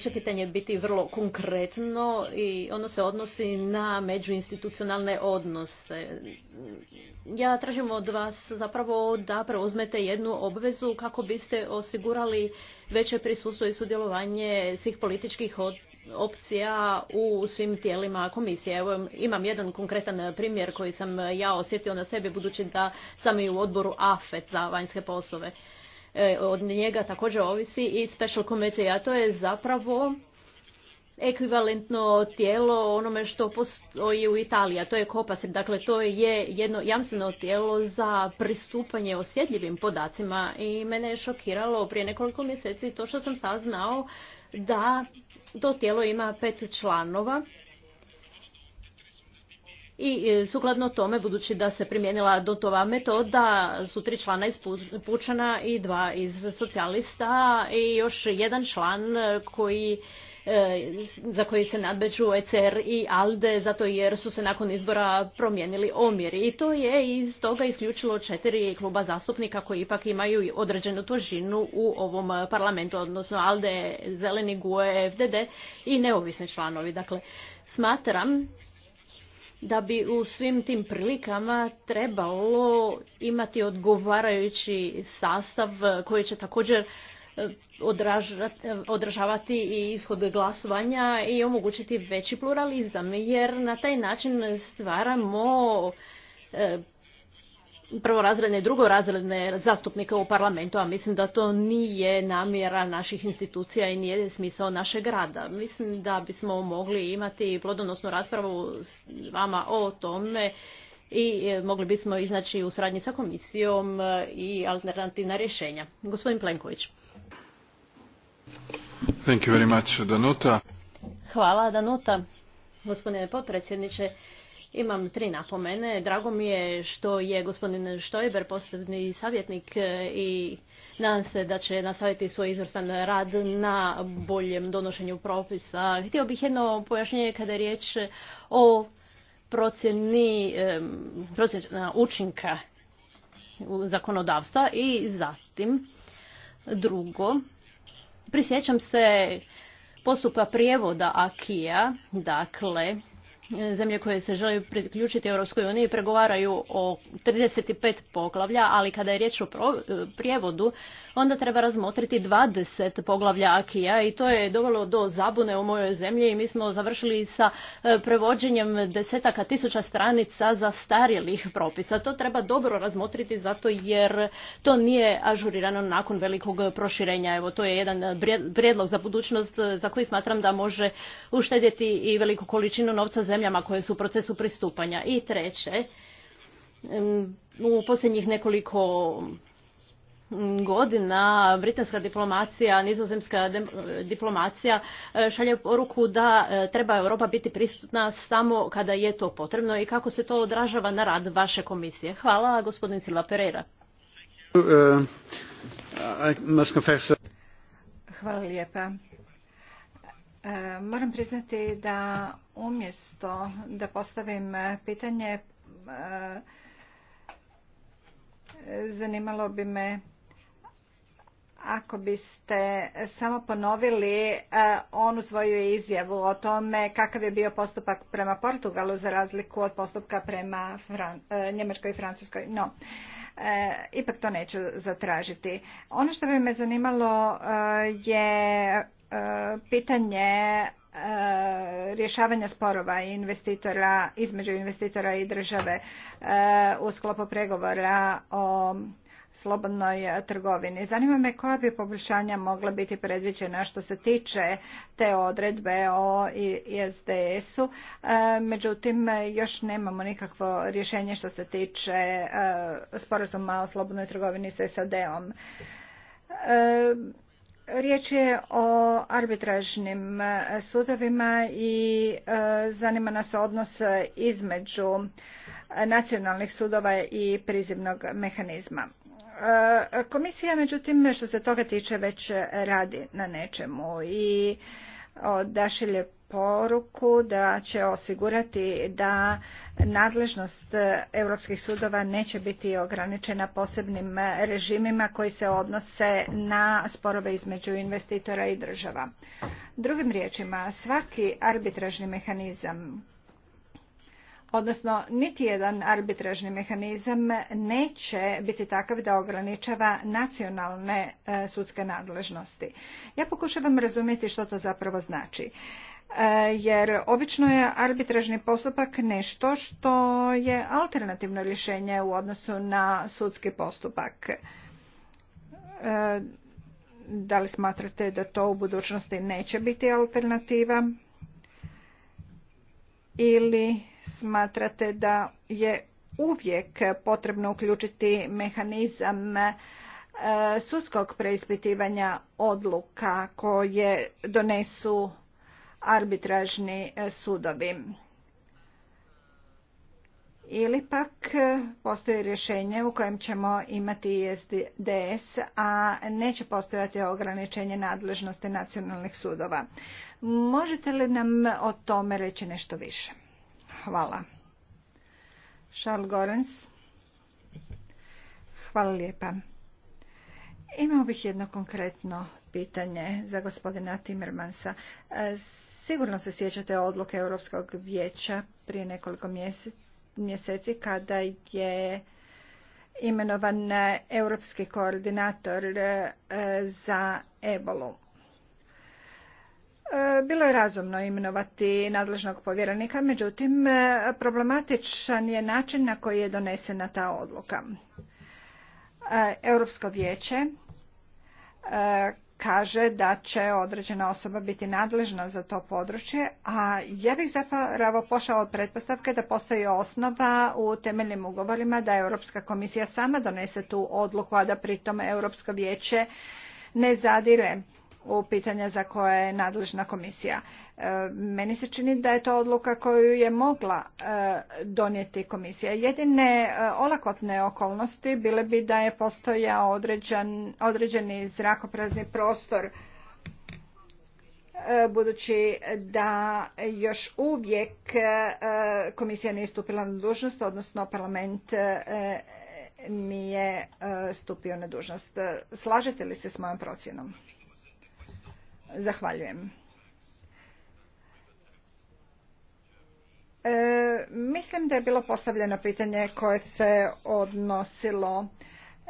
će pitanje biti vrlo konkretno i ono se odnosi na međuinstitucionalne odnose. Ja tražim od vas zapravo da preuzmete jednu obvezu kako biste osigurali veće prisustvo i sudjelovanje svih političkih opcija u svim tijelima komisije. Evo, imam jedan konkretan primjer koji sam ja osjetio na sebi budući da sam i u odboru AFET za vanjske poslove. E, od njega također ovisi i special committee, a to je zapravo ekvivalentno tijelo onome što postoji u Italiji, a to je COPASIR. Dakle, to je jedno jamstveno tijelo za pristupanje osjetljivim podacima i mene je šokiralo prije nekoliko mjeseci to što sam saznao da to tijelo ima pet članova i e, sukladno tome, budući da se primijenila dotova metoda, su tri člana iz i dva iz socijalista i još jedan član koji E, za koji se nadbeću ECR i ALDE zato jer su se nakon izbora promijenili omjeri. I to je iz toga isključilo četiri kluba zastupnika koji ipak imaju određenu tožinu u ovom parlamentu, odnosno ALDE, Zeleni, GUE, FDD i neovisni članovi. Dakle, smatram da bi u svim tim prilikama trebalo imati odgovarajući sastav koji će također odražavati i ishod glasovanja i omogućiti veći pluralizam, jer na taj način stvaramo e, prvorazredne i drugorazredne zastupnike u parlamentu, a mislim da to nije namjera naših institucija i nije smisao našeg rada. Mislim da bismo mogli imati plodonosnu raspravu s vama o tome i e, mogli bismo iznaći u suradnji sa komisijom e, i alternativna rješenja. Gospodin Plenković. Hvala, Danuta. Gospodine potpredsjedniče, imam tri napomene. Drago mi je što je gospodin Štojber, posebni savjetnik e, i nadam se da će nastaviti svoj izvrstan rad na boljem donošenju propisa. Htio bih jedno pojašnjenje kada je riječ o procjeni e, procjena učinka zakonodavstva i zatim drugo prisjećam se postupa prijevoda Akija, dakle, zemlje koje se žele priključiti Europskoj uniji pregovaraju o 35 poglavlja, ali kada je riječ o prijevodu, onda treba razmotriti 20 poglavlja Akija i to je dovelo do zabune u mojoj zemlji i mi smo završili sa e, prevođenjem desetaka tisuća stranica zastarjelih propisa. To treba dobro razmotriti zato jer to nije ažurirano nakon velikog proširenja. Evo, to je jedan prijedlog za budućnost e, za koji smatram da može uštedjeti i veliku količinu novca zemljama koje su u procesu pristupanja. I treće, u posljednjih nekoliko godina britanska diplomacija, nizozemska diplomacija e, šalje poruku da e, treba Europa biti prisutna samo kada je to potrebno i kako se to odražava na rad vaše komisije. Hvala, gospodin Silva Pereira. Hvala lijepa. E, moram priznati da umjesto da postavim pitanje zanimalo bi me ako biste samo ponovili e, onu svoju izjavu o tome kakav je bio postupak prema Portugalu za razliku od postupka prema e, Njemačkoj i Francuskoj. No, e, ipak to neću zatražiti. Ono što bi me zanimalo je pitanje rješavanja sporova investitora, između investitora i države u sklopu pregovora o slobodnoj e, trgovini. Zanima me koja bi poboljšanja mogla biti predviđena što se tiče te odredbe o ISDS-u. E, međutim, još nemamo nikakvo rješenje što se tiče e, sporazuma o slobodnoj trgovini s SAD-om. Riječ je o arbitražnim sudovima i zanima nas odnos između nacionalnih sudova i prizivnog mehanizma. E, komisija, međutim, što se toga tiče, već radi na nečemu i odašilje poruku da će osigurati da nadležnost europskih sudova neće biti ograničena posebnim režimima koji se odnose na sporove između investitora i država. Drugim riječima, svaki arbitražni mehanizam odnosno niti jedan arbitražni mehanizam neće biti takav da ograničava nacionalne e, sudske nadležnosti. Ja pokušavam razumjeti što to zapravo znači. E, jer obično je arbitražni postupak nešto što je alternativno rješenje u odnosu na sudski postupak. E, da li smatrate da to u budućnosti neće biti alternativa? Ili smatrate da je uvijek potrebno uključiti mehanizam e, sudskog preispitivanja odluka koje donesu arbitražni e, sudovi. Ili pak e, postoji rješenje u kojem ćemo imati ISDS, a neće postojati ograničenje nadležnosti nacionalnih sudova. Možete li nam o tome reći nešto više? Hvala. Charles Gorens. Hvala lijepa. Imao bih jedno konkretno pitanje za gospodina Timmermansa. E, sigurno se sjećate odluke Europskog vijeća prije nekoliko mjeseci kada je imenovan europski koordinator e, za ebolu. E, bilo je razumno imenovati nadležnog povjerenika, međutim e, problematičan je način na koji je donesena ta odluka. E, Europsko vijeće kaže da će određena osoba biti nadležna za to područje, a ja bih zapravo pošao od pretpostavke da postoji osnova u temeljnim ugovorima da Europska komisija sama donese tu odluku, a da pritom Europsko vijeće ne zadire u pitanja za koje je nadležna komisija. E, meni se čini da je to odluka koju je mogla e, donijeti komisija. Jedine e, olakotne okolnosti bile bi da je postojao određen, određeni zrakoprazni prostor budući da još uvijek komisija nije stupila na dužnost, odnosno parlament nije stupio na dužnost. Slažete li se s mojom procjenom? Zahvaljujem. E, mislim da je bilo postavljeno pitanje koje se odnosilo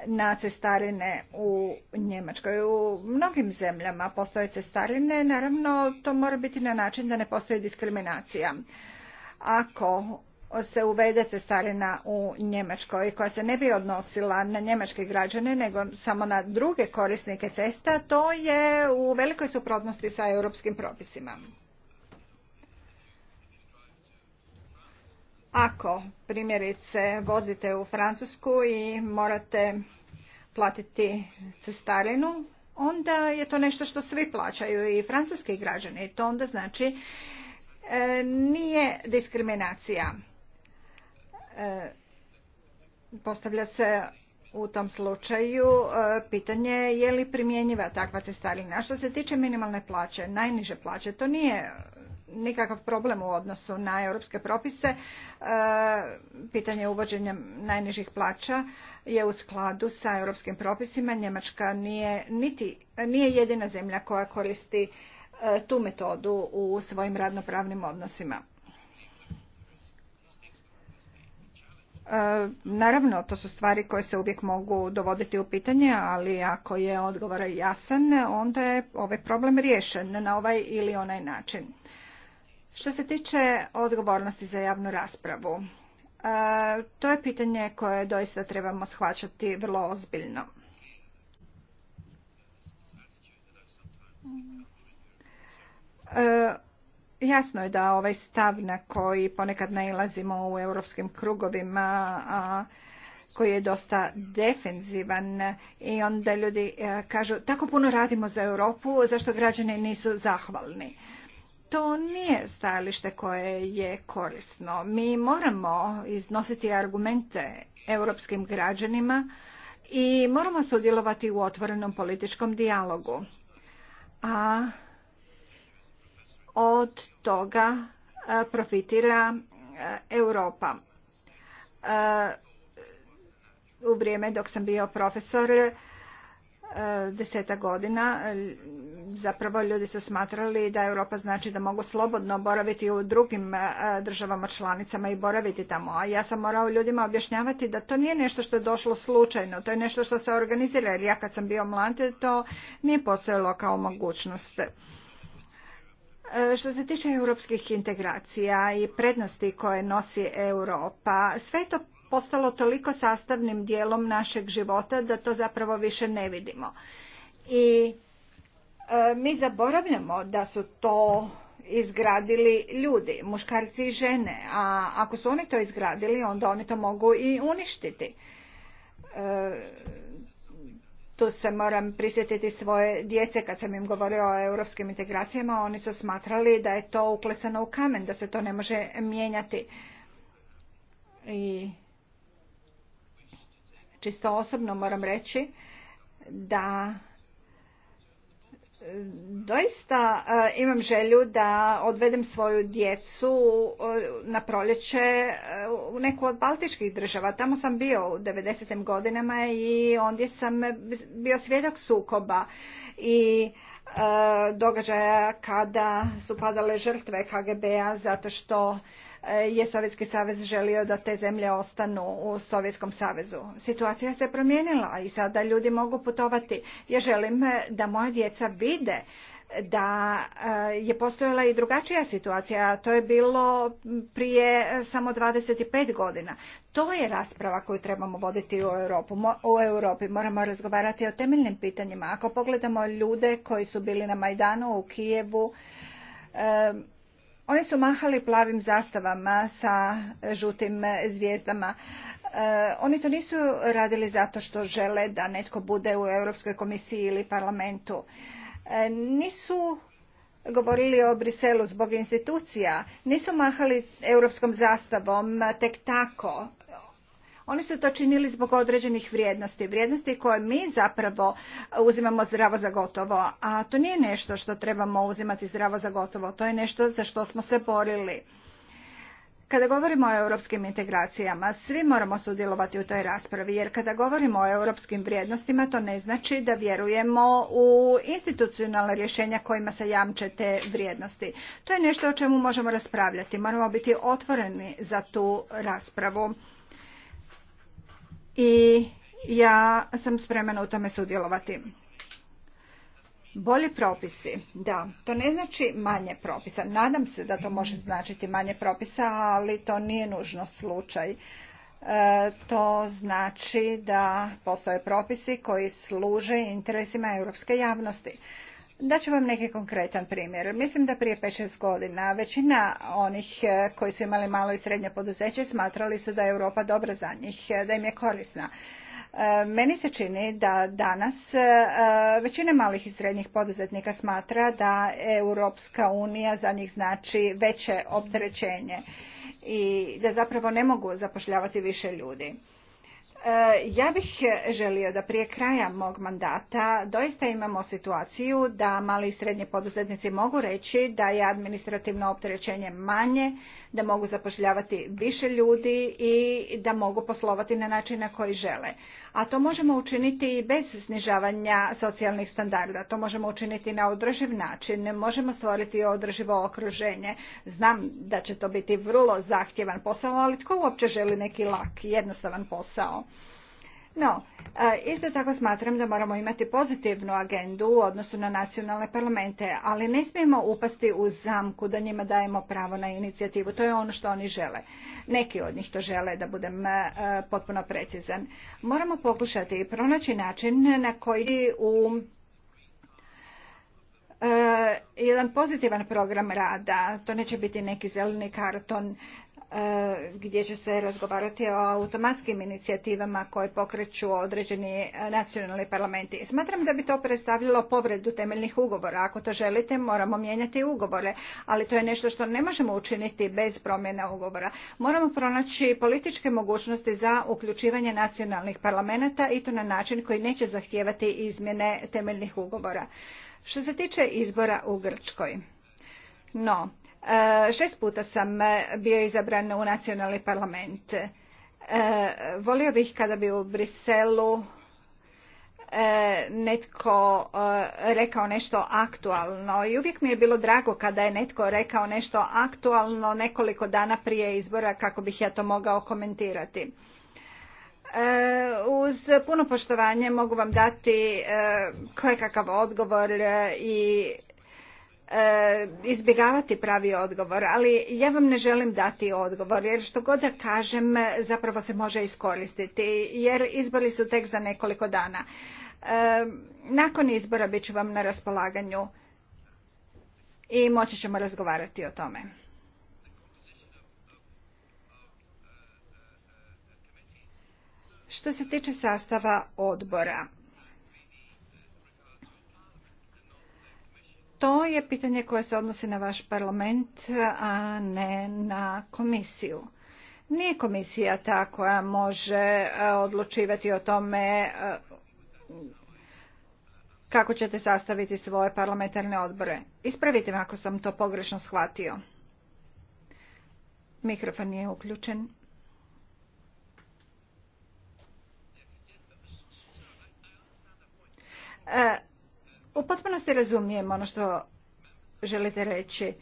na cestarine u Njemačkoj. U mnogim zemljama postoje cestarine, naravno to mora biti na način da ne postoji diskriminacija. Ako se uvede cestarina u Njemačkoj koja se ne bi odnosila na njemačke građane nego samo na druge korisnike cesta, to je u velikoj suprotnosti sa europskim propisima. Ako primjerice vozite u Francusku i morate platiti cestarinu, onda je to nešto što svi plaćaju i francuski građani. To onda znači e, nije diskriminacija. E, postavlja se u tom slučaju e, pitanje je li primjenjiva takva cestarina. Što se tiče minimalne plaće, najniže plaće, to nije nikakav problem u odnosu na europske propise. E, pitanje uvođenja najnižih plaća je u skladu sa europskim propisima. Njemačka nije, niti, nije jedina zemlja koja koristi tu metodu u svojim radnopravnim odnosima. E, naravno, to su stvari koje se uvijek mogu dovoditi u pitanje, ali ako je odgovor jasan, onda je ovaj problem riješen na ovaj ili onaj način. Što se tiče odgovornosti za javnu raspravu, e, to je pitanje koje doista trebamo shvaćati vrlo ozbiljno. E, Jasno je da ovaj stav na koji ponekad nailazimo u europskim krugovima, a koji je dosta defenzivan i onda ljudi e, kažu tako puno radimo za Europu, zašto građani nisu zahvalni. To nije stajalište koje je korisno. Mi moramo iznositi argumente europskim građanima i moramo sudjelovati u otvorenom političkom dijalogu. A od toga e, profitira e, Europa. E, u vrijeme dok sam bio profesor deseta godina zapravo ljudi su smatrali da Europa znači da mogu slobodno boraviti u drugim državama članicama i boraviti tamo. A ja sam morao ljudima objašnjavati da to nije nešto što je došlo slučajno, to je nešto što se organizira jer ja kad sam bio mlad to nije postojalo kao mogućnost. Što se tiče europskih integracija i prednosti koje nosi Europa, sve je to postalo toliko sastavnim dijelom našeg života da to zapravo više ne vidimo. I e, mi zaboravljamo da su to izgradili ljudi, muškarci i žene, a ako su oni to izgradili, onda oni to mogu i uništiti. E, tu se moram prisjetiti svoje djece kad sam im govorila o europskim integracijama, oni su smatrali da je to uklesano u kamen, da se to ne može mijenjati. I čisto osobno moram reći da doista e, imam želju da odvedem svoju djecu e, na proljeće e, u neku od baltičkih država. Tamo sam bio u 90. godinama i ondje sam bio svjedok sukoba i događaja kada su padale žrtve KGB-a zato što je Sovjetski savez želio da te zemlje ostanu u Sovjetskom savezu. Situacija se promijenila i sada ljudi mogu putovati. Ja želim eh, da moja djeca vide da eh, je postojala i drugačija situacija. To je bilo prije eh, samo 25 godina. To je rasprava koju trebamo voditi u, Europu, u Europi. Moramo razgovarati o temeljnim pitanjima. Ako pogledamo ljude koji su bili na Majdanu u Kijevu, oni su mahali plavim zastavama sa žutim zvijezdama. E, oni to nisu radili zato što žele da netko bude u Europskoj komisiji ili parlamentu. E, nisu govorili o Briselu zbog institucija, nisu mahali europskom zastavom tek tako oni su to činili zbog određenih vrijednosti, vrijednosti koje mi zapravo uzimamo zdravo za gotovo, a to nije nešto što trebamo uzimati zdravo za gotovo, to je nešto za što smo se borili. Kada govorimo o europskim integracijama, svi moramo sudjelovati u toj raspravi, jer kada govorimo o europskim vrijednostima, to ne znači da vjerujemo u institucionalne rješenja kojima se jamče te vrijednosti. To je nešto o čemu možemo raspravljati. Moramo biti otvoreni za tu raspravu i ja sam spremena u tome sudjelovati. Bolji propisi, da, to ne znači manje propisa. Nadam se da to može značiti manje propisa, ali to nije nužno slučaj. E, to znači da postoje propisi koji služe interesima europske javnosti ću vam neki konkretan primjer. Mislim da prije 5-6 godina većina onih e, koji su imali malo i srednje poduzeće smatrali su da je Europa dobra za njih, e, da im je korisna. E, meni se čini da danas većina malih i srednjih poduzetnika smatra da Europska unija za njih znači veće opterećenje i da zapravo ne mogu zapošljavati više ljudi. E, ja bih želio da prije kraja mog mandata doista imamo situaciju da mali i srednji poduzetnici mogu reći da je administrativno opterećenje manje, da mogu zapošljavati više ljudi i da mogu poslovati na način na koji žele a to možemo učiniti i bez snižavanja socijalnih standarda. To možemo učiniti na održiv način, možemo stvoriti održivo okruženje. Znam da će to biti vrlo zahtjevan posao, ali tko uopće želi neki lak, jednostavan posao? No, isto tako smatram da moramo imati pozitivnu agendu u odnosu na nacionalne parlamente, ali ne smijemo upasti u zamku da njima dajemo pravo na inicijativu. To je ono što oni žele. Neki od njih to žele, da budem potpuno precizan. Moramo pokušati pronaći način na koji u jedan pozitivan program rada, to neće biti neki zeleni karton, E, gdje će se razgovarati o automatskim inicijativama koje pokreću određeni nacionalni parlamenti. Smatram da bi to predstavljalo povredu temeljnih ugovora. Ako to želite, moramo mijenjati ugovore, ali to je nešto što ne možemo učiniti bez promjena ugovora. Moramo pronaći političke mogućnosti za uključivanje nacionalnih parlamenta i to na način koji neće zahtijevati izmjene temeljnih ugovora. Što se tiče izbora u Grčkoj, no, E, šest puta sam e, bio izabran u nacionalni parlament. E, volio bih kada bi u Briselu netko rekao nešto aktualno i uvijek mi je bilo drago kada je netko rekao nešto aktualno nekoliko dana prije izbora kako bih ja to mogao komentirati. Uz puno poštovanje mogu vam dati kojekakav odgovor i E, izbjegavati pravi odgovor, ali ja vam ne želim dati odgovor, jer što god da kažem zapravo se može iskoristiti, jer izbori su tek za nekoliko dana. E, nakon izbora bit ću vam na raspolaganju i moći ćemo razgovarati o tome. Što se tiče sastava odbora, To je pitanje koje se odnosi na vaš parlament, a ne na komisiju. Nije komisija ta koja može e, odlučivati o tome e, kako ćete sastaviti svoje parlamentarne odbore. Ispravite me ako sam to pogrešno shvatio. Mikrofon nije uključen. E, u potpunosti razumijem ono što želite reći.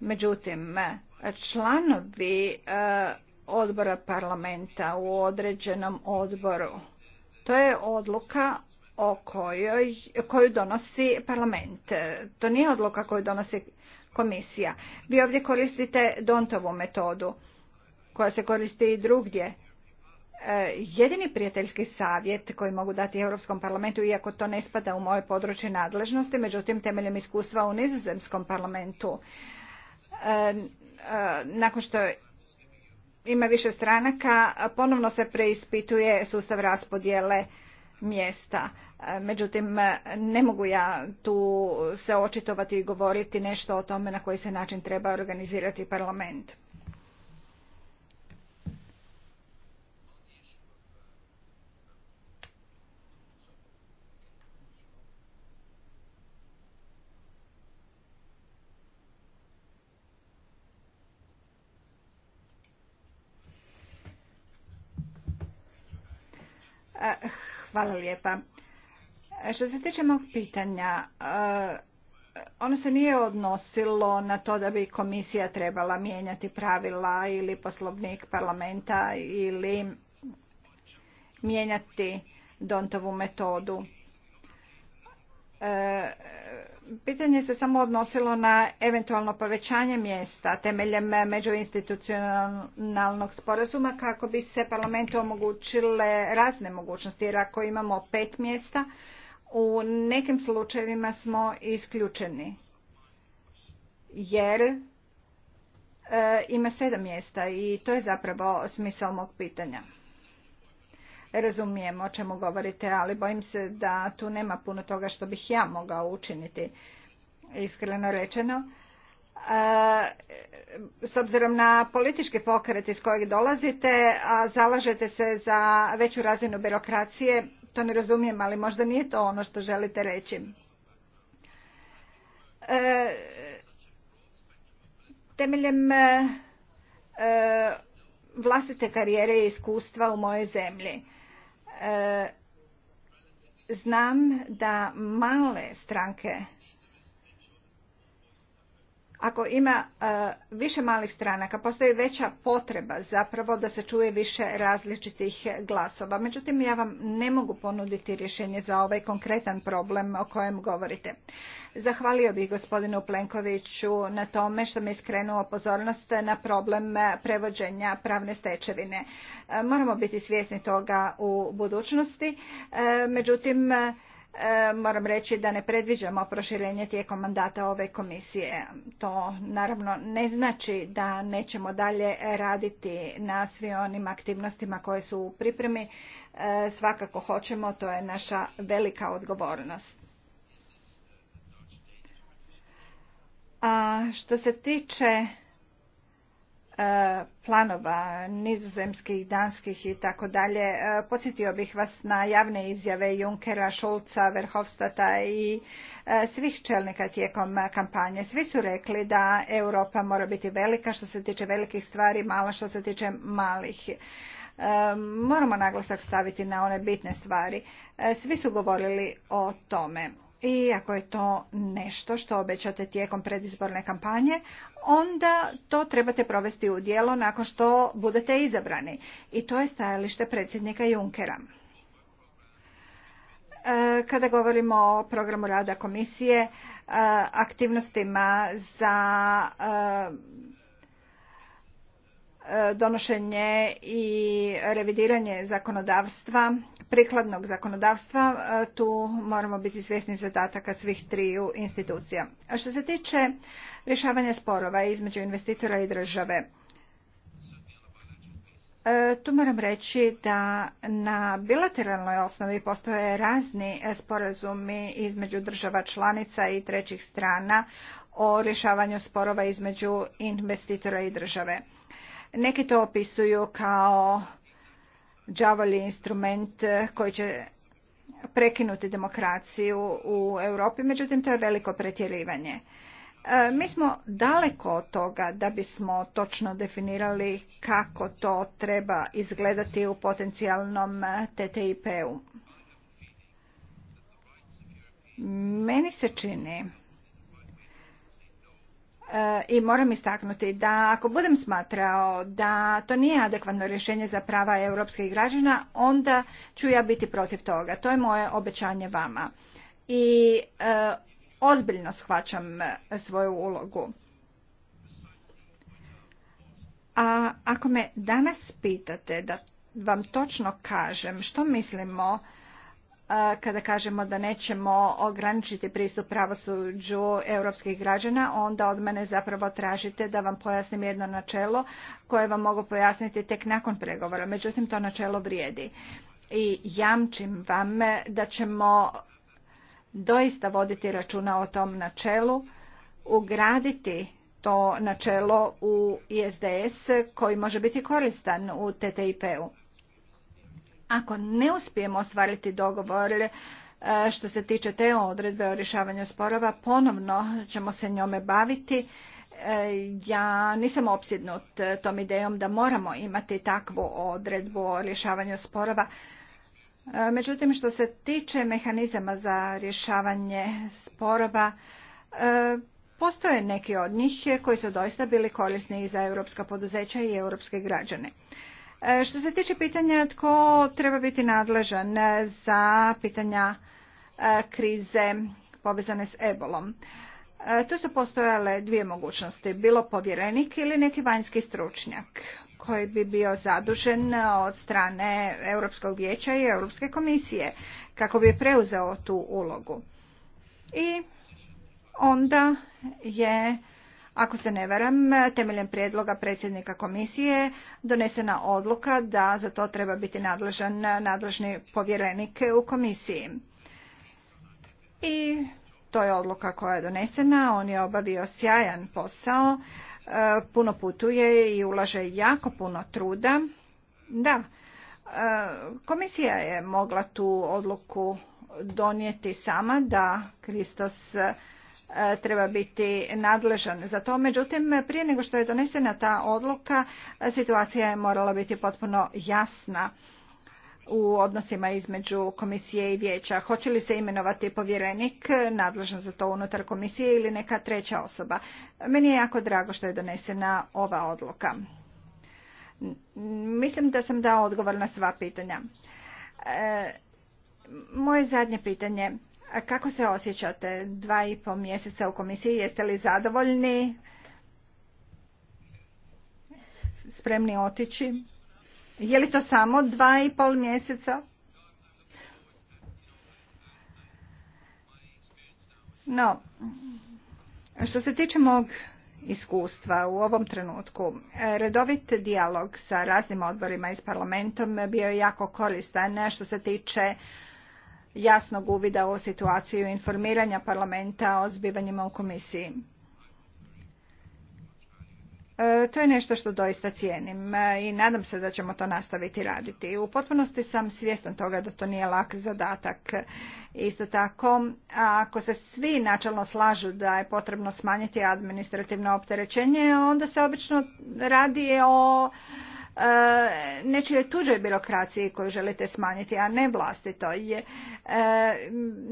Međutim, članovi eh, odbora parlamenta u određenom odboru, to je odluka o kojoj, koju donosi parlament. To nije odluka koju donosi komisija. Vi ovdje koristite Dontovu metodu koja se koristi i drugdje E, jedini prijateljski savjet koji mogu dati Europskom parlamentu, iako to ne spada u moje područje nadležnosti, međutim temeljem iskustva u nizozemskom parlamentu, e, e, nakon što ima više stranaka, ponovno se preispituje sustav raspodjele mjesta. Međutim, ne mogu ja tu se očitovati i govoriti nešto o tome na koji se način treba organizirati parlament. Hvala lijepa. Što se tiče mog pitanja, eh, ono se nije odnosilo na to da bi komisija trebala mijenjati pravila ili poslovnik parlamenta ili mijenjati Dontovu metodu. Eh, pitanje se samo odnosilo na eventualno povećanje mjesta temeljem međuinstitucionalnog sporazuma kako bi se parlamentu omogućile razne mogućnosti jer ako imamo pet mjesta u nekim slučajevima smo isključeni jer e, ima sedam mjesta i to je zapravo smisao mog pitanja razumijem o čemu govorite, ali bojim se da tu nema puno toga što bih ja mogao učiniti, iskreno rečeno. E, s obzirom na politički pokret iz kojeg dolazite, a zalažete se za veću razinu birokracije, to ne razumijem, ali možda nije to ono što želite reći. E, temeljem e, vlastite karijere i iskustva u mojoj zemlji. E, znam da male stranke ako ima e, više malih stranaka postoji veća potreba zapravo da se čuje više različitih glasova međutim ja vam ne mogu ponuditi rješenje za ovaj konkretan problem o kojem govorite zahvalio bih gospodinu plenkoviću na tome što mi je skrenuo pozornost na problem prevođenja pravne stečevine e, moramo biti svjesni toga u budućnosti e, međutim E, moram reći da ne predviđamo proširenje tijekom mandata ove komisije. To naravno ne znači da nećemo dalje raditi na svi onim aktivnostima koje su u pripremi. E, svakako hoćemo, to je naša velika odgovornost. A što se tiče E, planova nizozemskih, danskih i tako dalje. E, podsjetio bih vas na javne izjave Junkera, Šulca, Verhofstata i e, svih čelnika tijekom kampanje. Svi su rekli da Europa mora biti velika što se tiče velikih stvari, mala što se tiče malih. Moramo naglasak staviti na one bitne stvari. Svi su govorili o tome i ako je to nešto što obećate tijekom predizborne kampanje, onda to trebate provesti u dijelo nakon što budete izabrani. I to je stajalište predsjednika Junkera. E, kada govorimo o programu rada komisije, e, aktivnostima za e, E, donošenje i revidiranje zakonodavstva, prikladnog zakonodavstva, e, tu moramo biti svjesni zadataka svih triju institucija. A što se tiče rješavanja sporova između investitora i države, e, tu moram reći da na bilateralnoj osnovi postoje razni sporazumi između država članica i trećih strana o rješavanju sporova između investitora i države. Neki to opisuju kao džavolji instrument koji će prekinuti demokraciju u Europi, međutim to je veliko pretjerivanje. E, mi smo daleko od toga da bismo točno definirali kako to treba izgledati u potencijalnom TTIP-u. Meni se čini E, i moram istaknuti da ako budem smatrao da to nije adekvatno rješenje za prava europskih građana, onda ću ja biti protiv toga. To je moje obećanje vama. I e, ozbiljno shvaćam svoju ulogu. A ako me danas pitate da vam točno kažem što mislimo kada kažemo da nećemo ograničiti pristup pravosuđu europskih građana, onda od mene zapravo tražite da vam pojasnim jedno načelo koje vam mogu pojasniti tek nakon pregovora. Međutim, to načelo vrijedi. I jamčim vam da ćemo doista voditi računa o tom načelu, ugraditi to načelo u ISDS koji može biti koristan u TTIP-u. Ako ne uspijemo ostvariti dogovor e, što se tiče te odredbe o rješavanju sporova, ponovno ćemo se njome baviti. E, ja nisam opsjednut e, tom idejom da moramo imati takvu odredbu o rješavanju sporova. Međutim, što se tiče mehanizama za rješavanje sporova, postoje neki od njih koji su doista bili korisni i za europska poduzeća i europske građane. E, što se tiče pitanja tko treba biti nadležan za pitanja e, krize povezane s ebolom. E, tu su postojale dvije mogućnosti, bilo povjerenik ili neki vanjski stručnjak koji bi bio zadužen od strane Europskog vijeća i Europske komisije kako bi preuzeo tu ulogu. I onda je ako se ne varam, temeljem prijedloga predsjednika komisije donesena odluka da za to treba biti nadležan nadležni povjerenik u komisiji. I to je odluka koja je donesena, on je obavio sjajan posao, e, puno putuje i ulaže jako puno truda. Da, e, komisija je mogla tu odluku donijeti sama da Kristos E, treba biti nadležan za to. Međutim, prije nego što je donesena ta odluka, situacija je morala biti potpuno jasna u odnosima između komisije i vijeća. Hoće li se imenovati povjerenik nadležan za to unutar komisije ili neka treća osoba? Meni je jako drago što je donesena ova odluka. Mislim da sam dao odgovor na sva pitanja. E, moje zadnje pitanje kako se osjećate dva i pol mjeseca u komisiji? Jeste li zadovoljni? Spremni otići? Je li to samo dva i pol mjeseca? No, što se tiče mog iskustva u ovom trenutku, redovit dijalog sa raznim odborima s parlamentom bio je jako koristan što se tiče jasnog uvida o situaciju informiranja parlamenta o zbivanjima u komisiji. E, to je nešto što doista cijenim e, i nadam se da ćemo to nastaviti raditi. U potpunosti sam svjestan toga da to nije lak zadatak. Isto tako, ako se svi načalno slažu da je potrebno smanjiti administrativno opterećenje, onda se obično radi o E, nečijoj tuđoj birokraciji koju želite smanjiti, a ne vlastitoj. to e,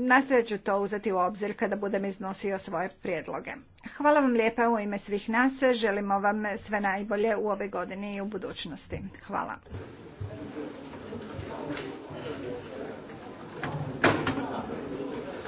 nastojat ću to uzeti u obzir kada budem iznosio svoje prijedloge. Hvala vam lijepa u ime svih nas. Želimo vam sve najbolje u ove godini i u budućnosti. Hvala.